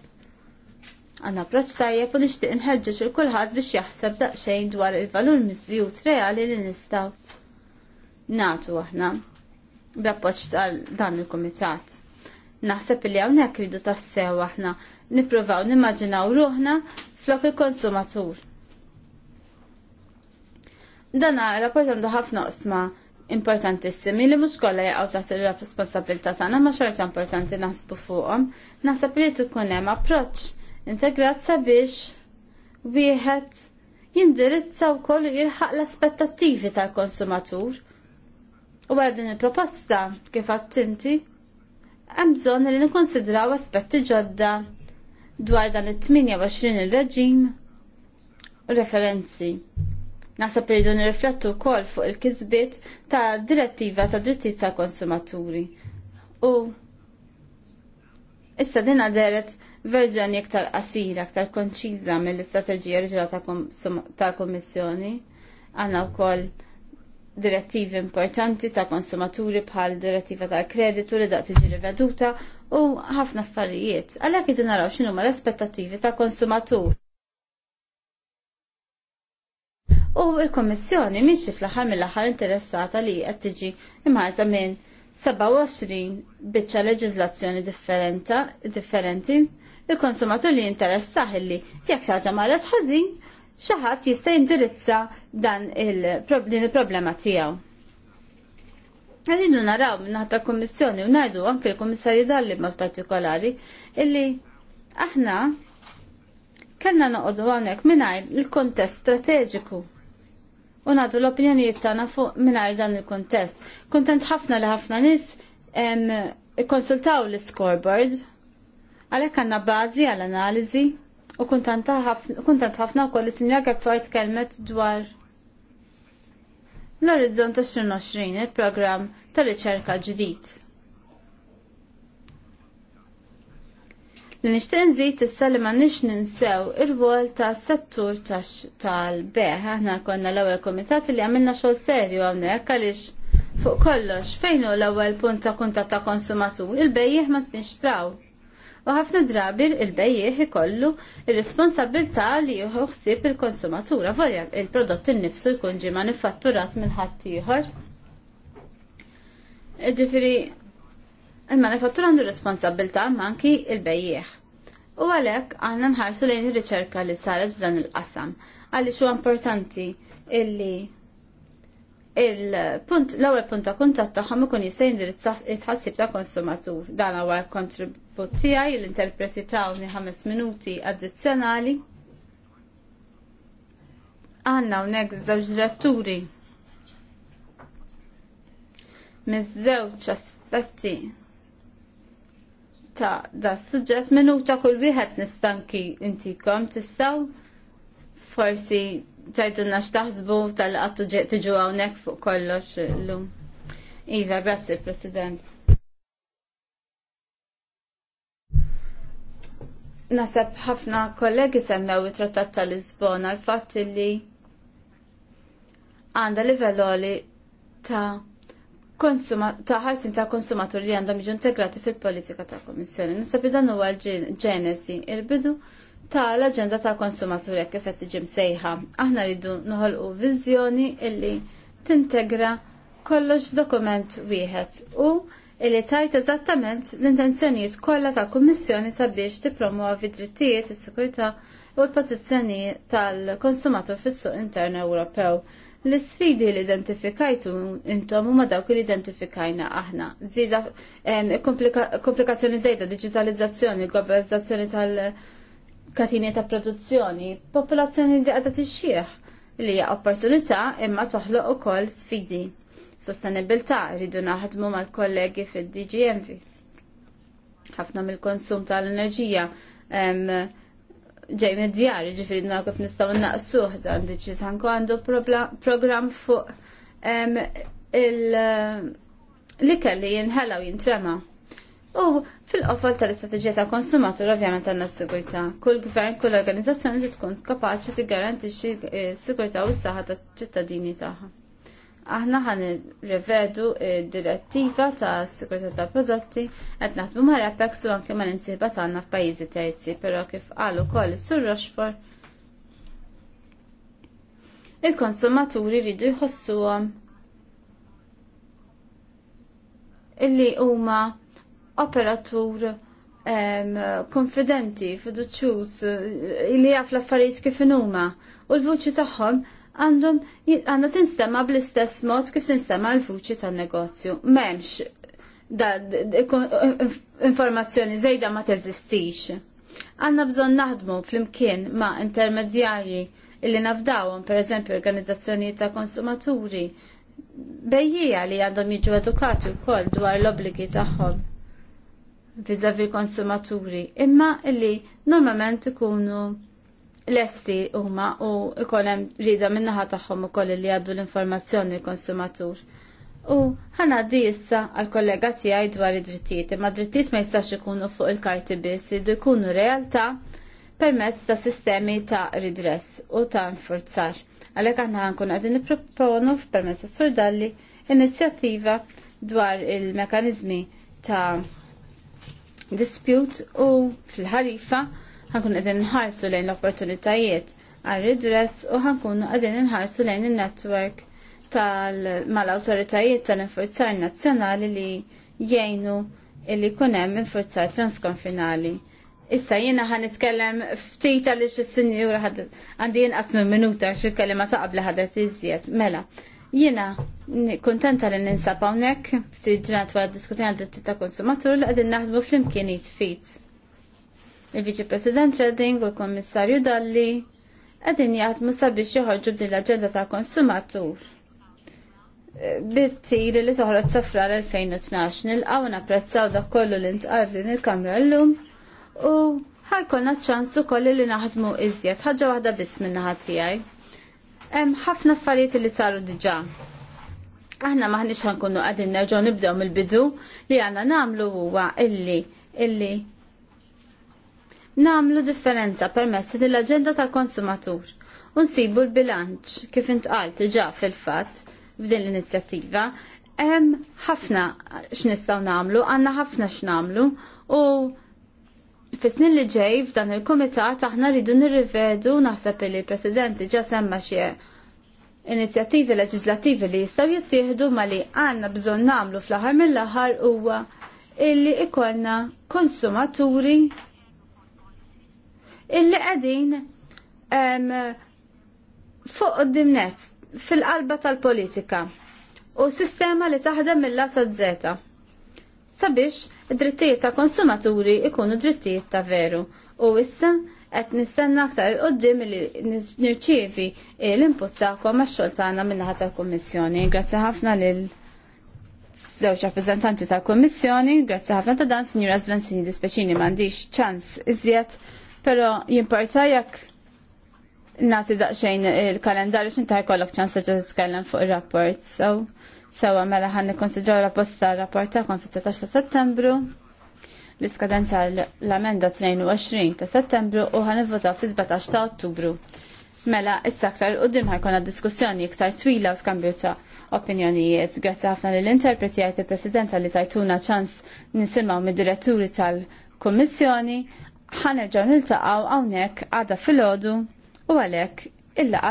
Għanna approċċ tajjeb u nixtieq nħedġeċ il kulħadd biex jaħseb daqsxejn dwar il-valur miżjud reali li nistgħu nagħtu aħna b'appoġġ tal dan il-kumitat. Naħseb li hawnhekk ridu tassew aħna nippruvaw nimmaġinaw ruħna flok il-konsumatur. Dan rapport għandu ħafna qsma importantissimi li mhux kollha jaqgħu taħt ir-responsabilità tagħna ma xorta importanti naħsbu fuqhom. Naħseb li tkun hemm approċċ integrat sabiex wieħed jindirizza wkoll jilħaq l-aspettattivi tal-konsumatur. U wara din il-proposta kif għattinti, hemm bżonn li nikkonsidraw aspetti ġodda dwar dan it-28 il-reġim u referenzi. Naħseb irridu nirriflettu wkoll fuq il-kisbiet ta' direttiva ta' drittijiet tal konsumaturi. U issa din deret verżjoni iktar qasira, iktar konċiża mill-istrateġija oriġinali tal-Kommissjoni. Għandna wkoll direttivi importanti ta' konsumaturi bħal direttiva ta' kreditu li da' tiġi riveduta u ħafna affarijiet. Għalhekk idu naraw x'inhuma l-aspettattivi ta' konsumatur. u l-Kommissjoni miex fl-aħħar mill-aħħar interessata li qed tiġi imħarsa minn 27 biċċa leġiżlazzjoni differenti il-konsumatur li interessah li jekk xaġa marret ħażin xi ħadd jista' jindirizza dan din il-problema tiegħu. Rridu naraw ta' kummissjoni u ngħidu anke l-Kummissarju Dalli mod partikolari illi aħna kellna noqogħdu hawnhekk mingħajr il-kontest strateġiku u nagħtu l-opinjonijiet tagħna fuq mingħajr dan il-kuntest. Kuntent ħafna li ħafna nies ikkonsultaw l-scoreboard għalhekk għandna bażi għall analiżi u kuntant ħafna wkoll is-sinjor fort kelmet dwar l-orizzont 2020 il-programm tal riċerka ġdid. Li nixtieq nżid issa li m'għandniex ninsew ir-rwol tas-settur tal-beħ. Aħna konna l-ewwel komitat li għamilna xogħol serju hawnhekk għaliex fuq kollox fejn hu l-ewwel punt ta' kuntatt ta' konsumatur, il-bejjeħ ma tnixtraw. U ħafna drabi il-bejjeħ ikollu ir-responsabilità li juħuħsib ħsieb il-konsumatura volja il-prodott innifsu jkun ġie manifatturat minn ħadd ieħor il-manifattur għandu responsabilta manki il-bejjieħ. U għalek għanna nħarsu lejn il-riċerka li saret f'dan il-qasam. Għalli xu importanti illi il-punt, l-ewwel punt ta' kuntatt tagħhom ikun jista' jindirizzah it-ħassib ta' konsumatur. Dan huwa kontribut tiegħi l-interpreti tawni ħames minuti addizzjonali. Għanna hawnhekk żewġ retturi. miż-żewġ aspetti ta' da' suġġett minuta kull wieħed nistanki intikom tistaw forsi nax x'taħsbu tal-qattu tiġu hawnhekk fuq kollox l-lum. Iva, grazie, President. Nasab ħafna kollegi semmew it-Trattat tal-Lisbona l fat li għandha livell ta' ta' ħarsin ta' konsumatur li għandhom jiġu integrati fil-politika ta' komissjoni. Nisab dan huwa l-ġenesi, il-bidu ta' l-aġenda ta' konsumatur jek kif qed tiġi msejħa. Aħna rridu noħolqu viżjoni illi tintegra kollox f'dokument wieħed u illi tajt eżattament l-intenzjonijiet kollha tal kummissjoni sabiex tippromuovi drittijiet, is-sikurità u l-pożizzjoni tal-konsumatur fis-suq intern Ewropew. L-sfidi li identifikajtu intom huma dawk li identifikajna aħna. Zida komplikazzjoni zejda, digitalizzazzjoni, globalizzazzjoni tal-katini ta' produzzjoni, popolazzjoni li għadha xieħ li hija opportunità imma toħloq ukoll sfidi. Sostenibilità rridu naħdmu mal-kollegi fid-DGMV. Ħafna mill-konsum tal-enerġija ġej medjar, ġifiri d kif nistaw naqsuħ dan diċi sanko għandu program fuq il-likel eh, li jinħela u jintrema. U fil-qofol tal-istrateġija ta' konsumatur ovvjament għanna s-sigurta. Kull gvern, kull organizzazzjoni li tkun kapaċi t-garantixi eh, s-sigurta u s-saħħa ta' ċittadini taħħa aħna ħan rivedu direttiva ta' sikurta ta' prodotti qed naħdmu ma' Repex u anke ma' ta' tagħna f'pajjiżi terzi, però kif qal kol sur Roxfor il-konsumaturi jridu jħossuhom illi huma operatur konfidenti, fiduċjuż, illi għaf l-affarijiet kif huma u l-vuċi tagħhom għandhom għandha tinstema bl-istess mod kif tinstema l-vuċi tan-negozju. M'hemmx informazzjoni żejda ma teżistix. Għandna bżonn naħdmu flimkien ma' intermedjarji illi nafdawhom pereżempju organizzazzjonijiet ta' konsumaturi bejjija li għandhom jiġu edukati wkoll dwar l-obbligi tagħhom vizavi konsumaturi imma illi normalment ikunu lesti huma u ikollem rida minnaħa tagħhom ukoll li għaddu l-informazzjoni l-konsumatur. U għaddi issa għal kollega tiegħi dwar id-drittijiet, imma drittijiet ma jistax ikunu fuq il-karti biss, jiddu jkunu realtà permezz ta' sistemi ta' ridress u ta' nfurzar. Għalhekk aħna ħankun qegħdin nipproponu f'permezz ta' surdalli inizjattiva dwar il-mekanizmi ta' dispute u fil-ħarifa ħankun qegħdin nħarsu lejn l-opportunitajiet għal ridress u ħankun qegħdin nħarsu lejn in-netwerk mal-awtoritajiet tal-infurzar nazzjonali li jgħinu illi kunem infurzar transkonfinali. Issa jiena ħan nitkellem ftit għaliex is-sinjura għandi jinqas minn minuta xi kelima ta' qabla ħadet iżjed. Mela, jiena kuntenta li ninsab hawnhekk ftit ġrat għad diskutin għad ta' konsumatur li qegħdin naħdmu flimkien Fit il-Viċi President Redding u l-Kommissarju Dalli għedin jgħatmu sabiex joħorġu b'din l-agenda ta' konsumatur. Bittir li toħroġ safra l-2012 nilqaw napprezzaw dak kollu li ntqal din il-Kamra llum u ħajkolna ċansu kolli li naħdmu iżjed ħaġa waħda biss minn naħa tiegħi. Hemm ħafna affarijiet li saru diġà. Aħna maħniex ħankunu qegħdin nerġgħu nibdew mill-bidu li għandna nagħmlu huwa illi illi namlu differenza permessi l-agenda tal-konsumatur u nsibu l-bilanċ kif intqalt ġa fil-fatt f'din l-inizjattiva. Hemm ħafna x'nistgħu nagħmlu, għandna ħafna x'namlu u fis-snin li ġej f'dan il-kumitat aħna rridu nirrivedu naħseb li l presidenti ġa semma xi inizjattivi leġislativi li jistgħu jittieħdu ma li għandna bżonn nagħmlu fl-aħħar mill-aħħar huwa illi ikollna konsumaturi illi qegħdin fuq dimnet fil-qalba tal-politika u sistema li taħdem mill-la z sabiex id-drittijiet ta' konsumaturi ikunu drittijiet ta' veru u issa qed nistenna aktar il-qoddim li nirċievi l-input tagħkom għax-xogħol tagħna min-naħa tal-Kummissjoni. Grazzi ħafna lil żewġ rappreżentanti tal-Kummissjoni, grazzi ħafna ta' dan Sinjura Svensini speċini m'għandix ċans iżjed pero jimporta jekk nati daqxejn il-kalendarju xinta jkollok ċans li tkellem fuq ir-rapport. So, sewa mela ħan nikkonsidraw la posta rapport rapporta fit-19 ta' Settembru. L-iskadenza l-amenda 22 ta' Settembru u ħan nivvota fi 17 ta' Ottubru. Mela, issa aktar dimħaj ħajkun diskussjoni iktar twila u skambju ta' opinjonijiet. Grazzi ħafna l interpreti għajt il-Presidenta li tajtuna ċans nisimaw mid-diretturi tal-Kommissjoni ħanerġaw niltaqgħu hawnhekk għada filgħodu u għalhekk il